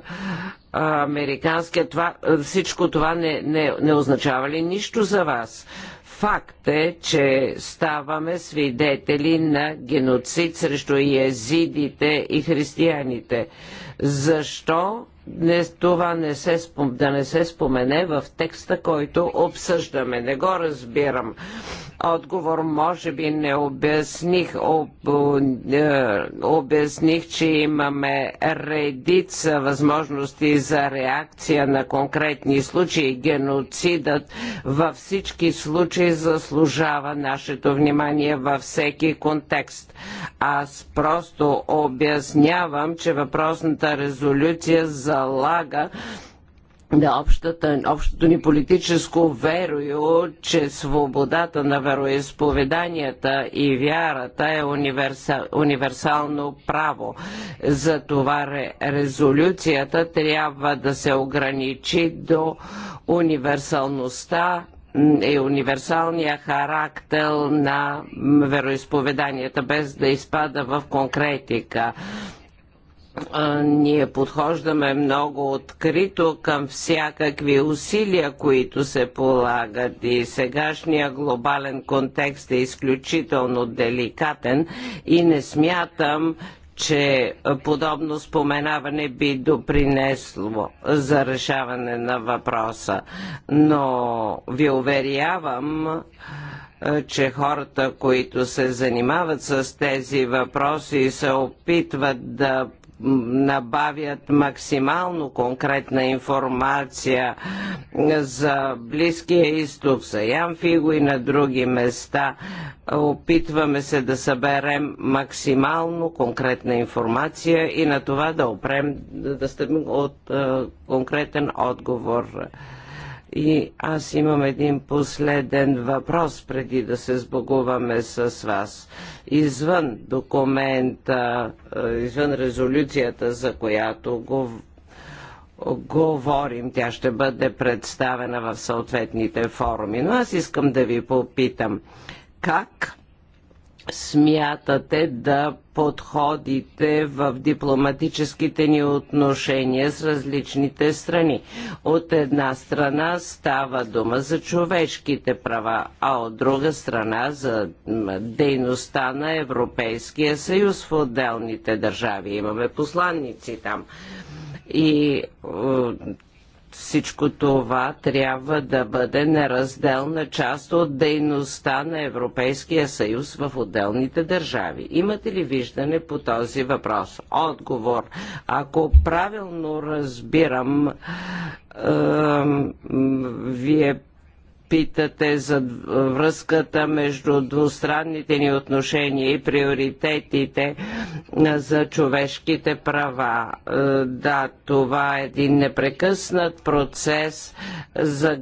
американския, това, всичко това не, не, не означава ли нищо за вас? Факт е, че ставаме свидетели на геноцид срещу езидите и християните. Защо не, това не се, да не се спомене в текста, който обсъждаме? Не го разбирам отговор може би не обясних. Об, е, обясних, че имаме редица възможности за реакция на конкретни случаи. Геноцидът във всички случаи заслужава нашето внимание във всеки контекст. Аз просто обяснявам, че въпросната резолюция залага на общата, общото ни политическо верою, че свободата на вероисповеданията и вярата е универсал, универсално право. Затова резолюцията трябва да се ограничи до универсалността е универсалния характер на вероисповеданията, без да изпада в конкретика ние подхождаме много открито към всякакви усилия, които се полагат и сегашния глобален контекст е изключително деликатен и не смятам, че подобно споменаване би допринесло за решаване на въпроса. Но ви уверявам, че хората, които се занимават с тези въпроси, се опитват да набавят максимално конкретна информация за Близкия изток, за Янфиго и на други места. Опитваме се да съберем максимално конкретна информация и на това да опрем, да стъпим от е, конкретен отговор. И аз имам един последен въпрос, преди да се сбогуваме с вас. Извън документа, е, извън резолюцията, за която го говорим, тя ще бъде представена в съответните форуми. Но аз искам да ви попитам, как смятате да подходите в дипломатическите ни отношения с различните страни. От една страна става дума за човешките права, а от друга страна за дейността на Европейския съюз в отделните държави. Имаме посланници там. И е, всичко това трябва да бъде неразделна част от дейността на Европейския съюз в отделните държави. Имате ли виждане по този въпрос? Отговор. Ако правилно разбирам, вие питате за връзката между двустранните ни отношения и приоритетите за човешките права. Е, да, това е един непрекъснат процес за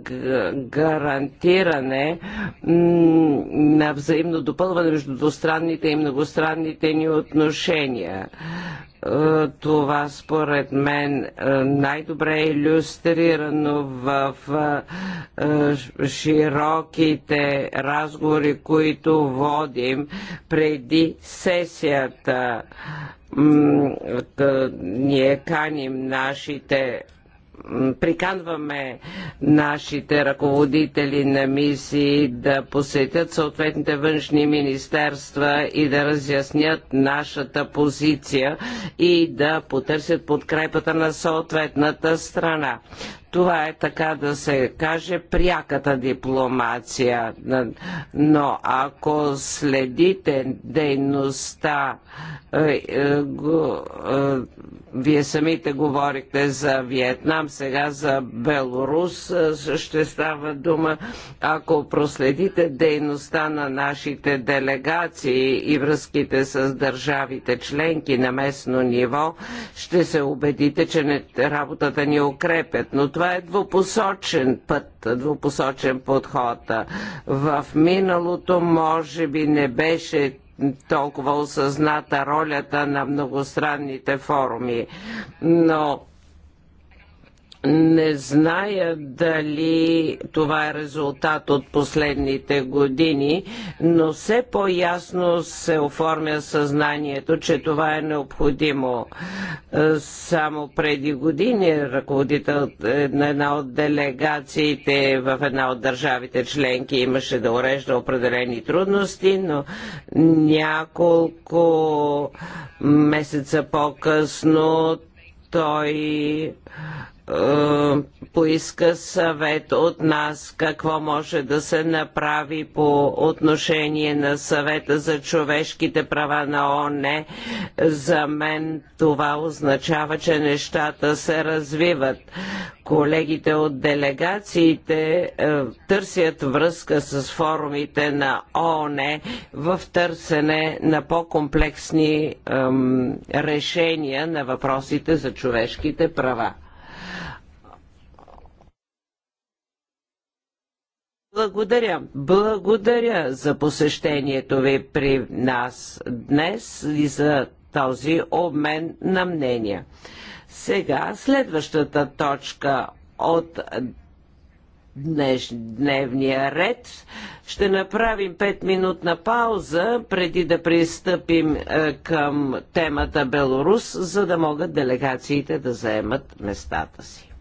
гарантиране на взаимно допълване между двустранните и многостранните ни отношения. Това според мен е, най-добре е иллюстрирано в е, е, широките разговори, които водим преди сесията. Ние каним нашите приканваме нашите ръководители на мисии да посетят съответните външни министерства и да разяснят нашата позиция и да потърсят подкрепата на съответната страна. Това е така да се каже пряката дипломация. Но ако следите дейността, е, е, е, вие самите говорихте за Виетнам, сега за Белорус ще става дума. Ако проследите дейността на нашите делегации и връзките с държавите членки на местно ниво, ще се убедите, че работата ни укрепят. Но това това е двупосочен път, двупосочен подход. В миналото може би не беше толкова осъзната ролята на многостранните форуми, но не зная дали това е резултат от последните години, но все по-ясно се оформя съзнанието, че това е необходимо. Е, само преди години ръководител на една от делегациите в една от държавите членки имаше да урежда определени трудности, но няколко месеца по-късно той е, поиска съвет от нас какво може да се направи по отношение на съвета за човешките права на ООН. За мен това означава, че нещата се развиват. Колегите от делегациите е, търсят връзка с форумите на ООН в търсене на по-комплексни решения на въпросите за човешките права. Благодаря. Благодаря за посещението ви при нас днес и за този обмен на мнения. Сега следващата точка от днеш, дневния ред. Ще направим 5-минутна пауза преди да пристъпим е, към темата Белорус, за да могат делегациите да заемат местата си.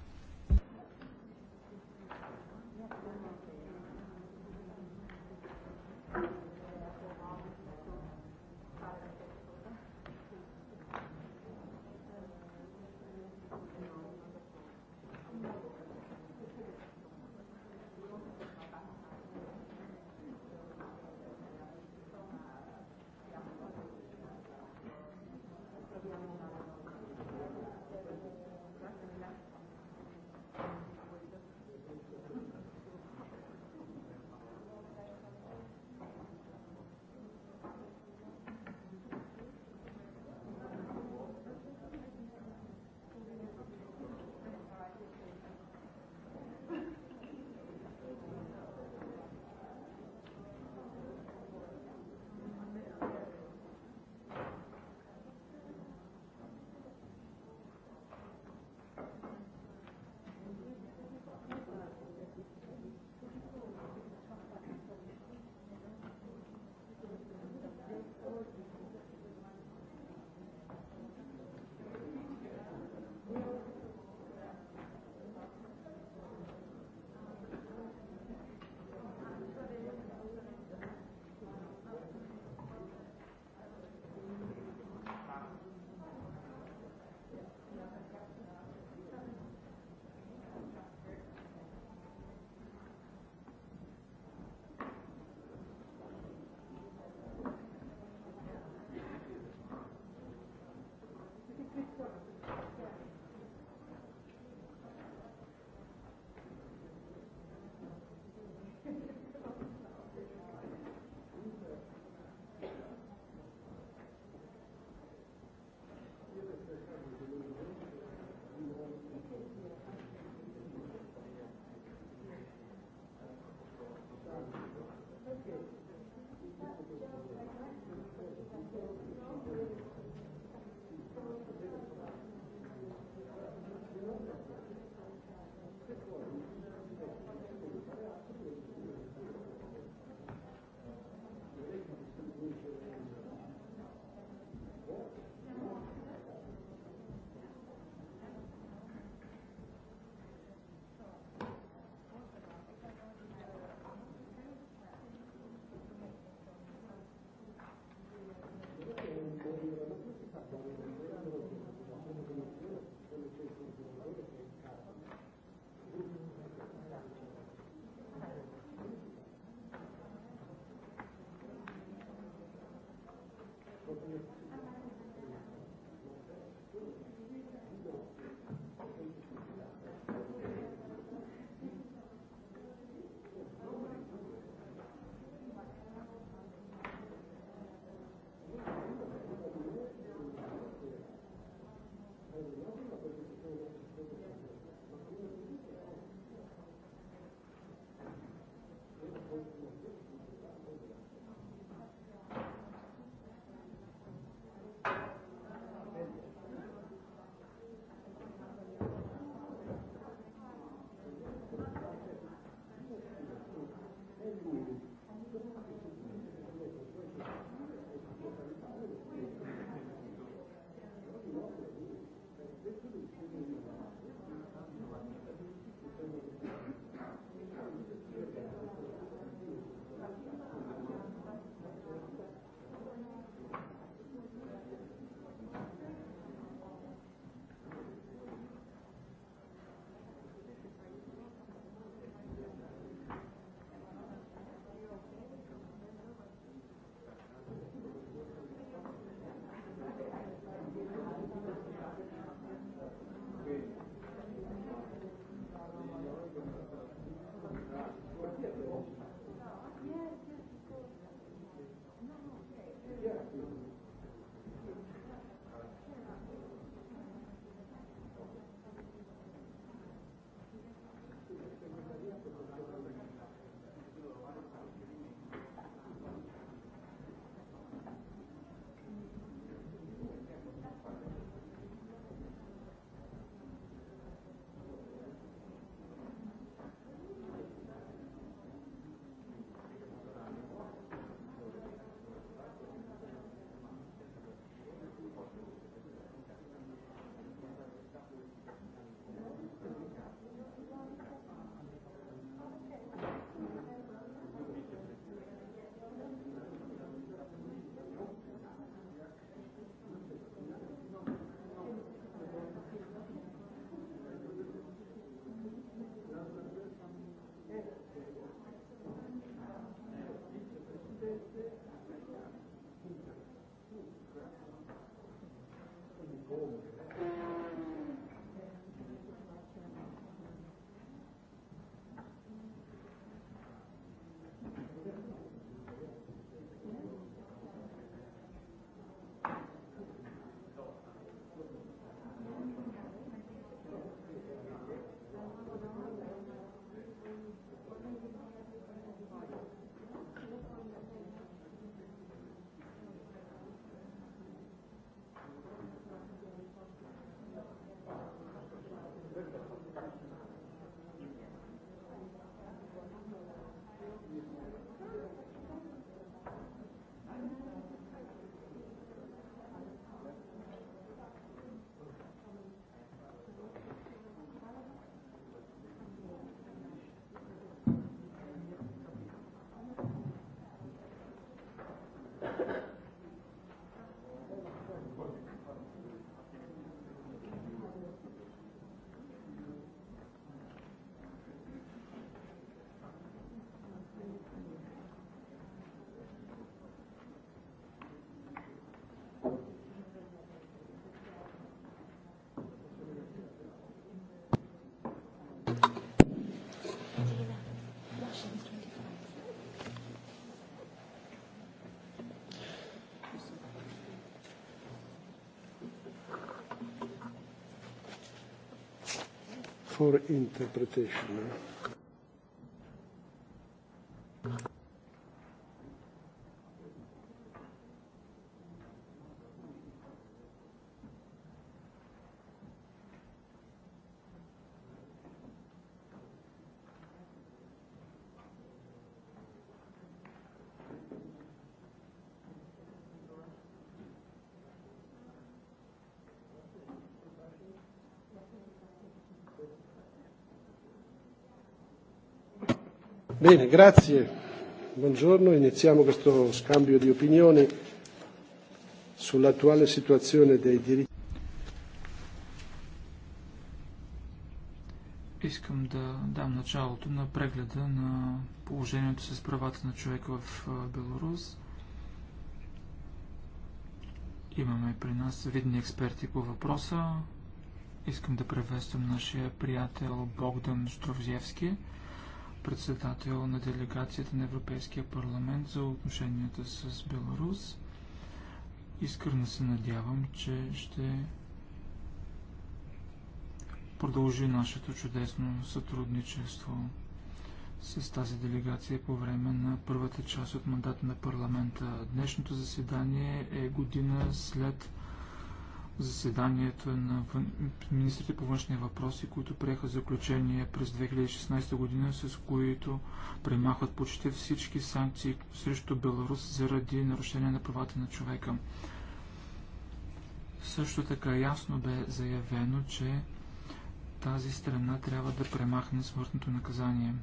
for interpretation. Bene, grazie. Buongiorno, iniziamo questo scambio di opinioni sull'attuale situazione dei diritti. Искам да дам началото на прегледа на положението с правата на човека в Беларус. Имаме при нас видни експерти по въпроса. Искам да приветствам нашия приятел Богдан Штровзевски председател на делегацията на Европейския парламент за отношенията с Беларус. Искрено се надявам, че ще продължи нашето чудесно сътрудничество с тази делегация по време на първата част от мандата на парламента. Днешното заседание е година след заседанието на министрите по външни въпроси, които приеха заключение през 2016 година, с които премахват почти всички санкции срещу Беларус заради нарушение на правата на човека. Също така ясно бе заявено, че тази страна трябва да премахне смъртното наказание.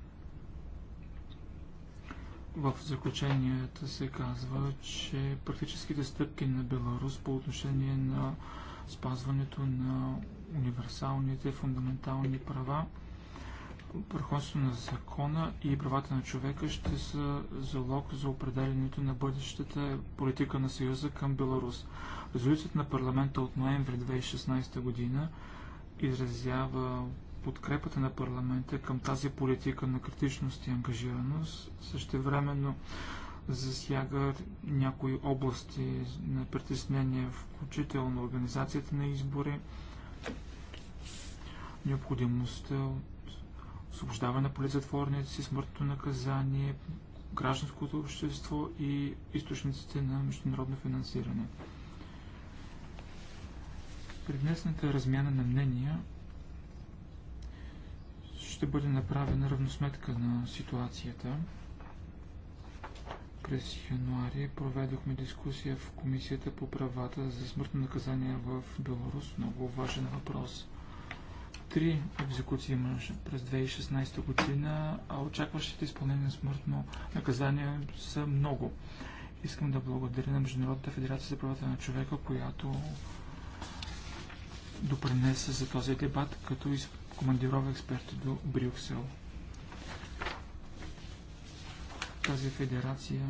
В заключенията се казва, че практическите стъпки на Беларус по отношение на спазването на универсалните фундаментални права, върховенството на закона и правата на човека ще са залог за определенето на бъдещата политика на Съюза към Беларус. Резолюцията на парламента от ноември 2016 година изразява подкрепата на парламента към тази политика на критичност и ангажираност същевременно засяга някои области на притеснение, включително организацията на избори, необходимостта от освобождаване на полицетворници, смъртното наказание, гражданското общество и източниците на международно финансиране. При днесната размяна на мнения ще бъде направена равносметка на ситуацията. През януари проведохме дискусия в Комисията по правата за смъртно наказание в Беларус. Много важен въпрос. Три екзекуции имаше през 2016 година, а очакващите изпълнение на смъртно наказание са много. Искам да благодаря на Международната федерация за правата на човека, която допринесе за този дебат, като изпълнение командирова експерти до Брюксел. Тази федерация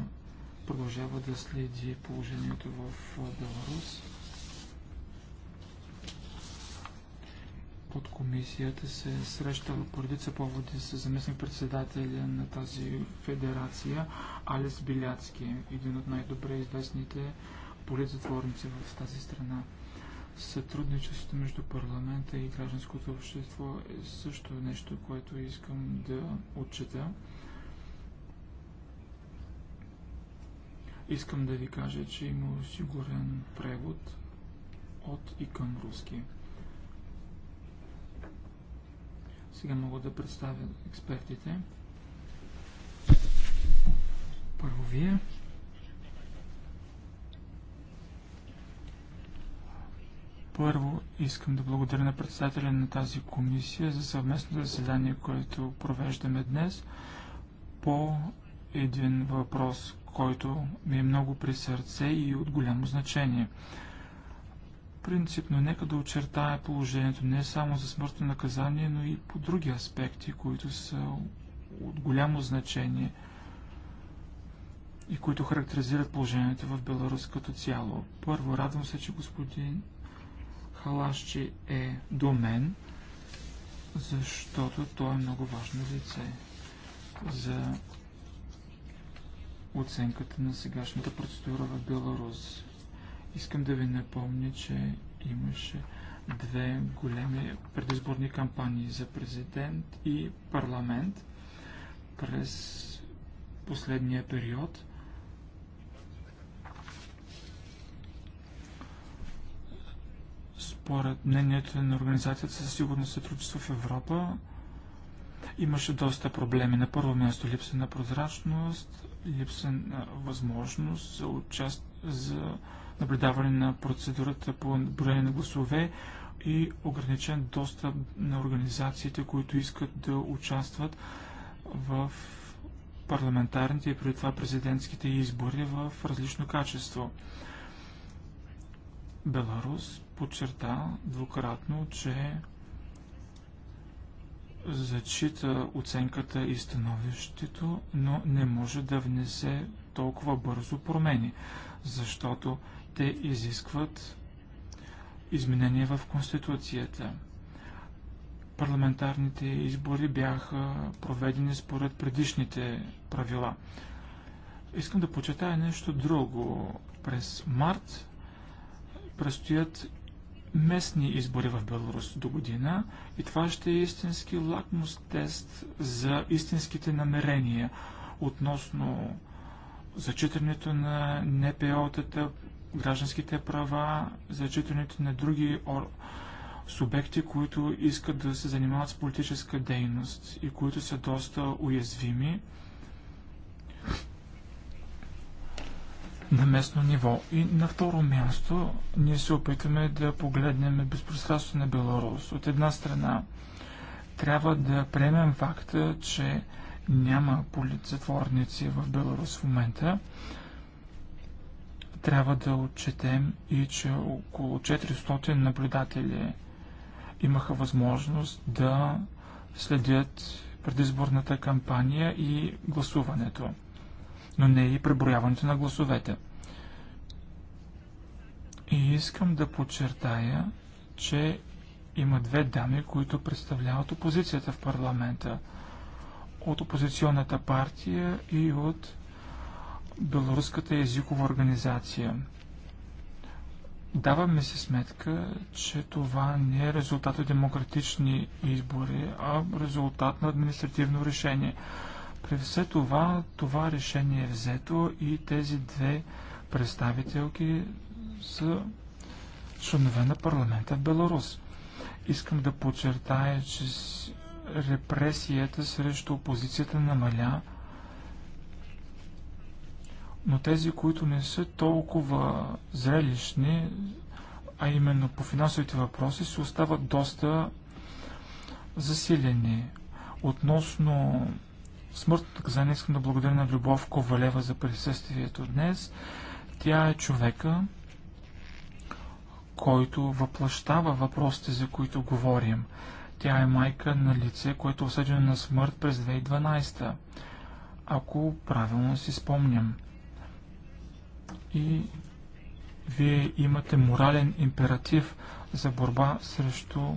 продължава да следи положението в Беларус. Под комисията се среща по редица поводи с заместник председателя на тази федерация Алес Биляцки, един от най-добре известните политзатворници в тази страна. Сътрудничеството между парламента и гражданското общество е също нещо, което искам да отчета. Искам да ви кажа, че има сигурен превод от и към руски. Сега мога да представя експертите. Първо вие. Първо искам да благодаря на председателя на тази комисия за съвместно заседание, което провеждаме днес по един въпрос, който ми е много при сърце и от голямо значение. Принципно, нека да очертая положението не само за смъртно наказание, но и по други аспекти, които са от голямо значение и които характеризират положението в Беларус като цяло. Първо, радвам се, че господин Халашчи е до мен, защото той е много важно лице за оценката на сегашната процедура в Беларус. Искам да ви напомня, че имаше две големи предизборни кампании за президент и парламент през последния период. Според мнението на Организацията за сигурно сътрудничество в Европа, имаше доста проблеми. На първо място липса на прозрачност, липса на възможност за, участ... за наблюдаване на процедурата по броене на гласове и ограничен достъп на организациите, които искат да участват в парламентарните и преди това президентските избори в различно качество. Беларус подчерта двукратно, че зачита оценката и становището, но не може да внесе толкова бързо промени, защото те изискват изменения в Конституцията. Парламентарните избори бяха проведени според предишните правила. Искам да почетая нещо друго. През март предстоят местни избори в Беларус до година и това ще е истински лакмус тест за истинските намерения относно зачитането на НПО-тата, гражданските права, зачитането на други субекти, които искат да се занимават с политическа дейност и които са доста уязвими на местно ниво. И на второ място ние се опитваме да погледнем безпространство на Беларус. От една страна трябва да приемем факта, че няма политзатворници в Беларус в момента. Трябва да отчетем и, че около 400 наблюдатели имаха възможност да следят предизборната кампания и гласуването но не и преброяването на гласовете. И искам да подчертая, че има две дами, които представляват опозицията в парламента. От опозиционната партия и от Белоруската езикова организация. Даваме се сметка, че това не е резултат от демократични избори, а резултат на административно решение. При все това, това решение е взето и тези две представителки са членове на парламента в Беларус. Искам да подчертая, че репресията срещу опозицията намаля, но тези, които не са толкова зрелищни, а именно по финансовите въпроси, се остават доста засилени. Относно смъртно наказание искам да благодаря на Любов Ковалева за присъствието днес. Тя е човека, който въплащава въпросите, за които говорим. Тя е майка на лице, което е осъдено на смърт през 2012, ако правилно си спомням. И вие имате морален императив за борба срещу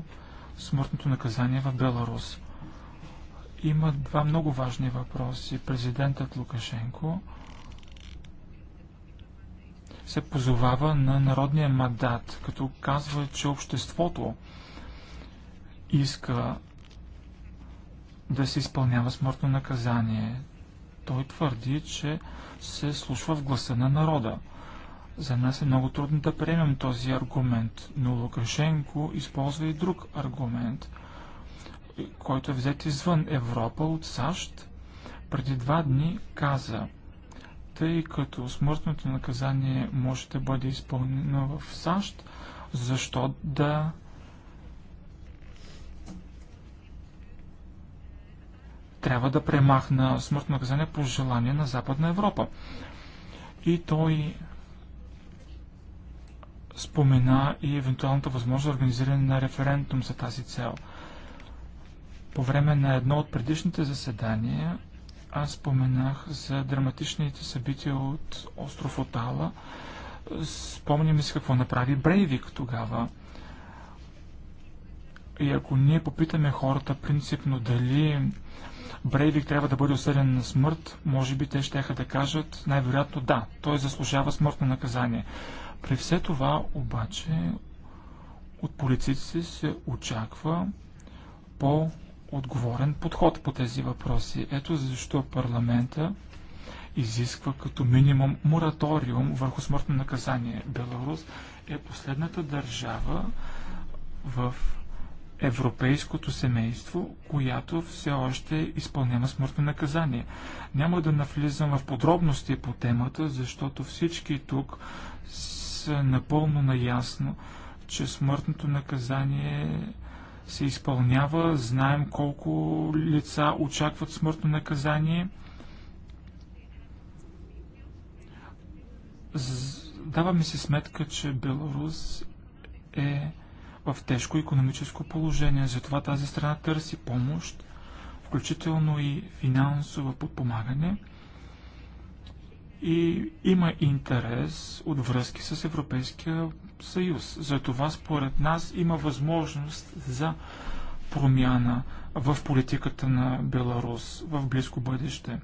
смъртното наказание в Беларус. Има два много важни въпроси. Президентът Лукашенко се позовава на народния мандат, като казва, че обществото иска да се изпълнява смъртно наказание. Той твърди, че се слушва в гласа на народа. За нас е много трудно да приемем този аргумент, но Лукашенко използва и друг аргумент – който е взет извън Европа от САЩ, преди два дни каза, тъй като смъртното наказание може да бъде изпълнено в САЩ, защо да трябва да премахна смъртно наказание по желание на Западна Европа. И той спомена и евентуалната възможност за организиране на референдум за тази цел – по време на едно от предишните заседания аз споменах за драматичните събития от остров Отала. Спомняме си какво направи Брейвик тогава. И ако ние попитаме хората принципно дали Брейвик трябва да бъде осъден на смърт, може би те ще да кажат най-вероятно да, той заслужава смъртно наказание. При все това обаче от полиците се очаква по отговорен подход по тези въпроси. Ето защо парламента изисква като минимум мораториум върху смъртно наказание. Беларус е последната държава в европейското семейство, която все още изпълнява смъртно наказание. Няма да навлизам в подробности по темата, защото всички тук са напълно наясно, че смъртното наказание се изпълнява. Знаем колко лица очакват смъртно наказание. Даваме си сметка, че Беларус е в тежко економическо положение, затова тази страна търси помощ, включително и финансово подпомагане и има интерес от връзки с Европейския съюз. Затова според нас има възможност за промяна в политиката на Беларус в близко бъдеще.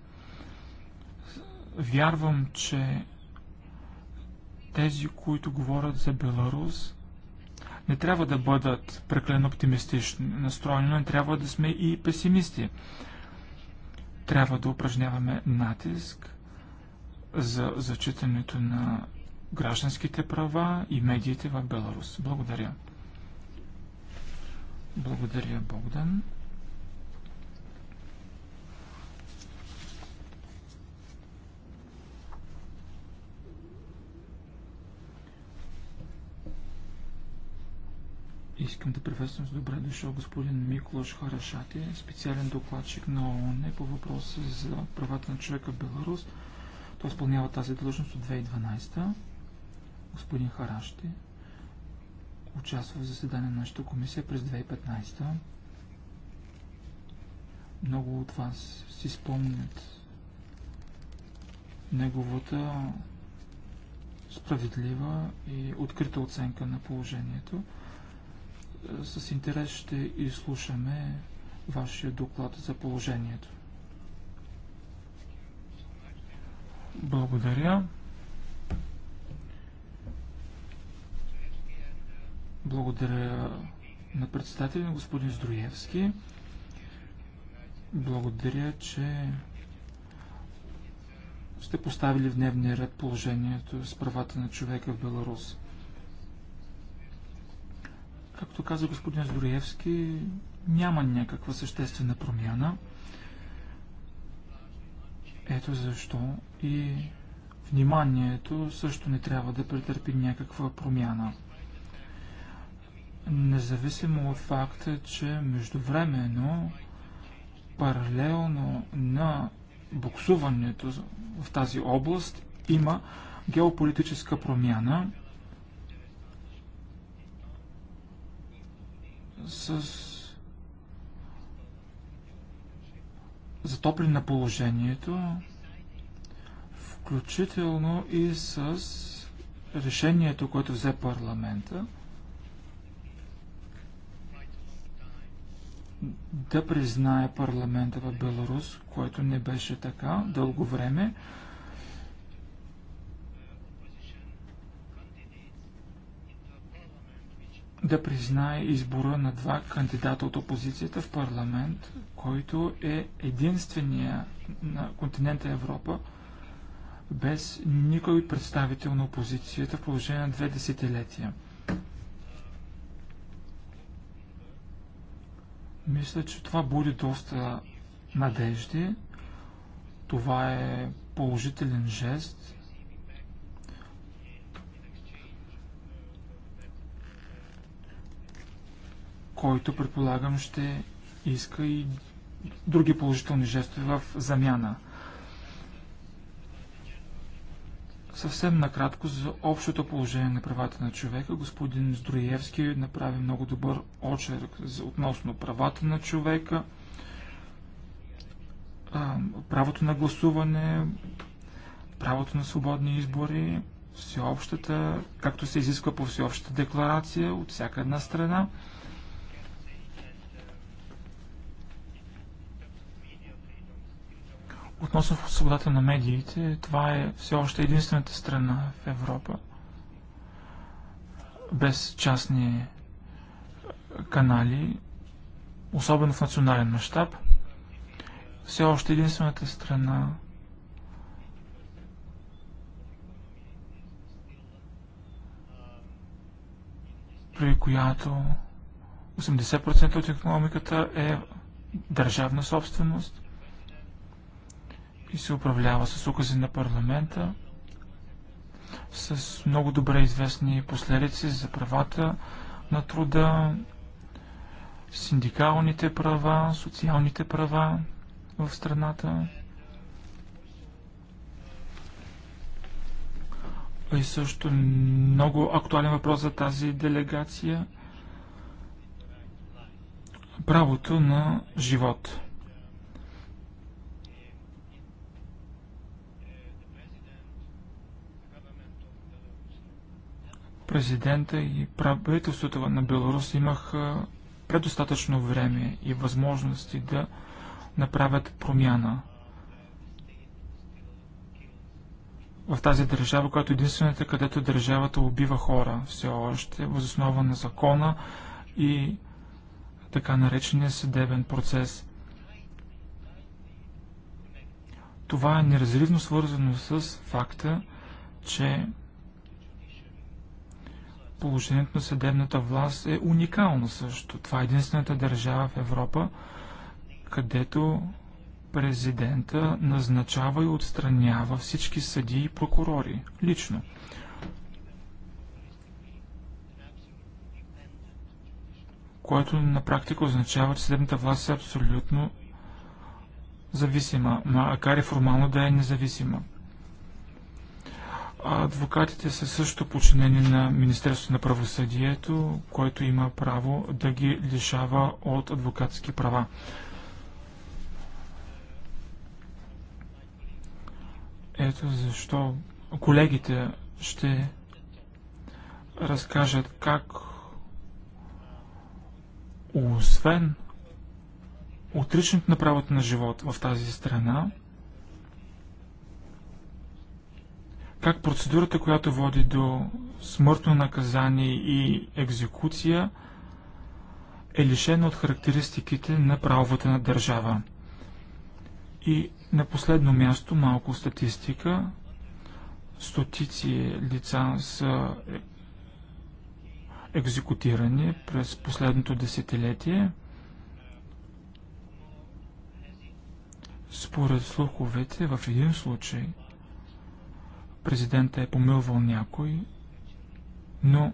Вярвам, че тези, които говорят за Беларус, не трябва да бъдат преклено оптимистични настроени, но не трябва да сме и песимисти. Трябва да упражняваме натиск за зачитането на гражданските права и медиите в Беларус. Благодаря. Благодаря, Богдан. Искам да приветствам с добре дошъл господин Миколаш Харашати, специален докладчик на ООН по въпроса за правата на човека в Беларус. Той изпълнява тази длъжност от 2012 господин Харашти участва в заседание на нашата комисия през 2015. Много от вас си спомнят неговата справедлива и открита оценка на положението. С интерес ще изслушаме вашия доклад за положението. Благодаря. Благодаря на председателя на господин Здруевски. Благодаря, че сте поставили в дневния ред положението с правата на човека в Беларус. Както каза господин Здруевски, няма някаква съществена промяна. Ето защо и вниманието също не трябва да претърпи някаква промяна. Независимо от факта, че междувременно, паралелно на буксуването в тази област, има геополитическа промяна с затопляне на положението, включително и с решението, което взе парламента – да признае парламента в Беларус, което не беше така дълго време. да признае избора на два кандидата от опозицията в парламент, който е единствения на континента Европа без никой представител на опозицията в положение на две десетилетия. Мисля, че това буди доста надежди. Това е положителен жест. който предполагам ще иска и други положителни жестове в замяна. Съвсем накратко за общото положение на правата на човека, господин Здроевски направи много добър очерк относно правата на човека, правото на гласуване, правото на свободни избори, всеобщата, както се изисква по всеобщата декларация от всяка една страна – Относно свободата на медиите, това е все още единствената страна в Европа без частни канали, особено в национален мащаб. Все още единствената страна при която 80% от економиката е държавна собственост – и се управлява с укази на парламента, с много добре известни последици за правата на труда, синдикалните права, социалните права в страната. И също много актуален въпрос за тази делегация – правото на живот. президента и правителството на Беларус имаха предостатъчно време и възможности да направят промяна в тази държава, която е единствената, където държавата убива хора все още, възоснова на закона и така наречения съдебен процес. Това е неразривно свързано с факта, че положението на съдебната власт е уникално също. Това е единствената държава в Европа, където президента назначава и отстранява всички съди и прокурори лично. Което на практика означава, че съдебната власт е абсолютно зависима, макар и формално да е независима. Адвокатите са също подчинени на Министерството на правосъдието, което има право да ги лишава от адвокатски права. Ето защо колегите ще разкажат как освен отричането на правото на живот в тази страна, как процедурата, която води до смъртно наказание и екзекуция, е лишена от характеристиките на правовата на държава. И на последно място малко статистика. Стотици лица са екзекутирани през последното десетилетие. Според слуховете, в един случай – президента е помилвал някой, но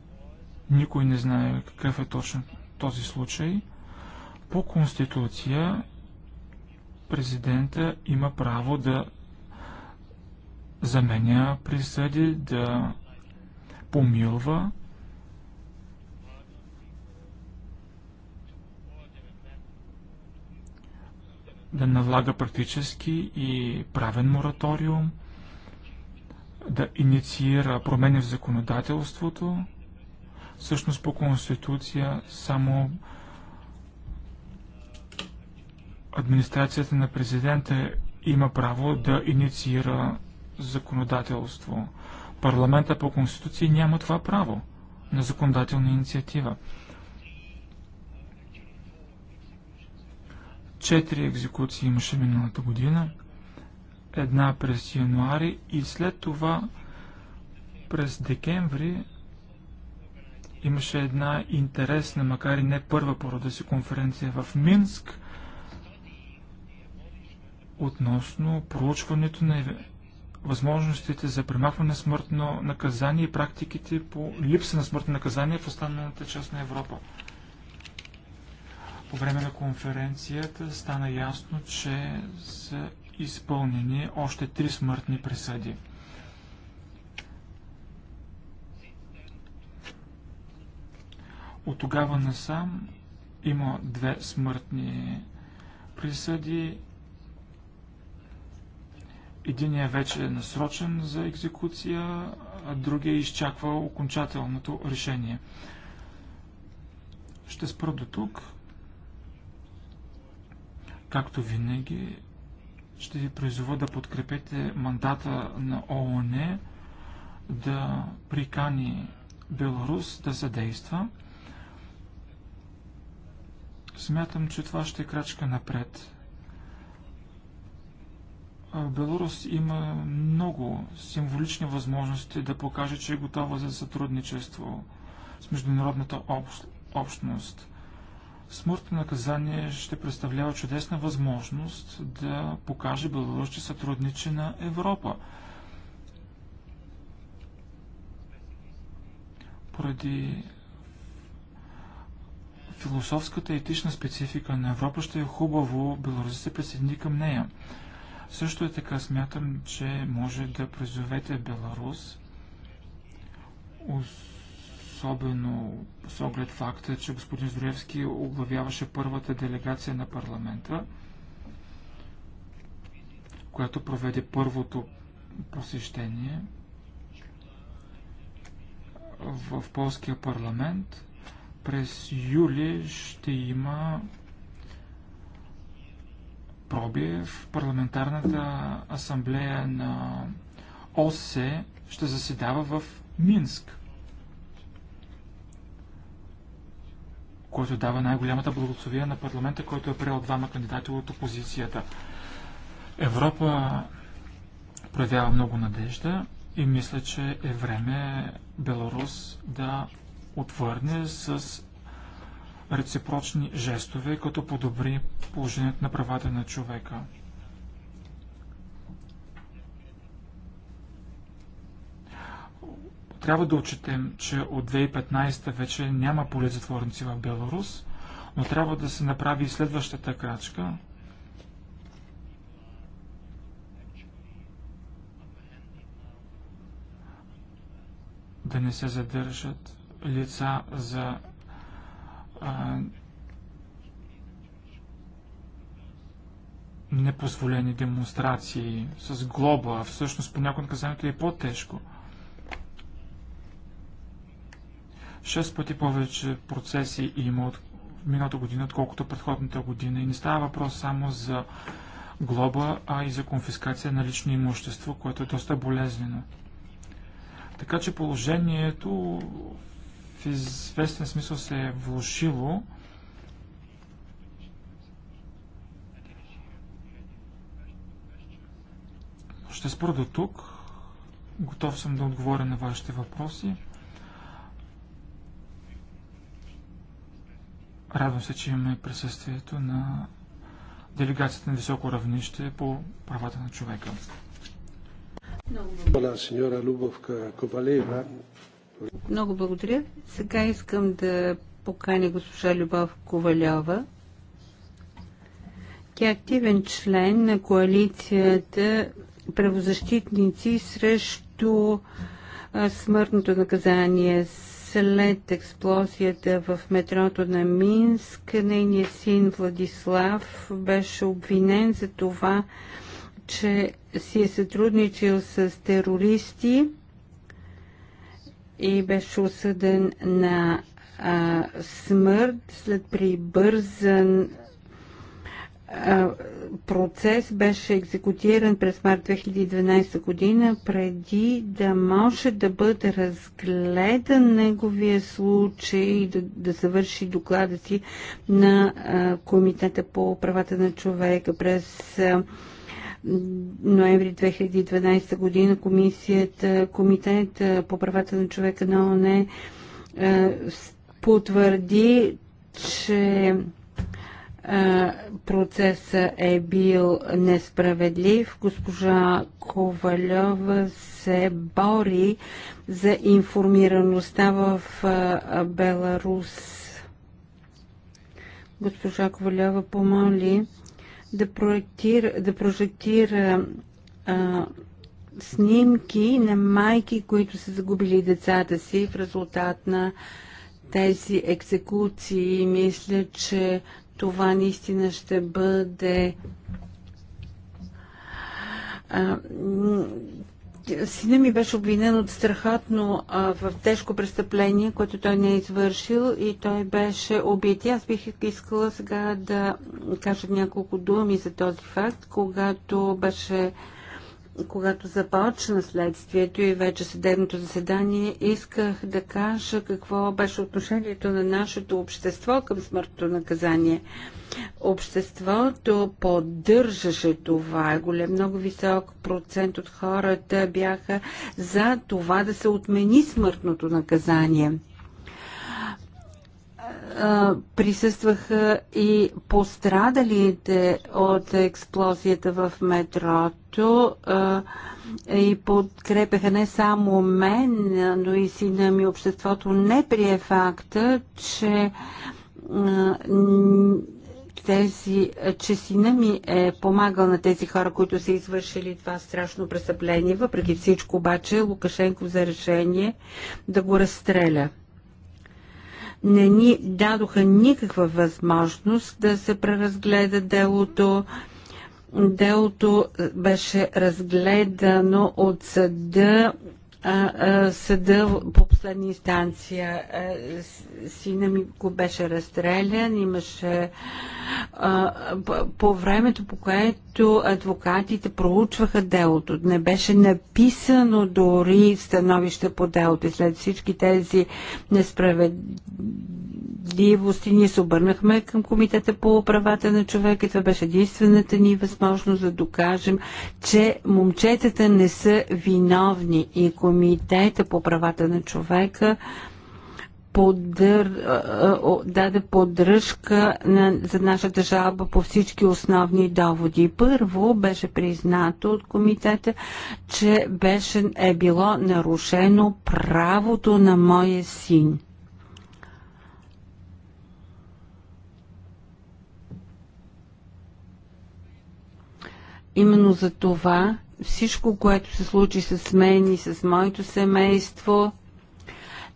никой не знае какъв е точно този случай. По Конституция президента има право да заменя присъди, да помилва. да налага практически и правен мораториум – да инициира промени в законодателството. Всъщност по Конституция само администрацията на президента има право да инициира законодателство. Парламента по Конституция няма това право на законодателна инициатива. Четири екзекуции имаше миналата година – една през януари и след това през декември имаше една интересна, макар и не първа по рода си конференция в Минск относно проучването на възможностите за премахване на смъртно наказание и практиките по липса на смъртно наказание в останалата част на Европа. По време на конференцията стана ясно, че се изпълнени още три смъртни присъди. От тогава насам има две смъртни присъди. Единият вече е насрочен за екзекуция, а другия изчаква окончателното решение. Ще спра до тук. Както винаги, ще ви призова да подкрепите мандата на ООН да прикани Беларус да задейства. Смятам, че това ще е крачка напред. Беларус има много символични възможности да покаже, че е готова за сътрудничество с международната общ... общност. Смъртно наказание ще представлява чудесна възможност да покаже Беларус, че сътрудничи на Европа. Поради философската и етична специфика на Европа ще е хубаво Беларус се присъедини към нея. Също е така смятам, че може да призовете Беларус, особено с оглед факта, че господин Зруевски оглавяваше първата делегация на парламента, която проведе първото посещение в полския парламент. През юли ще има пробие в парламентарната асамблея на ОСЕ ще заседава в Минск. Който дава най-голямата благословия на парламента, който е приел двама кандидати от опозицията. Европа проявява много надежда и мисля, че е време Беларус да отвърне с реципрочни жестове, като подобри положението на правата на човека. Трябва да отчетем, че от 2015 вече няма поле затворници в Беларус, но трябва да се направи и следващата крачка. Да не се задържат лица за а, непозволени демонстрации с глоба, всъщност по някои наказанието е по-тежко – 6 пъти повече процеси има от миналата година, отколкото предходната година. И не става въпрос само за глоба, а и за конфискация на лично имущество, което е доста болезнено. Така че положението в известен смисъл се е влушило. Ще спра до тук. Готов съм да отговоря на вашите въпроси. Радвам се, че имаме присъствието на делегацията на високо равнище по правата на човека. Много благодаря. Сега искам да покани госпожа Любов Ковалева. Тя е активен член на коалицията правозащитници срещу смъртното наказание след експлозията в метрото на Минск, нейният син Владислав беше обвинен за това, че си е сътрудничил с терористи и беше осъден на а, смърт след прибързан процес беше екзекутиран през март 2012 година, преди да може да бъде разгледан неговия случай и да, да завърши доклада си на а, Комитета по правата на човека. През а, ноември 2012 година комисията, Комитет по правата на човека на ОНЕ потвърди, че процесът е бил несправедлив. Госпожа Ковалева се бори за информираността в Беларус. Госпожа Ковалева помоли да, проектира, да прожектира а, снимки на майки, които са загубили децата си в резултат на тези екзекуции. Мисля, че това наистина ще бъде сина ми беше обвинен от страхотно в тежко престъпление, което той не е извършил и той беше убит. аз бих искала сега да кажа няколко думи за този факт. Когато беше когато започна следствието и вече съдебното заседание, исках да кажа какво беше отношението на нашето общество към смъртното наказание. Обществото поддържаше това. Голем, много висок процент от хората бяха за това да се отмени смъртното наказание присъстваха и пострадалите от експлозията в метрото и подкрепяха не само мен, но и сина ми. Обществото не прие факта, че тези, че сина ми е помагал на тези хора, които са извършили това страшно престъпление. Въпреки всичко обаче Лукашенко за решение да го разстреля не ни дадоха никаква възможност да се преразгледа делото. Делото беше разгледано от съда съда по последна инстанция сина ми го беше разстрелян, имаше по времето, по което които адвокатите проучваха делото. Не беше написано дори становище по делото. И след всички тези несправедливости ние се обърнахме към Комитета по правата на човека и това беше единствената ни възможност да докажем, че момчетата не са виновни и Комитета по правата на човека поддър, даде поддръжка на, за нашата жалба по всички основни доводи. Първо беше признато от комитета, че беше, е било нарушено правото на моя син. Именно за това всичко, което се случи с мен и с моето семейство,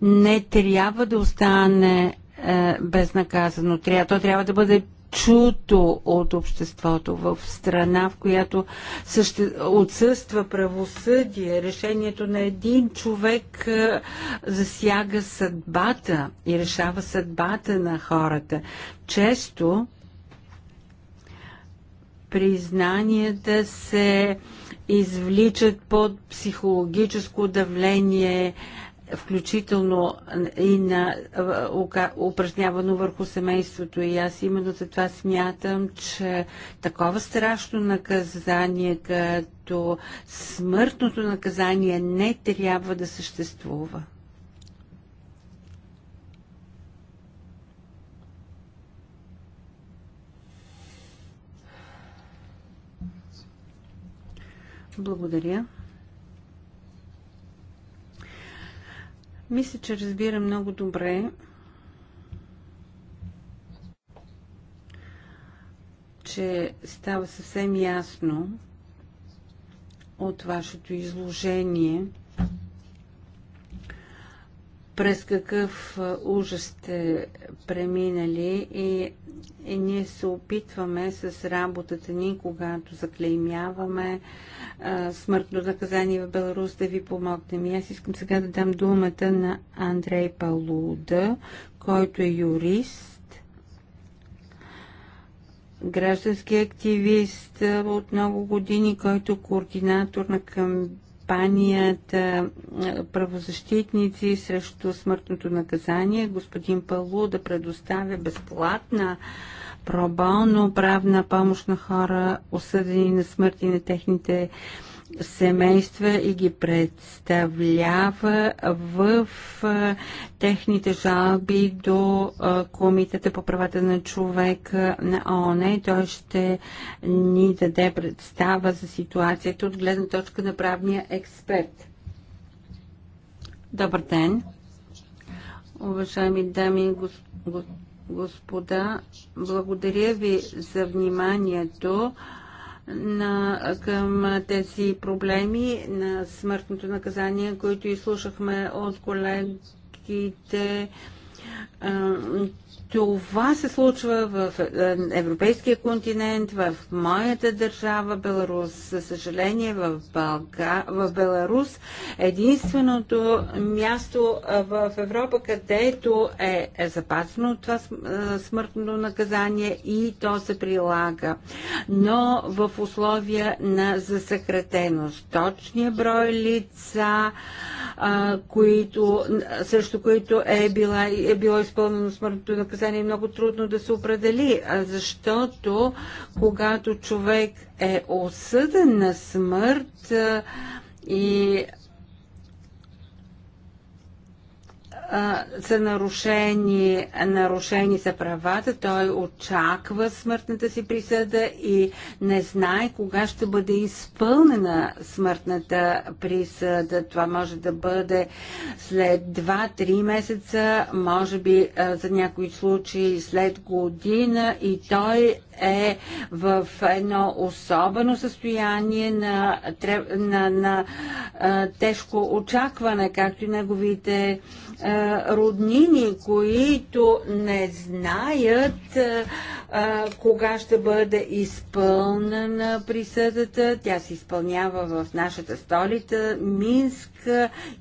не трябва да остане е, безнаказано. Трябва, то трябва да бъде чуто от обществото в страна, в която съще... отсъства правосъдие. Решението на един човек е, засяга съдбата и решава съдбата на хората. Често признанията се извличат под психологическо давление, включително и на упражнявано върху семейството. И аз именно за това смятам, че такова страшно наказание, като смъртното наказание, не трябва да съществува. Благодаря. Мисля, че разбира много добре, че става съвсем ясно от вашето изложение – през какъв ужас сте преминали и, и ние се опитваме с работата ни, когато заклеймяваме а, смъртно наказание в Беларус, да ви помогнем. И аз искам сега да дам думата на Андрей Палуда, който е юрист, граждански активист от много години, който е координатор на кампания кампанията правозащитници срещу смъртното наказание. Господин Палу да предоставя безплатна пробално правна помощ на хора, осъдени на смърт и на техните семейства и ги представлява в техните жалби до Комитета по правата на човека на ООН. Той ще ни даде представа за ситуацията от гледна точка на правния експерт. Добър ден! Уважаеми дами и господа, благодаря ви за вниманието на, към тези проблеми на смъртното наказание, които изслушахме от колегите това се случва в е, европейския континент, в моята държава, Беларус. За съжаление, в, Балка... в Беларус единственото място е, в Европа, където е, е запазено това е, смъртно наказание и то се прилага. Но в условия на засъкратеност. Точния брой лица, които, срещу които е, била, е било изпълнено смъртното наказание, наказание е много трудно да се определи, защото когато човек е осъден на смърт и а, са нарушени, нарушени са правата, той очаква смъртната си присъда и не знае кога ще бъде изпълнена смъртната присъда. Това може да бъде след 2-3 месеца, може би а, за някои случаи след година и той е в едно особено състояние на, на, на, на тежко очакване, както и неговите роднини, които не знаят кога ще бъде изпълнена присъдата. Тя се изпълнява в нашата столица Минск.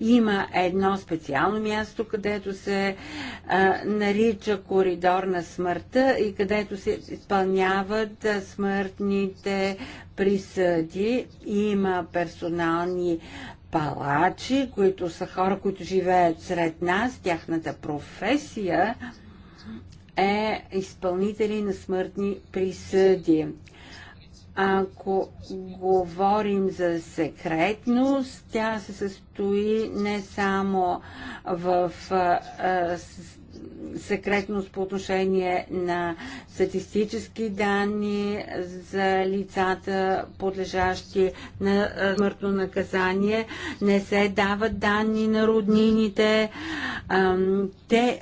Има едно специално място, където се нарича коридор на смъртта и където се изпълняват смъртните присъди. Има персонални палачи, които са хора, които живеят сред нас. Тяхната професия е изпълнители на смъртни присъди. Ако говорим за секретност, тя се състои не само в секретност по отношение на статистически данни за лицата, подлежащи на смъртно наказание. Не се дават данни на роднините. Те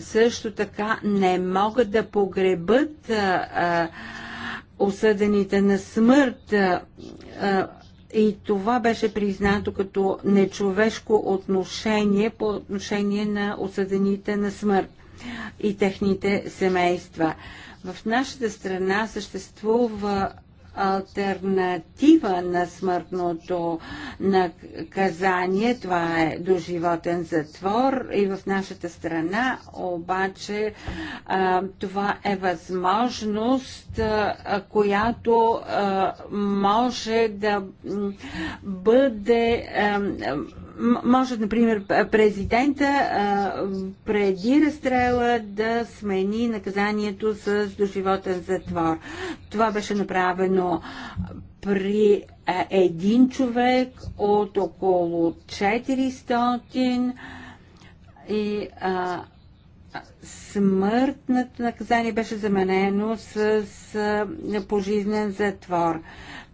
също така не могат да погребат осъдените на смърт и това беше признато като нечовешко отношение по отношение на осъдените на смърт и техните семейства. В нашата страна съществува альтернатива на смъртното наказание. Това е доживотен затвор и в нашата страна обаче това е възможност, която може да бъде може, например, президента преди разстрела да смени наказанието с доживотен затвор. Това беше направено при един човек от около 400 и а, смъртното наказание беше заменено с, с пожизнен затвор.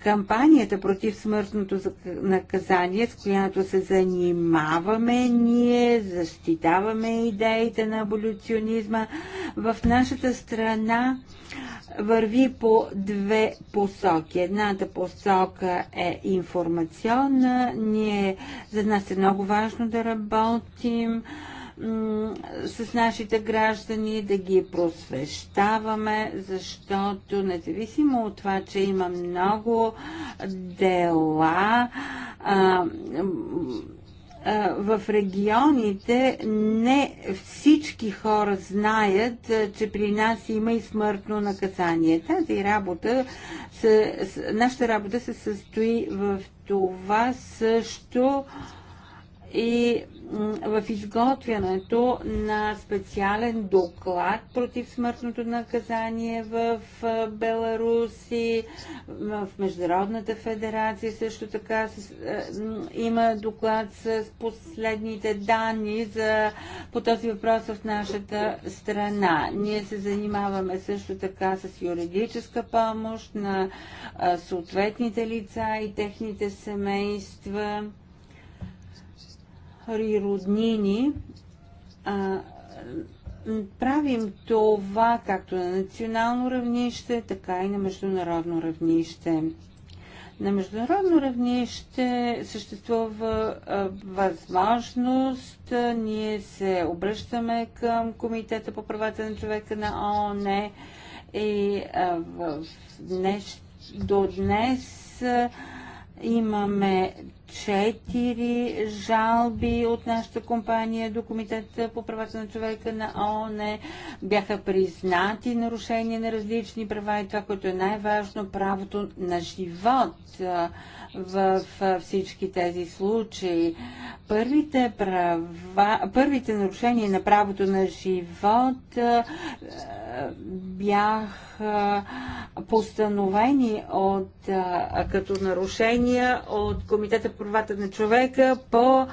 Кампанията против смъртното наказание, с която се занимаваме ние, защитаваме идеите на аболюционизма, в нашата страна върви по две посоки. Едната посока е информационна. Ние, за нас е много важно да работим с нашите граждани, да ги просвещаваме, защото независимо от това, че има много дела, а, в регионите не всички хора знаят, че при нас има и смъртно наказание. Тази работа, нашата работа се състои в това също и в изготвянето на специален доклад против смъртното наказание в Беларус и в Международната федерация също така има доклад с последните данни за, по този въпрос в нашата страна. Ние се занимаваме също така с юридическа помощ на съответните лица и техните семейства роднини. А, правим това както на национално равнище, така и на международно равнище. На международно равнище съществува възможност. Ние се обръщаме към Комитета по правата на човека на ООН и в днес, до днес имаме четири жалби от нашата компания до Комитета по правата на човека на ООН. Бяха признати нарушения на различни права и това, което е най-важно, правото на живот в всички тези случаи. Първите, права, първите нарушения на правото на живот бяха постановени от, като нарушения от Комитета правата на човека по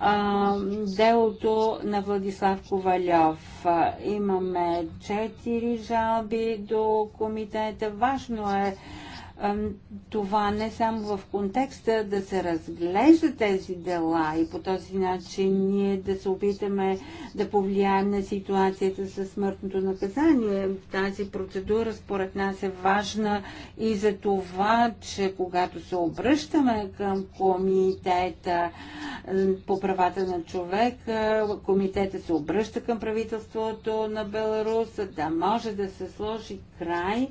а, делото на Владислав Ковалев. Имаме четири жалби до комитета. Важно е това не само в контекста да се разглежда тези дела и по този начин ние да се опитаме да повлияем на ситуацията със смъртното наказание. Тази процедура според нас е важна и за това, че когато се обръщаме към комитета по правата на човека, комитета се обръща към правителството на Беларус, да може да се сложи край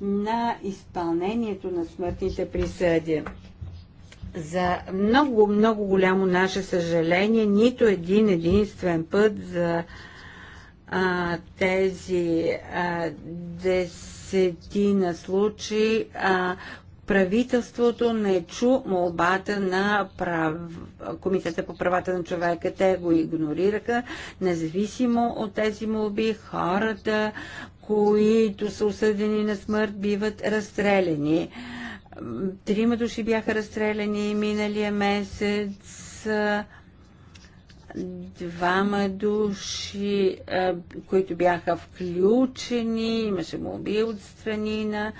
на изпълнението на смъртните присъди. За много, много голямо наше съжаление, нито един единствен път за а, тези а, десетина случаи, а, правителството не чу молбата на прав... Комитета по правата на човека. Те го игнорираха. Независимо от тези молби, хората които са осъдени на смърт, биват разстреляни. Трима души бяха разстреляни миналия месец. Двама души, които бяха включени, имаше моби от странина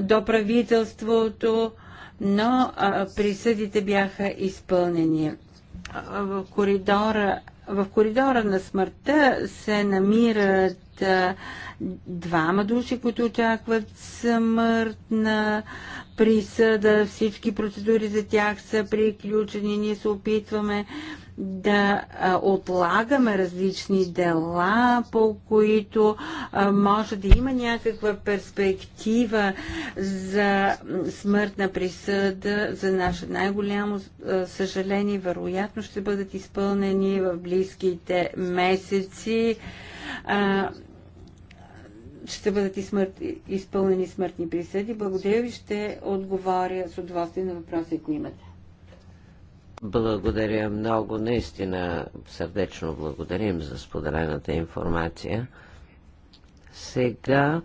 до правителството, но присъдите бяха изпълнени в коридора в коридора на смъртта се намират двама души, които очакват смъртна присъда. Всички процедури за тях са приключени. Ние се опитваме да отлагаме различни дела, по които може да има някаква перспектива за смъртна присъда, за наше най-голямо съжаление, вероятно ще бъдат изпълнени в близките месеци ще бъдат и смърт, изпълнени смъртни присъди. Благодаря ви, ще отговоря с удоволствие на въпроси, ако имате. Благодаря много. Наистина сърдечно благодарим за споделената информация. Сега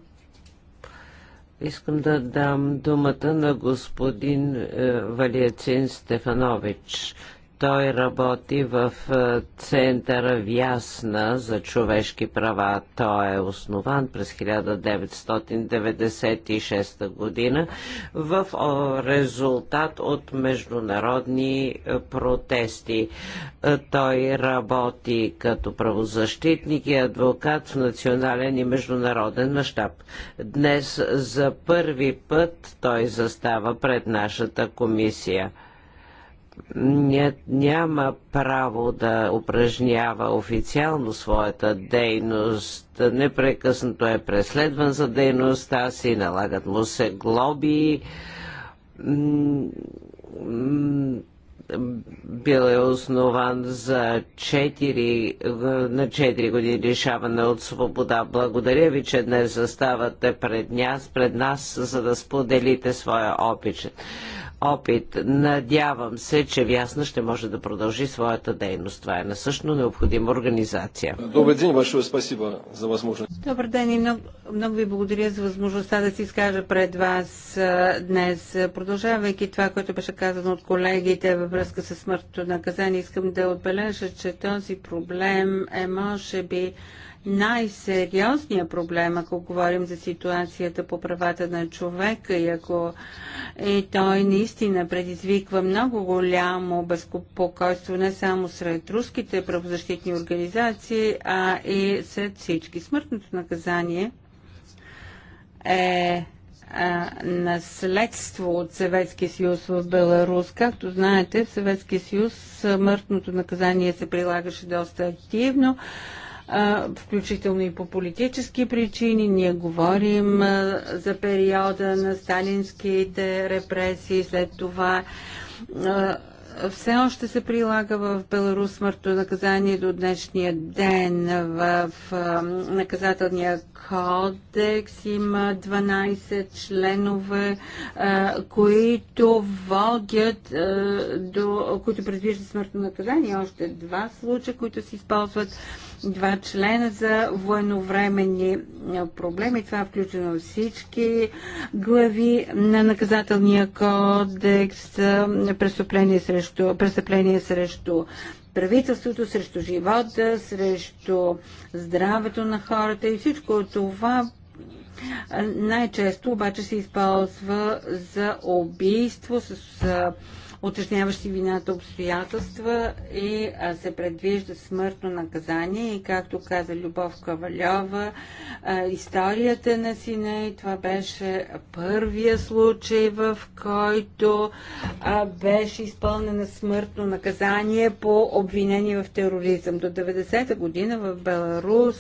искам да дам думата на господин е, Валиацин Стефанович, той работи в е, центъра Вясна за човешки права. Той е основан през 1996 година в резултат от международни е, протести. Е, той работи като правозащитник и адвокат в национален и международен мащаб. Днес за първи път той застава пред нашата комисия ня, няма право да упражнява официално своята дейност. Непрекъснато е преследван за дейността си, налагат му се глоби. Бил е основан за 4, на 4 години лишаване от свобода. Благодаря ви, че днес заставате пред нас, пред нас за да споделите своя опит опит. Надявам се, че Вясна ще може да продължи своята дейност. Това е насъщно необходима организация. Добър ден, большое спасибо за възможност. Добър ден и много, много ви благодаря за възможността да си изкажа пред вас днес. Продължавайки това, което беше казано от колегите във връзка с смъртното наказание, искам да отбележа, че този проблем е може би най-сериозният проблем, ако говорим за ситуацията по правата на човека и ако и той наистина предизвиква много голямо безпокойство не само сред руските правозащитни организации, а и сред всички. Смъртното наказание е наследство от Съветския съюз в Беларус. Както знаете, в Съветския съюз смъртното наказание се прилагаше доста активно включително и по политически причини. Ние говорим за периода на сталинските репресии, след това все още се прилага в Беларус смъртно наказание до днешния ден. В наказателния кодекс има 12 членове, които водят до, които предвиждат смъртно наказание. Още два случая, които се използват два члена за военновременни проблеми. Това е включено всички глави на наказателния кодекс, престъпление срещу, престъпление срещу правителството, срещу живота, срещу здравето на хората и всичко това най-често обаче се използва за убийство с утежняващи вината обстоятелства и се предвижда смъртно наказание и както каза Любов Кавалева, историята на сина и това беше първия случай, в който беше изпълнена смъртно наказание по обвинение в тероризъм. До 90-та година в Беларус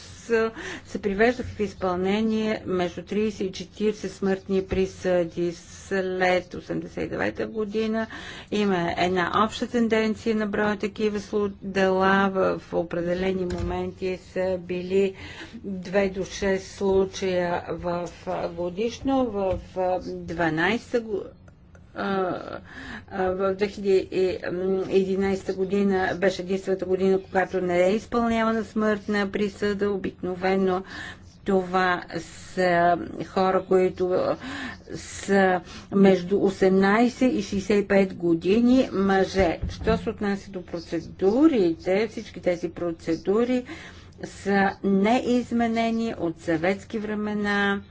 се привеждаха в изпълнение между 30 и 40 смъртни присъди след 89-та година. Има една обща тенденция на броя такива дела. В определени моменти са били 2 до 6 случая в годишно. В 12-та година в 2011 година беше единствената година, когато не е изпълнявана смъртна присъда. Обикновено това са хора, които са между 18 и 65 години мъже. Що се отнася до процедурите, всички тези процедури са неизменени от съветски времена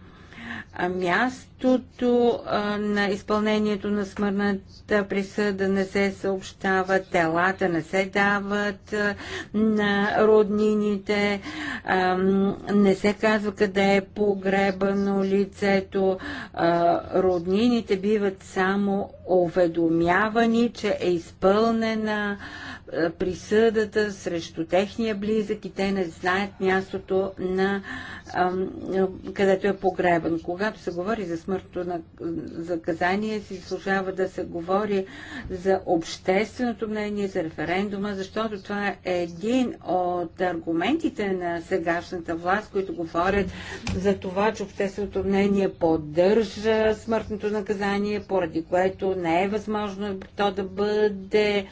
мястото на изпълнението на смъртната присъда не се съобщава, телата не се дават на роднините, не се казва къде е погребано лицето. Роднините биват само уведомявани, че е изпълнена е, присъдата срещу техния близък и те не знаят мястото, на, е, където е погребан. Когато се говори за смъртното на заказание, се служава да се говори за общественото мнение, за референдума, защото това е един от аргументите на сегашната власт, които говорят за това, че общественото мнение поддържа смъртното наказание, поради което не е възможно то да бъде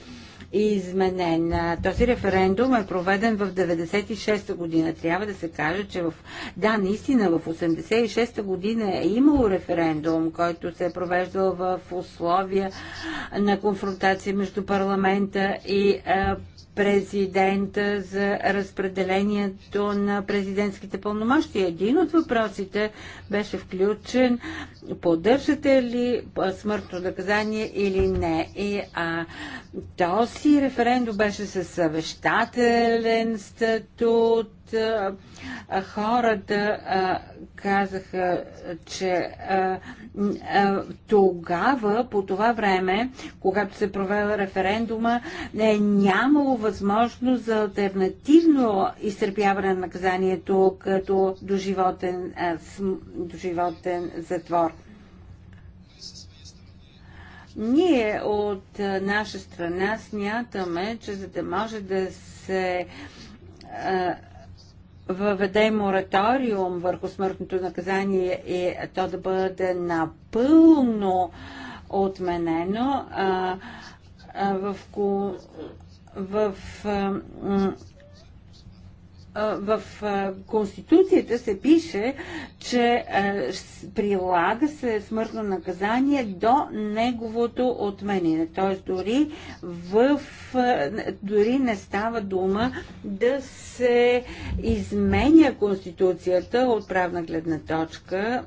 изменен. Този референдум е проведен в 96-та година. Трябва да се каже, че в... Да, наистина в 86-та година е имало референдум, който се е провеждал в условия на конфронтация между парламента и е, президента за разпределението на президентските пълномощи. Един от въпросите беше включен поддържате ли смъртно наказание или не. И а, този референдум беше със съвещателен статут, хората а, казаха, че а, а, тогава, по това време, когато се провела референдума, не е нямало възможност за альтернативно изтърпяване на наказанието като доживотен, а, доживотен затвор. Ние от наша страна смятаме, че за да може да се а, въведе мораториум върху смъртното наказание и то да бъде напълно отменено, а, а, в, в, в в Конституцията се пише, че прилага се смъртно наказание до неговото отменение. Т.е. дори, в, дори не става дума да се изменя Конституцията от правна гледна точка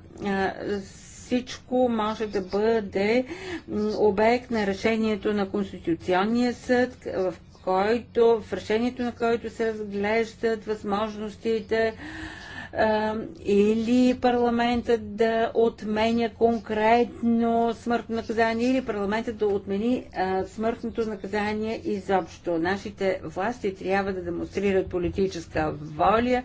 всичко може да бъде обект на решението на Конституционния съд в който, в решението на който се разглеждат възможностите или парламентът да отменя конкретно смъртно наказание, или парламентът да отмени смъртното наказание изобщо. Нашите власти трябва да демонстрират политическа воля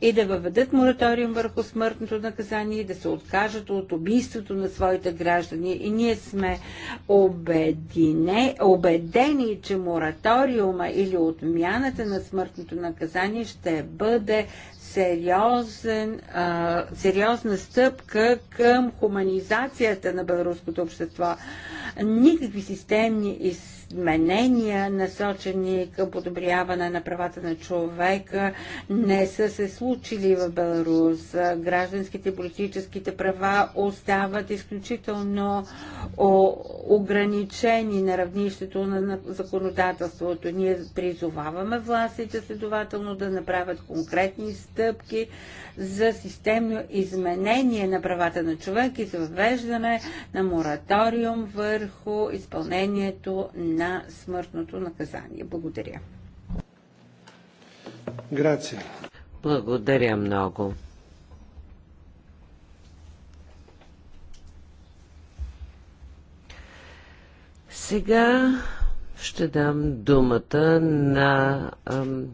и да въведат мораториум върху смъртното наказание и да се откажат от убийството на своите граждани. И ние сме обедине, обедени, че мораториума или отмяната на смъртното наказание ще бъде сериозен, а, сериозна стъпка към хуманизацията на българското общество. Никакви системни изследвания изменения, насочени към подобряване на правата на човека, не са се случили в Беларус. Гражданските и политическите права остават изключително ограничени на равнището на законодателството. Ние призоваваме властите следователно да направят конкретни стъпки за системно изменение на правата на човек и за въвеждане на мораториум върху изпълнението на на смъртното наказание. Благодаря. Грация. Благодаря много. Сега ще дам думата на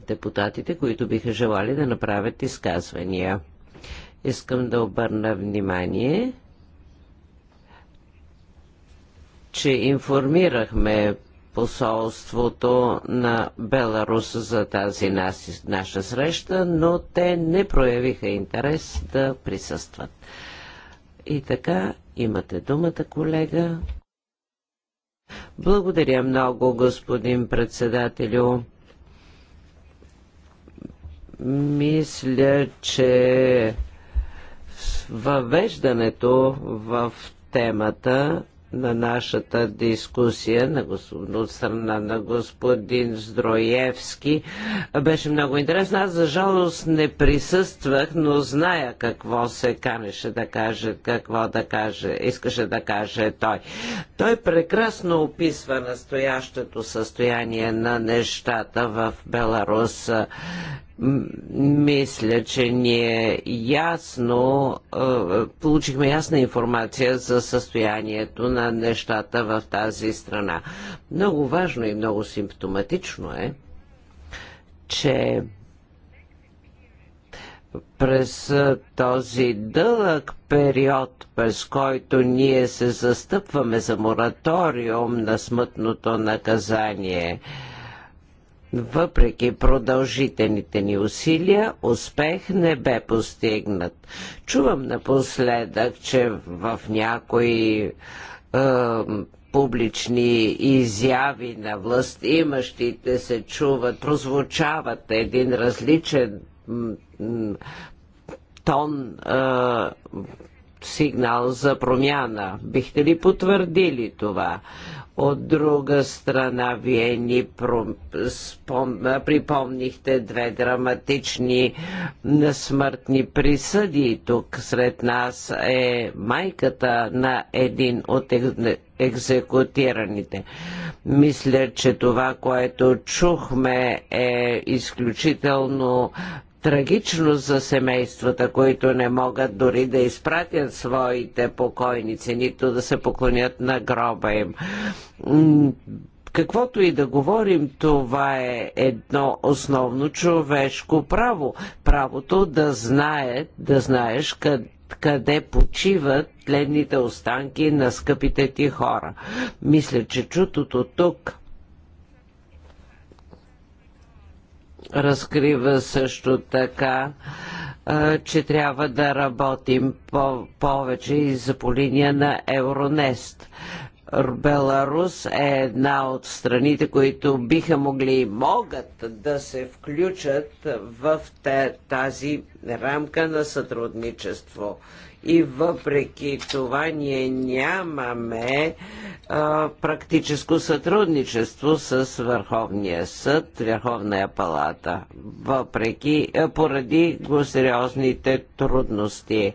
депутатите, които биха желали да направят изказвания. Искам да обърна внимание, че информирахме посолството на Беларус за тази наша среща, но те не проявиха интерес да присъстват. И така, имате думата, колега. Благодаря много, господин председателю. Мисля, че въвеждането в темата на нашата дискусия на господ... от страна на господин Здроевски беше много интересно. Аз за жалост не присъствах, но зная какво се канеше да каже, какво да каже, искаше да каже той. Той прекрасно описва настоящето състояние на нещата в Беларус мисля, че ние ясно е, получихме ясна информация за състоянието на нещата в тази страна. Много важно и много симптоматично е, че през е, този дълъг период, през който ние се застъпваме за мораториум на смътното наказание – въпреки продължителните ни усилия, успех не бе постигнат. Чувам напоследък, че в някои е, публични изяви на власт имащите се чуват, прозвучават един различен тон, е, сигнал за промяна. Бихте ли потвърдили това? От друга страна, вие ни припомнихте две драматични смъртни присъди. Тук сред нас е майката на един от екзекутираните. Мисля, че това, което чухме е изключително трагично за семействата, които не могат дори да изпратят своите покойници, нито да се поклонят на гроба им. Каквото и да говорим, това е едно основно човешко право. Правото да знае, да знаеш къде къде почиват тленните останки на скъпите ти хора. Мисля, че чутото тук разкрива също така, че трябва да работим по- повече и за по линия на Евронест. Беларус е една от страните, които биха могли и могат да се включат в тази рамка на сътрудничество и въпреки това ние нямаме а, практическо сътрудничество с Върховния съд, Върховная палата, въпреки а, поради го сериозните трудности.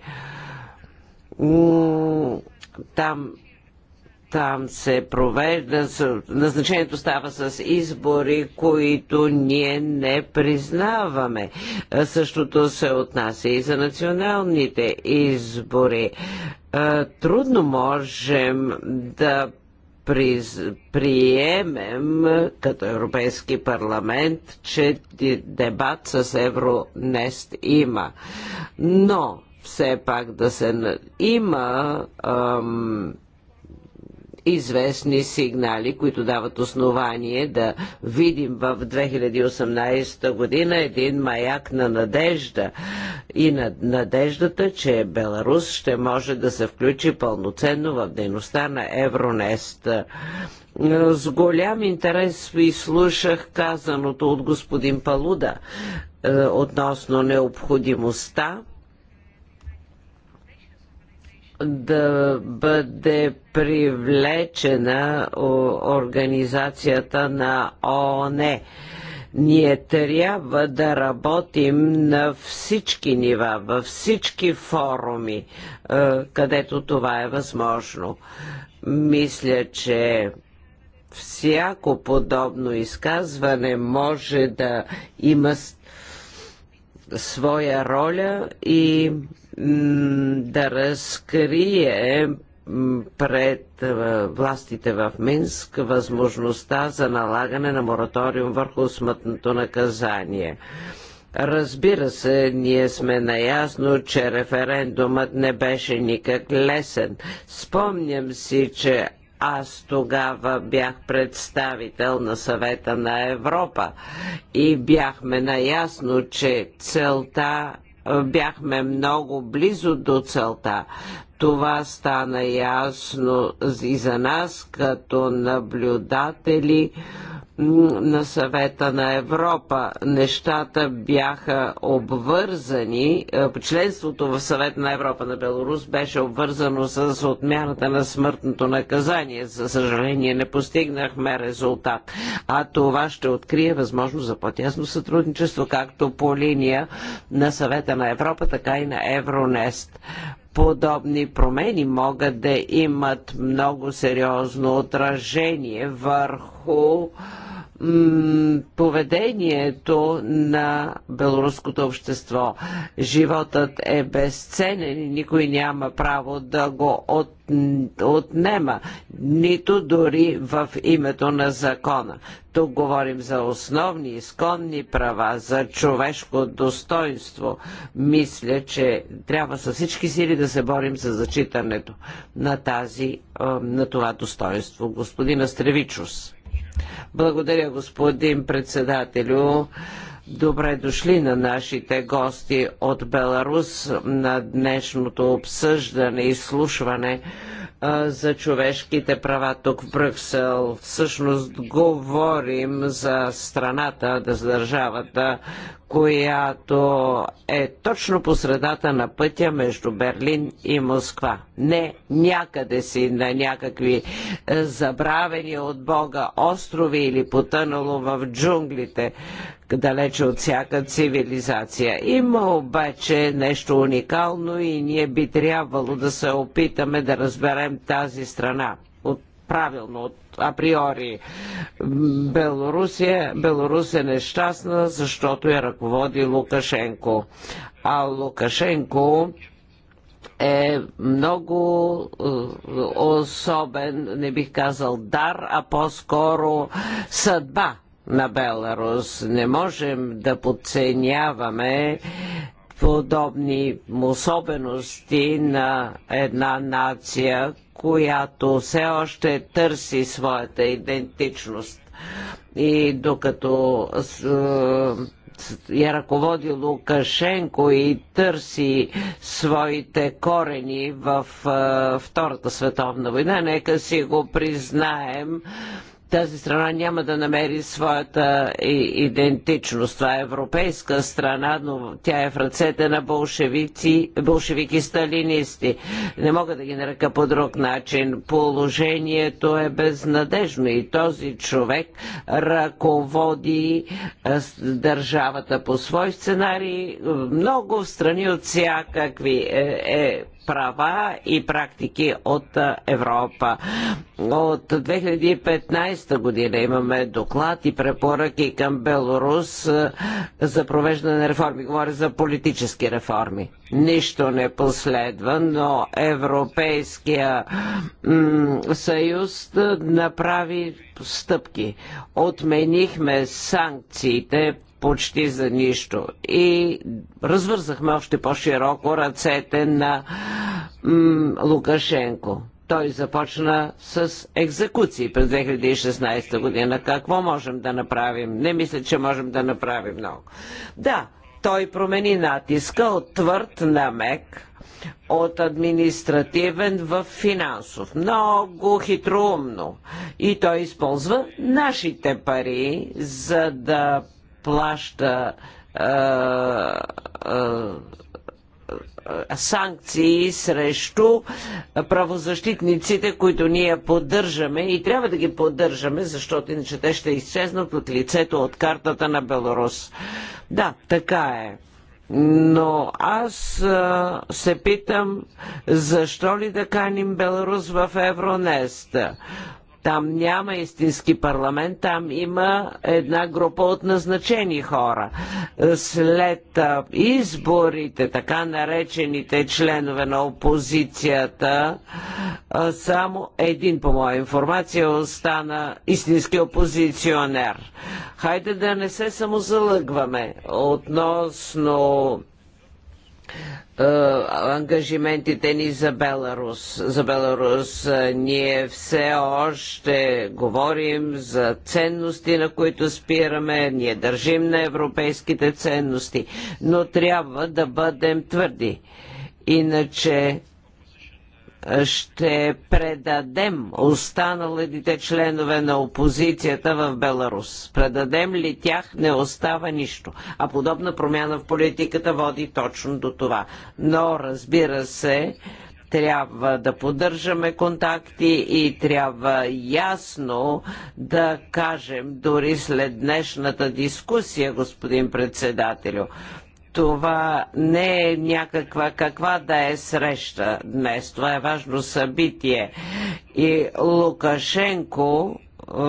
Там там се провежда, назначението става с избори, които ние не признаваме. Същото се отнася и за националните избори. Трудно можем да приемем като Европейски парламент, че дебат с Евронест има. Но все пак да се има ам, известни сигнали, които дават основание да видим в 2018 година един маяк на надежда и на надеждата, че Беларус ще може да се включи пълноценно в дейността на Евронест. С голям интерес ви слушах казаното от господин Палуда е, относно необходимостта да бъде привлечена организацията на ООН. Ние трябва да работим на всички нива, във всички форуми, е, където това е възможно. Мисля, че всяко подобно изказване може да има своя роля и да разкрие пред властите в Минск възможността за налагане на мораториум върху смътното наказание. Разбира се, ние сме наясно, че референдумът не беше никак лесен. Спомням си, че аз тогава бях представител на съвета на Европа и бяхме наясно, че целта е, бяхме много близо до целта. Това стана ясно и за нас като наблюдатели на съвета на Европа. Нещата бяха обвързани. Е, членството в съвета на Европа на Беларус беше обвързано с отмяната на смъртното наказание. За съжаление не постигнахме резултат. А това ще открие възможност за по-тясно сътрудничество, както по линия на съвета на Европа, така и на Евронест подобни промени могат да имат много сериозно отражение върху поведението на белоруското общество. Животът е безценен и никой няма право да го от, отнема, нито дори в името на закона. Тук говорим за основни, изконни права, за човешко достоинство. Мисля, че трябва със всички сили да се борим за зачитането на, тази, на това достоинство. Господин Астревичус. Благодаря, господин председателю. Добре дошли на нашите гости от Беларус на днешното обсъждане и слушване за човешките права тук в Брюксел. Всъщност говорим за страната, за държавата, която е точно по средата на пътя между Берлин и Москва. Не някъде си на някакви е, забравени от Бога острови или потънало в джунглите далече от всяка цивилизация. Има обаче нещо уникално и ние би трябвало да се опитаме да разберем тази страна от правилно, от априори. Белорусия, Белорус е нещастна, защото я ръководи Лукашенко. А Лукашенко е много е, особен, не бих казал дар, а по-скоро съдба на Беларус. Не можем да подценяваме подобни особености на една нация, която все още търси своята идентичност. И докато е, я ръководи Лукашенко и търси своите корени в е, Втората световна война, нека си го признаем, тази страна няма да намери своята идентичност. Това е европейска страна, но тя е в ръцете на болшевици, болшевики сталинисти. Не мога да ги нарека по друг начин. Положението е безнадежно и този човек ръководи държавата по свой сценарий много страни от всякакви е, е, права и практики от Европа. От 2015 година имаме доклад и препоръки към Беларус за провеждане на реформи. Говоря за политически реформи. Нищо не последва, но Европейския съюз направи стъпки. Отменихме санкциите почти за нищо. И развързахме още по-широко ръцете на Лукашенко. Той започна с екзекуции през 2016 година. Какво можем да направим? Не мисля, че можем да направим много. Да, той промени натиска от твърд на мек, от административен в финансов. Много хитроумно. И той използва нашите пари, за да плаща санкции срещу правозащитниците, които ние поддържаме и трябва да ги поддържаме, защото иначе те ще изчезнат от лицето от картата на Беларус. Да, така е. Но аз а, се питам, защо ли да каним Беларус в Евронест? Там няма истински парламент, там има една група от назначени хора. След изборите, така наречените членове на опозицията, само един, по моя информация, остана истински опозиционер. Хайде да не се самозалъгваме относно е, ангажиментите ни за Беларус. За Беларус е, ние все още говорим за ценности, на които спираме, ние държим на европейските ценности, но трябва да бъдем твърди. Иначе ще предадем останалите членове на опозицията в Беларус. Предадем ли тях, не остава нищо. А подобна промяна в политиката води точно до това. Но, разбира се, трябва да поддържаме контакти и трябва ясно да кажем, дори след днешната дискусия, господин председателю, това не е някаква каква да е среща днес. Това е важно събитие. И Лукашенко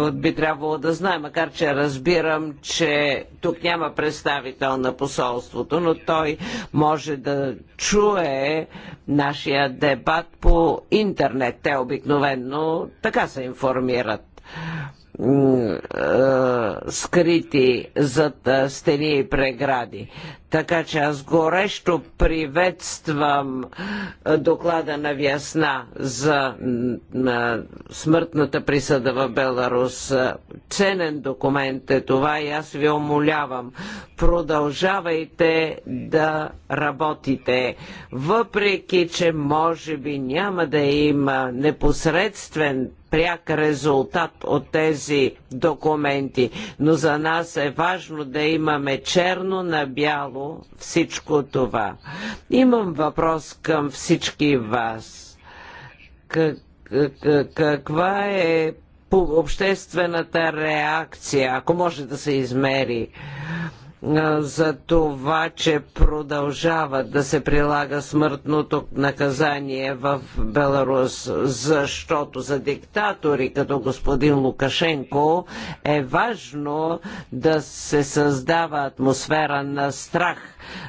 е, би трябвало да знае, макар че разбирам, че тук няма представител на посолството, но той може да чуе нашия дебат по интернет. Те обикновенно така се информират е, скрити зад е, стени и прегради. Така че аз горещо приветствам доклада на Вясна за на смъртната присъда в Беларус. Ценен документ е това и аз ви умолявам. Продължавайте да работите, въпреки че може би няма да има непосредствен пряк резултат от тези документи, но за нас е важно да имаме черно на бяло всичко това. Имам въпрос към всички вас. Как, как, каква е обществената реакция, ако може да се измери? за това, че продължава да се прилага смъртното наказание в Беларус, защото за диктатори като господин Лукашенко е важно да се създава атмосфера на страх,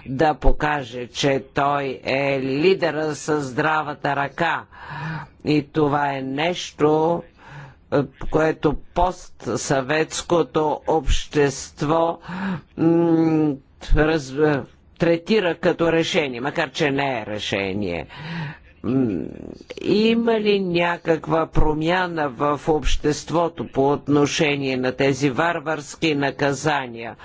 да покаже, че той е лидера със здравата ръка. И това е нещо, което постсъветското общество раз, третира като решение, макар че не е решение. Има ли някаква промяна в обществото по отношение на тези варварски наказания,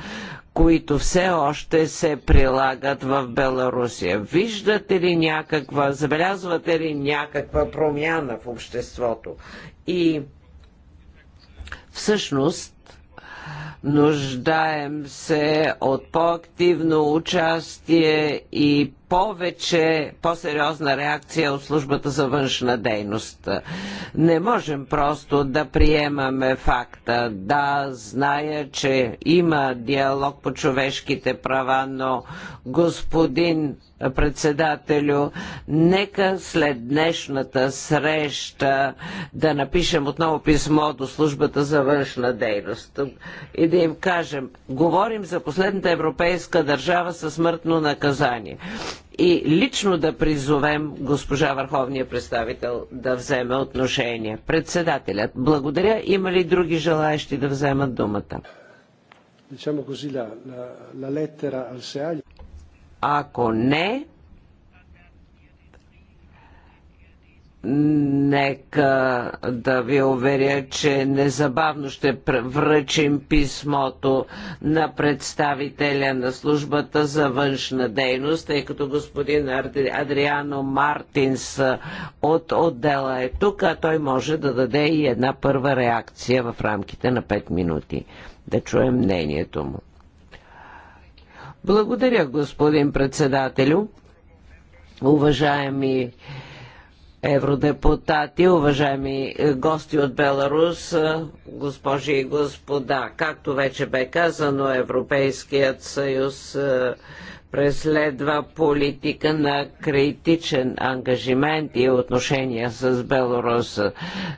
които все още се прилагат в Беларусия? Виждате ли някаква, забелязвате ли някаква промяна в обществото? И Всъщност, нуждаем се от по-активно участие и повече, по-сериозна реакция от службата за външна дейност. Не можем просто да приемаме факта. Да, зная, че има диалог по човешките права, но господин председателю. Нека след днешната среща да напишем отново писмо до службата за външна дейност и да им кажем, говорим за последната европейска държава със смъртно наказание и лично да призовем госпожа Върховния представител да вземе отношение. Председателят, благодаря. Има ли други желаящи да вземат думата? Ако не, Нека да ви уверя, че незабавно ще връчим писмото на представителя на службата за външна дейност, тъй като господин Адриано Мартинс от отдела е тук, а той може да даде и една първа реакция в рамките на 5 минути. Да чуем мнението му. Благодаря, господин председателю. Уважаеми евродепутати, уважаеми гости от Беларус, госпожи и господа. Както вече бе казано, Европейският съюз преследва политика на критичен ангажимент и отношения с Беларус.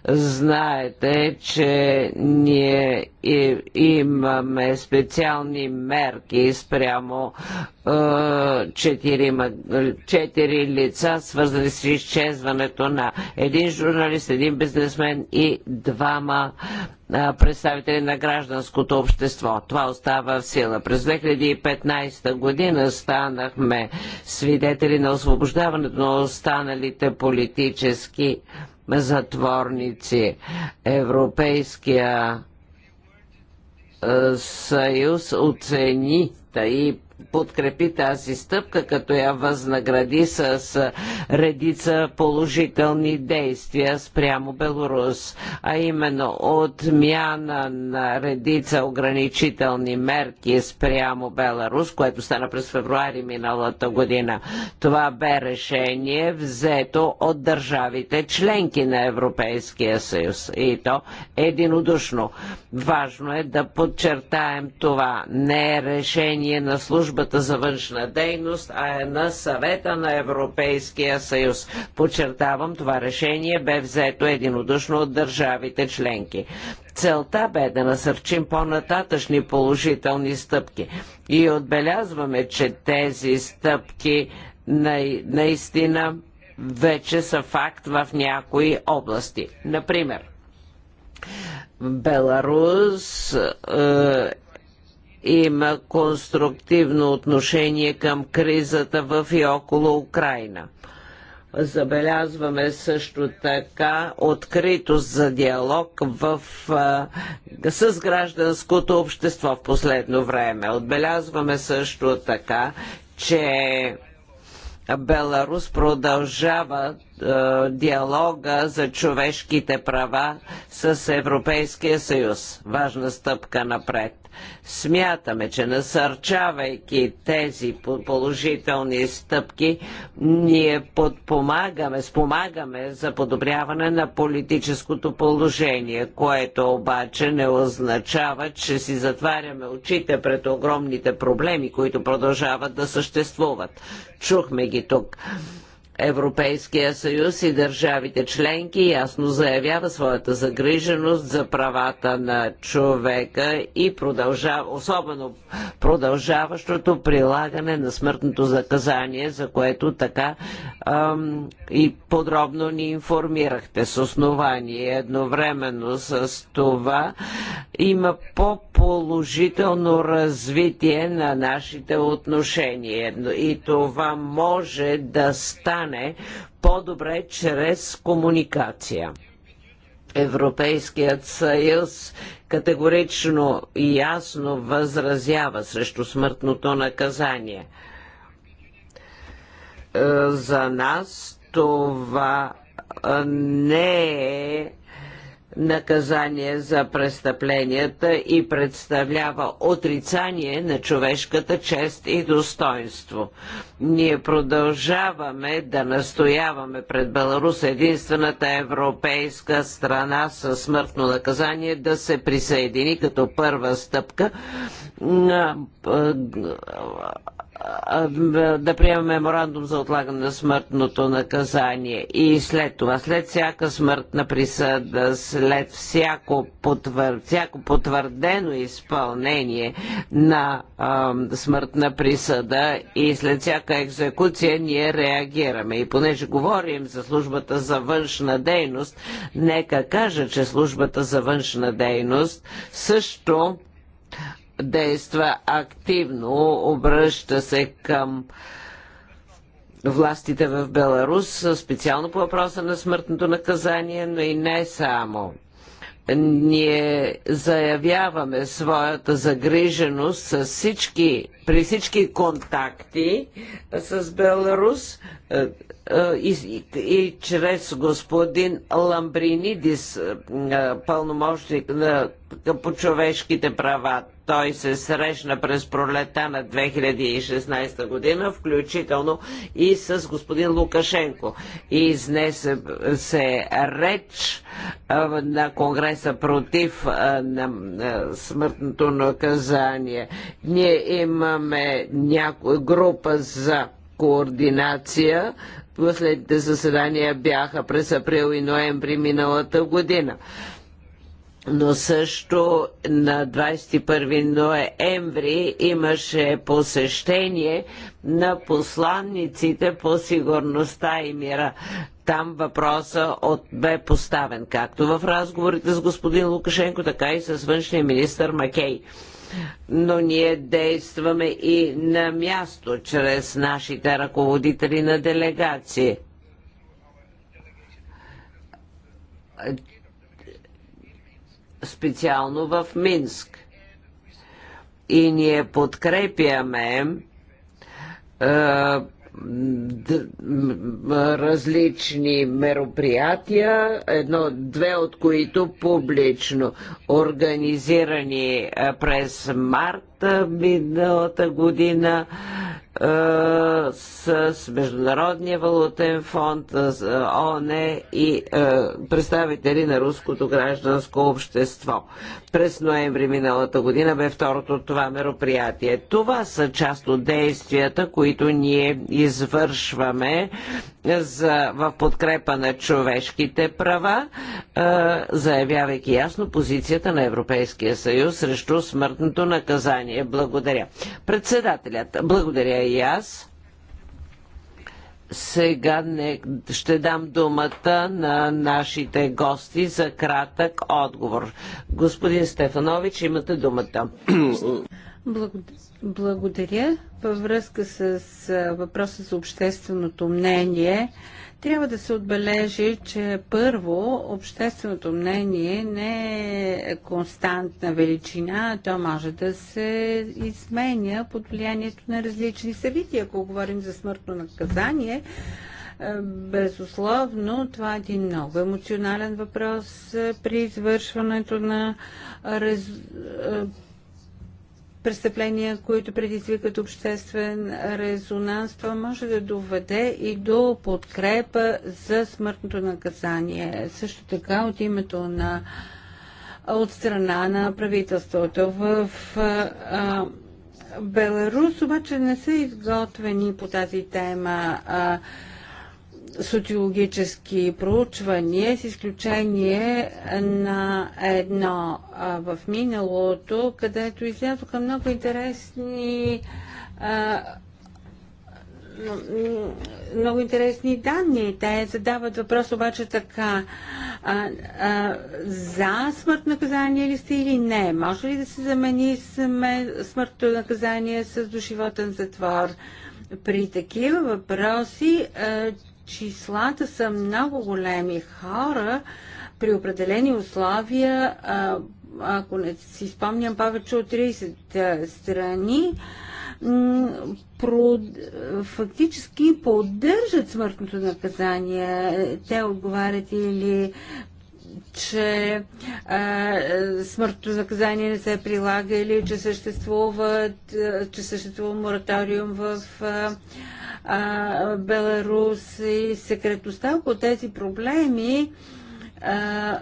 Знаете, че ние имаме специални мерки спрямо четири лица, свързани с изчезването на един журналист, един бизнесмен и двама представители на гражданското общество. Това остава в сила. През 2015 година станахме свидетели на освобождаването на останалите политически затворници. Европейския съюз оцени и подкрепи тази стъпка, като я възнагради с редица положителни действия спрямо Беларус, а именно отмяна на редица ограничителни мерки спрямо Беларус, което стана през февруари миналата година. Това бе решение взето от държавите членки на Европейския съюз и то единодушно. Важно е да подчертаем това. Не е решение на службата службата за външна дейност, а е на съвета на Европейския съюз. Подчертавам, това решение бе взето единодушно от държавите членки. Целта бе да насърчим по-нататъчни положителни стъпки и отбелязваме, че тези стъпки наистина вече са факт в някои области. Например, Беларус е, има конструктивно отношение към кризата в и около Украина. Забелязваме също така откритост за диалог в, а, с гражданското общество в последно време. Отбелязваме също така, че Беларус продължава е, диалога за човешките права с Европейския съюз. Важна стъпка напред. Смятаме, че насърчавайки тези положителни стъпки, ние подпомагаме, спомагаме за подобряване на политическото положение, което обаче не означава, че си затваряме очите пред огромните проблеми, които продължават да съществуват. Чухме ги тук. Европейския съюз и държавите членки ясно заявява своята загриженост за правата на човека и продължава, особено продължаващото прилагане на смъртното заказание, за което така ам, и подробно ни информирахте с основание. Едновременно с това има по-положително развитие на нашите отношения и това може да стане стане по-добре чрез комуникация. Европейският съюз категорично и ясно възразява срещу смъртното наказание. Е, за нас това не е наказание за престъпленията и представлява отрицание на човешката чест и достоинство. Ние продължаваме да настояваме пред Беларус единствената европейска страна със смъртно наказание да се присъедини като първа стъпка на да приемем меморандум за отлагане на смъртното наказание и след това, след всяка смъртна присъда, след всяко, потвър... всяко потвърдено изпълнение на а, смъртна присъда и след всяка екзекуция ние реагираме. И понеже говорим за службата за външна дейност, нека кажа, че службата за външна дейност също действа активно, обръща се към властите в Беларус, специално по въпроса на смъртното наказание, но и не само. Ние заявяваме своята загриженост с всички, при всички контакти с Беларус, е, и, и чрез господин Ламбринидис, е, е, пълномощник на, по човешките права. Той се срещна през пролета на 2016 година, включително и с господин Лукашенко. И изнесе се реч на Конгреса против на смъртното наказание. Ние имаме някоя група за координация Последните заседания бяха през април и ноември миналата година но също на 21 ноември имаше посещение на посланниците по сигурността и мира. Там въпроса от бе поставен както в разговорите с господин Лукашенко, така и с външния министр Макей но ние действаме и на място, чрез нашите ръководители на делегации. Специално в Минск. И ние подкрепяме е, различни мероприятия, едно, две от които публично организирани през март миналата година с Международния валутен фонд, с ОНЕ и представители на руското гражданско общество. През ноември миналата година бе второто това мероприятие. Това са част от действията, които ние извършваме за, в подкрепа на човешките права, заявявайки ясно позицията на Европейския съюз срещу смъртното наказание внимание. Благодаря. Председателят, благодаря и аз. Сега не, ще дам думата на нашите гости за кратък отговор. Господин Стефанович, имате думата. Благодаря. Във връзка с въпроса за общественото мнение, трябва да се отбележи, че първо общественото мнение не е константна величина, то може да се изменя под влиянието на различни събития. Ако говорим за смъртно наказание, е, Безусловно, това е един много емоционален въпрос е, при извършването на раз... Е, престъпления, които предизвикат обществен резонанс, това може да доведе и до подкрепа за смъртното наказание. Също така от името на от страна на правителството. В а, Беларус обаче не са изготвени по тази тема а, социологически проучвания, с изключение на едно а, в миналото, където излязоха много интересни а, много интересни данни. Те задават въпрос обаче така. А, а, за смъртно наказание ли сте или не? Може ли да се замени смъртно наказание с душивотен затвор? При такива въпроси числата са много големи. Хора при определени условия, ако не си спомням повече от 30 страни, фактически поддържат смъртното наказание. Те отговарят или че а, смъртното наказание не се прилага или че, съществуват, че съществува мораториум в а, а, Беларус и секретността около тези проблеми а,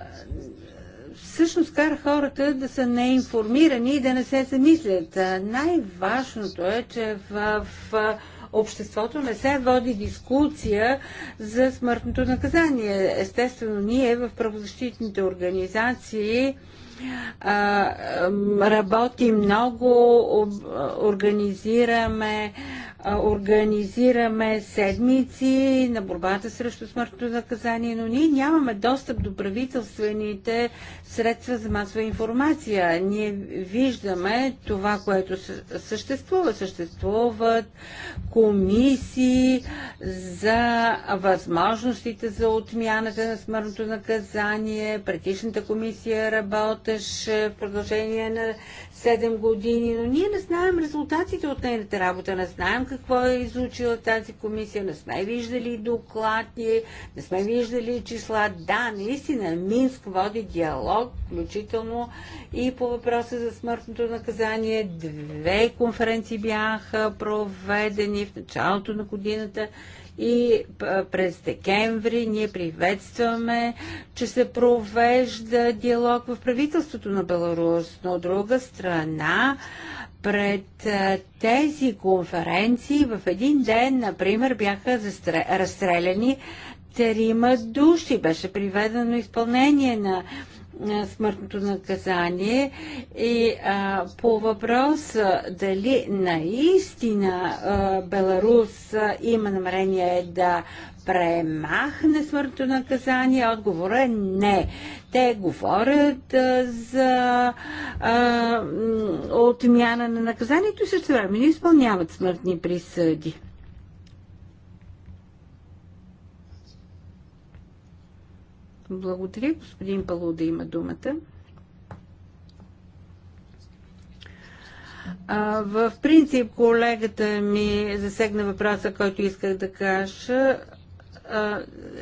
всъщност кара хората да са неинформирани и да не се замислят. Най-важното е, че в, в обществото не се води дискусия за смъртното наказание. Естествено, ние в правозащитните организации работим много, организираме организираме седмици на борбата срещу смъртното наказание, но ние нямаме достъп до правителствените средства за масова информация. Ние виждаме това, което съществува. Съществуват комисии за възможностите за отмяната на смъртното наказание. Предишната комисия работеше в продължение на 7 години, но ние не знаем резултатите от нейната работа, не знаем какво е изучила тази комисия, не сме виждали доклади, не сме виждали числа. Да, наистина, Минск води диалог, включително и по въпроса за смъртното наказание. Две конференции бяха проведени в началото на годината и през декември ние приветстваме, че се провежда диалог в правителството на Беларус, но от друга страна пред тези конференции в един ден, например, бяха застр... разстреляни трима души. Беше приведено изпълнение на смъртното наказание и а, по въпрос дали наистина а, Беларус а, има намерение да премахне смъртното наказание, отговорът е не. Те говорят а, за а, отмяна на наказанието и също време не изпълняват смъртни присъди. Благодаря. Господин Палу да има думата. А, в принцип колегата ми засегна въпроса, който исках да кажа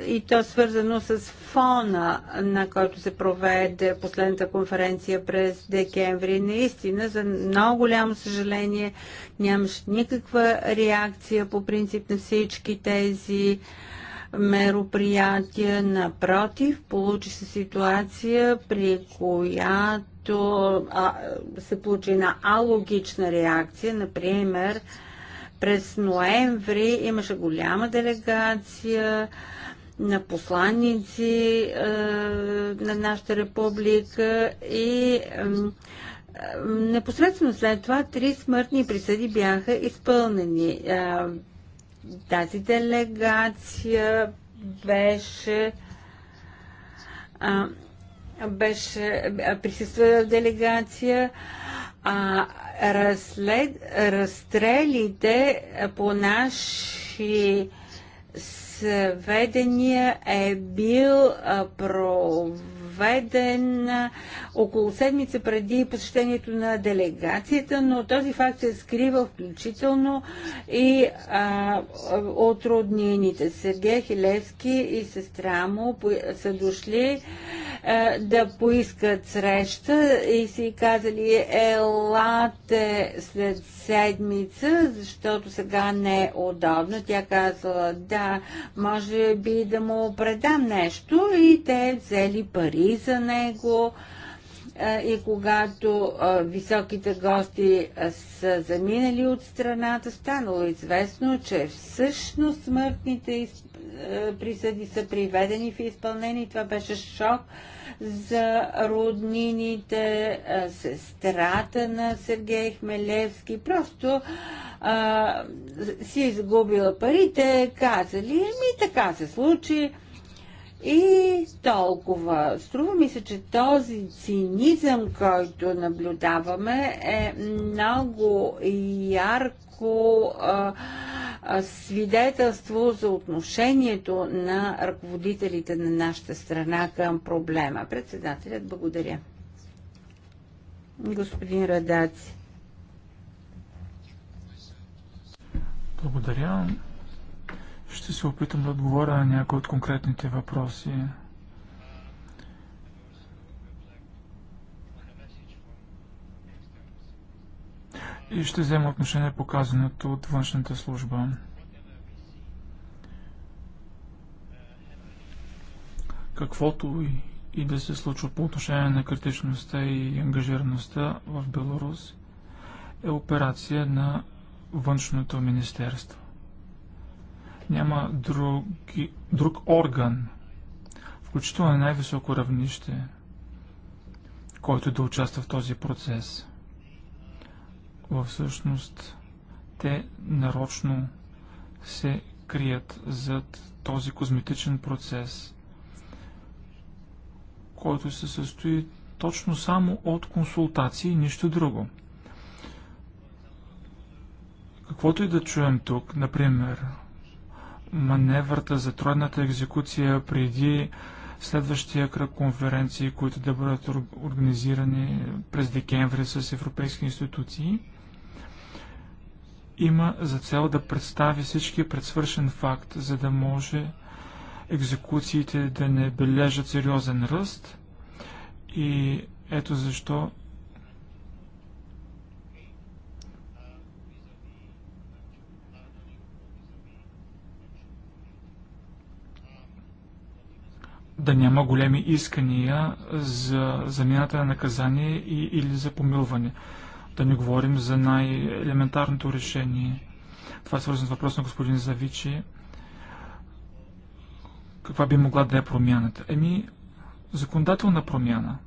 и то свързано с фона, на който се проведе последната конференция през декември. Наистина, за много голямо съжаление, нямаше никаква реакция по принцип на всички тези а, мероприятия. Напротив, получи се ситуация, при която а, се получи една алогична реакция, например, през ноември имаше голяма делегация на посланници а, е, на нашата република и а, е, непосредствено след това три смъртни присъди бяха изпълнени. Е, тази делегация беше а, беше присъства делегация а, разслед, разстрелите по наши сведения е бил проведен около седмица преди посещението на делегацията, но този факт се скрива включително и а, от роднините. Сергей Хилевски и сестра му са дошли а, да поискат среща и си казали елате след седмица, защото сега не е удобно. Тя казала да, може би да му предам нещо и те взели пари за него и когато високите гости са заминали от страната, станало известно, че всъщност смъртните присъди са приведени в изпълнение. Това беше шок за роднините, сестрата на Сергей Хмелевски. Просто а, си изгубила парите, казали, ми така се случи и толкова. Струва ми се, че този цинизъм, който наблюдаваме, е много ярко а, а, свидетелство за отношението на ръководителите на нашата страна към проблема. Председателят, благодаря. Господин Радаци. Благодаря. Ще се опитам да отговоря на някои от конкретните въпроси. И ще взема отношение по казаното от външната служба. Каквото и, и да се случва по отношение на критичността и ангажираността в Беларус е операция на външното министерство няма други, друг орган, включително на най-високо равнище, който да участва в този процес. Във всъщност, те нарочно се крият зад този козметичен процес, който се състои точно само от консултации и нищо друго. Каквото и да чуем тук, например, маневрата за тройната екзекуция преди следващия кръг конференции, които да бъдат организирани през декември с европейски институции, има за цел да представи всички предсвършен факт, за да може екзекуциите да не бележат сериозен ръст и ето защо да няма големи искания за замяната на наказание и, или за помилване. Да не говорим за най-елементарното решение. Това е свързано с въпрос на господин Завичи. Каква би могла да е промяната? Еми, законодателна промяна.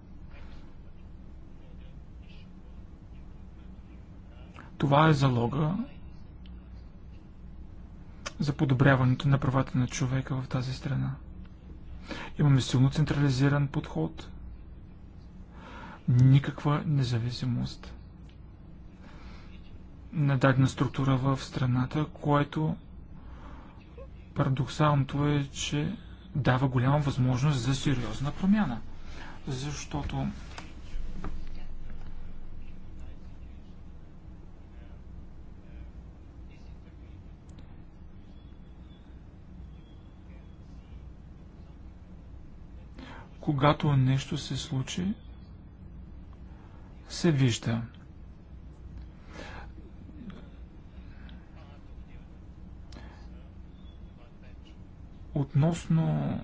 Това е залога за подобряването на правата на човека в тази страна. Имаме силно централизиран подход. Никаква независимост на дадена структура в страната, което парадоксалното е, че дава голяма възможност за сериозна промяна. Защото когато нещо се случи, се вижда. Относно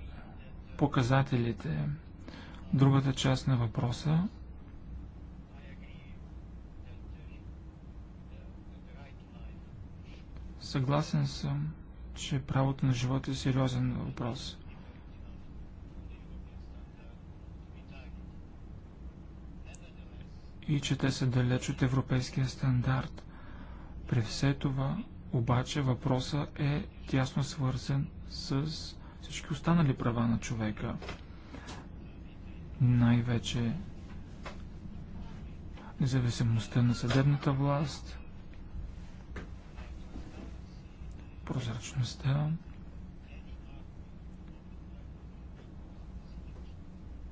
показателите, другата част на въпроса, съгласен съм, че правото на живота е сериозен въпрос – и че те са далеч от европейския стандарт. При все това, обаче, въпросът е тясно свързан с всички останали права на човека. Най-вече независимостта на съдебната власт, прозрачността,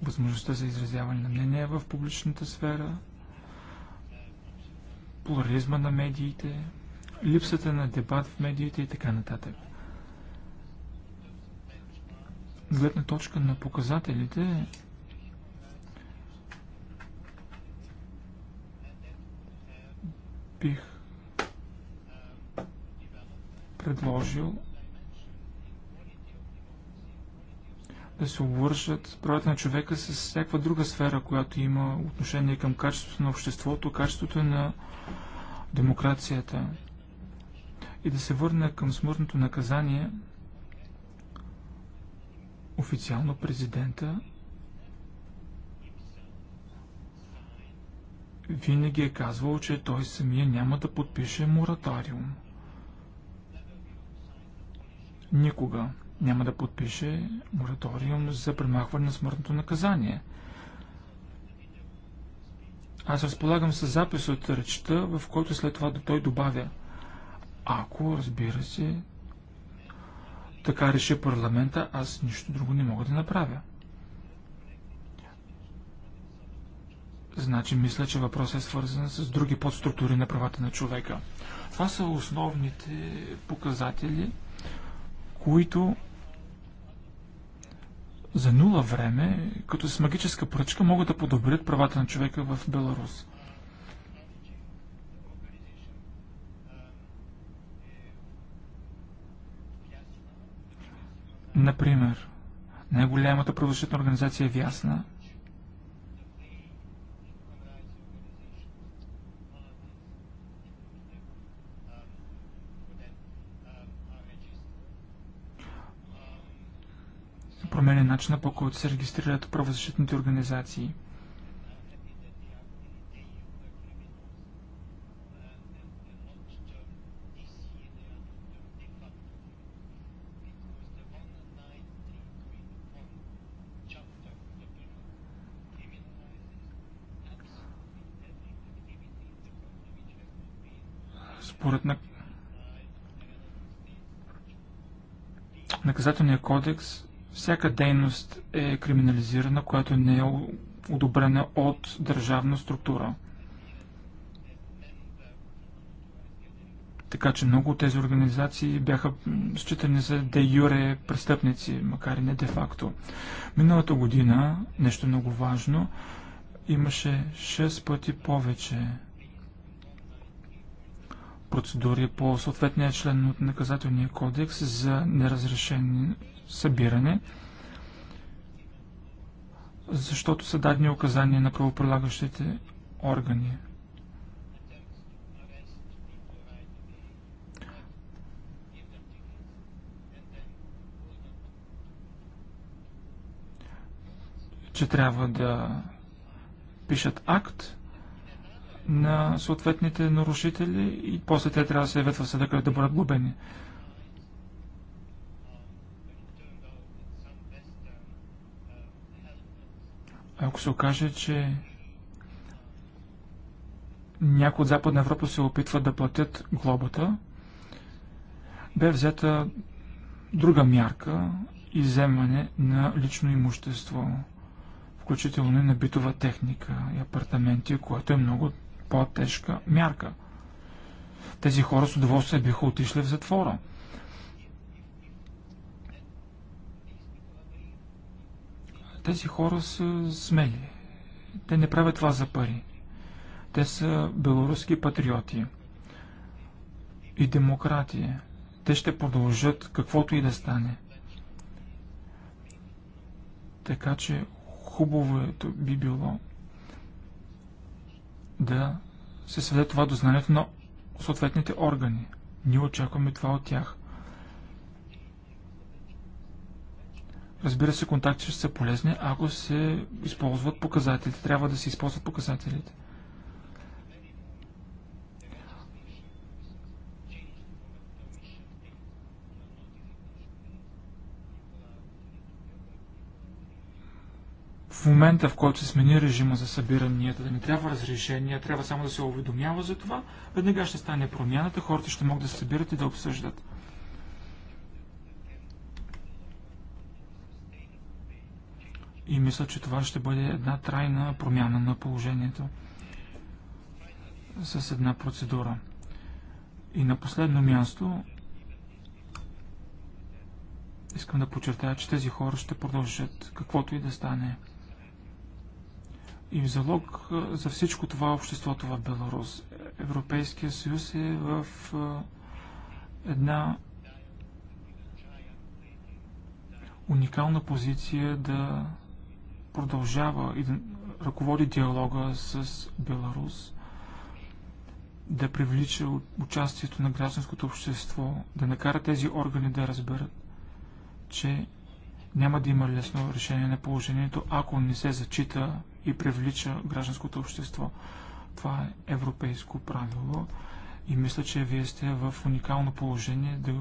възможността за изразяване на мнение в публичната сфера, плурализма на медиите, липсата на дебат в медиите и така нататък. Гледна точка на показателите, бих предложил да се обвършат правата на човека с всяка друга сфера, която има отношение към качеството на обществото, качеството на демокрацията. И да се върна към смъртното наказание, официално президента винаги е казвал, че той самия няма да подпише мораториум. Никога няма да подпише мораториум за премахване на смъртното наказание. Аз разполагам с запис от речта, в който след това той добавя Ако, разбира се, така реши парламента, аз нищо друго не мога да направя. Значи, мисля, че въпросът е свързан с други подструктури на правата на човека. Това са основните показатели, които за нула време, като с магическа поръчка, могат да подобрят правата на човека в Беларус. Например, най-голямата правозащитна организация е Вясна – променя начина по който се регистрират правозащитните организации. според наказателния кодекс всяка дейност е криминализирана, която не е одобрена от държавна структура. Така че много от тези организации бяха считани за де юре престъпници, макар и не де факто. Миналата година, нещо много важно, имаше 6 пъти повече процедури по съответния член от наказателния кодекс за неразрешени събиране, защото са дадени указания на правоприлагащите органи. че трябва да пишат акт на съответните нарушители и после те трябва да се явят в съда, където да бъдат глобени. Ако се окаже, че някои от Западна Европа се опитват да платят глобата, бе взета друга мярка иземане на лично имущество, включително и на битова техника и апартаменти, което е много по-тежка мярка. Тези хора с удоволствие биха отишли в затвора – Тези хора са смели. Те не правят това за пари. Те са белоруски патриоти и демократи. Те ще продължат каквото и да стане. Така че хубавото е, би било да се сведе това до знанието на съответните органи. Ние очакваме това от тях. Разбира се, контактите ще са полезни, ако се използват показателите. Трябва да се използват показателите. В момента, в който се смени режима за събиранията, да не трябва разрешение, трябва само да се уведомява за това, веднага ще стане промяната, хората ще могат да се събират и да обсъждат. И мисля, че това ще бъде една трайна промяна на положението с една процедура. И на последно място искам да подчертая, че тези хора ще продължат каквото и да стане. И в залог за всичко това обществото в Беларус. Европейския съюз е в една уникална позиция да продължава и да ръководи диалога с Беларус, да привлича участието на гражданското общество, да накара тези органи да разберат, че няма да има лесно решение на положението, ако не се зачита и привлича гражданското общество. Това е европейско правило и мисля, че вие сте в уникално положение да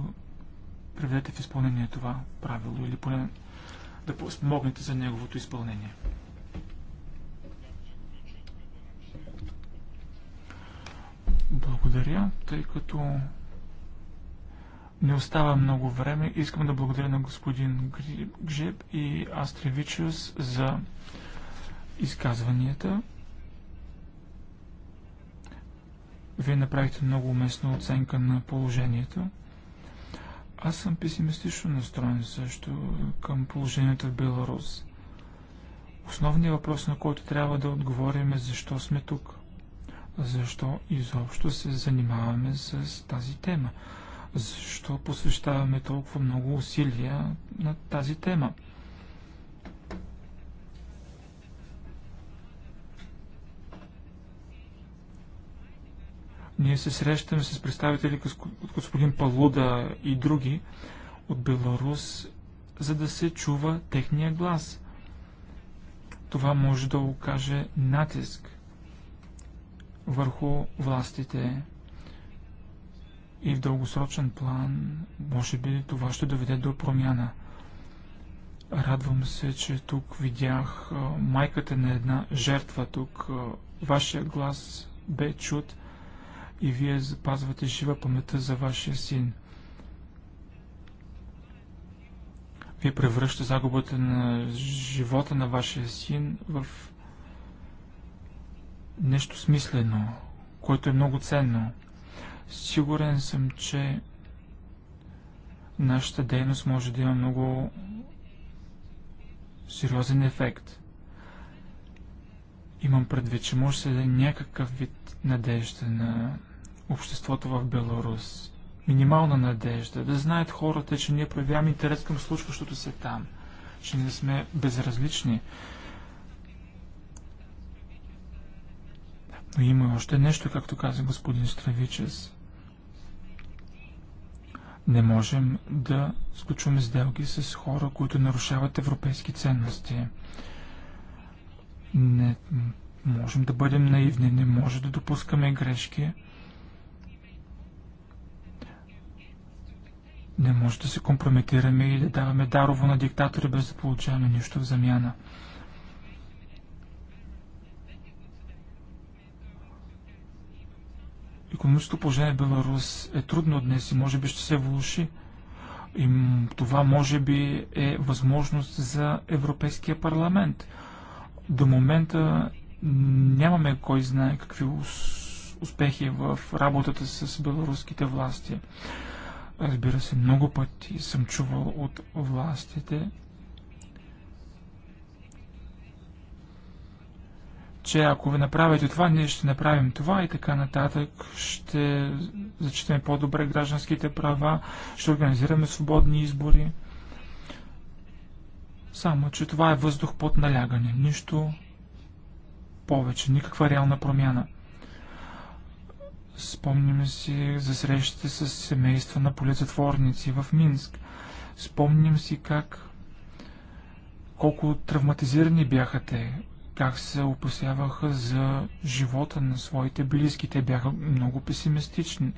приведете в изпълнение това правило или поне да помогнете за неговото изпълнение. Благодаря, тъй като не остава много време. Искам да благодаря на господин Гжеб и Астревичус за изказванията. Вие направихте много уместна оценка на положението. Аз съм песимистично настроен също към положението в Беларус. Основният въпрос, на който трябва да отговорим е защо сме тук. Защо изобщо се занимаваме с тази тема? Защо посвещаваме толкова много усилия на тази тема? Ние се срещаме с представители от господин Палуда и други от Беларус, за да се чува техния глас. Това може да окаже натиск върху властите и в дългосрочен план, може би това ще доведе до промяна. Радвам се, че тук видях майката на една жертва тук. Вашия глас бе чут и вие запазвате жива памета за вашия син. Вие превръщате загубата на живота на вашия син в нещо смислено, което е много ценно. Сигурен съм, че нашата дейност може да има много сериозен ефект. Имам предвид, че може да е даде някакъв вид надежда на обществото в Беларус. Минимална надежда, да знаят хората, че ние проявяваме интерес към случващото се там, че не сме безразлични. Но има още нещо, както каза господин Стравичес. Не можем да сключваме сделки с хора, които нарушават европейски ценности. Не можем да бъдем наивни, не може да допускаме грешки Не може да се компрометираме и да даваме дарово на диктатори, без да получаваме нищо в замяна. Економическото положение в Беларус е трудно днес и може би ще се влуши. И това може би е възможност за Европейския парламент. До момента нямаме кой знае какви успехи в работата с беларуските власти. Разбира се, много пъти съм чувал от властите, че ако ви направите това, ние ще направим това и така нататък, ще зачитаме по-добре гражданските права, ще организираме свободни избори. Само, че това е въздух под налягане. Нищо повече, никаква реална промяна. Спомняме си за срещите с семейства на полицетворници в Минск. Спомням си как колко травматизирани бяха те, как се опасяваха за живота на своите близки. Те бяха много песимистични.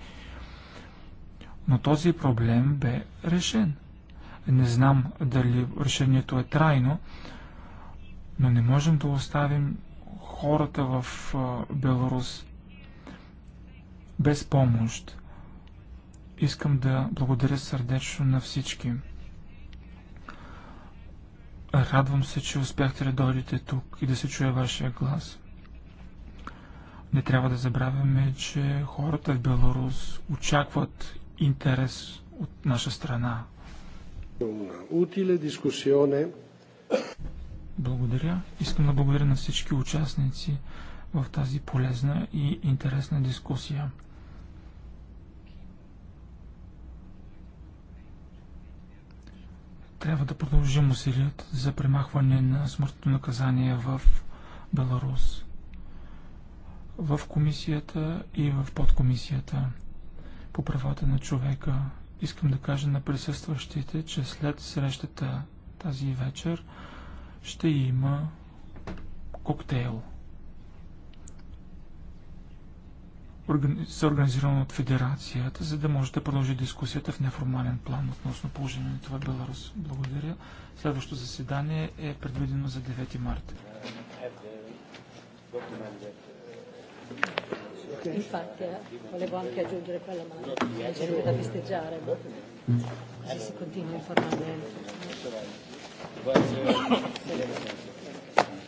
Но този проблем бе решен. Не знам дали решението е трайно, но не можем да оставим хората в Беларус без помощ. Искам да благодаря сърдечно на всички. Радвам се, че успяхте да дойдете тук и да се чуе вашия глас. Не трябва да забравяме, че хората в Беларус очакват интерес от наша страна. Благодаря. Искам да благодаря на всички участници в тази полезна и интересна дискусия. Трябва да продължим усилият за премахване на смъртното наказание в Беларус, в комисията и в подкомисията по правата на човека. Искам да кажа на присъстващите, че след срещата тази вечер ще има коктейл. са организирани от Федерацията, за да може да продължи дискусията в неформален план относно положението в Беларус. Благодаря. Следващото заседание е предвидено за 9 марта. Infatti eh, volevo anche aggiungere quella, ma da festeggiare. Così si continua informalmente.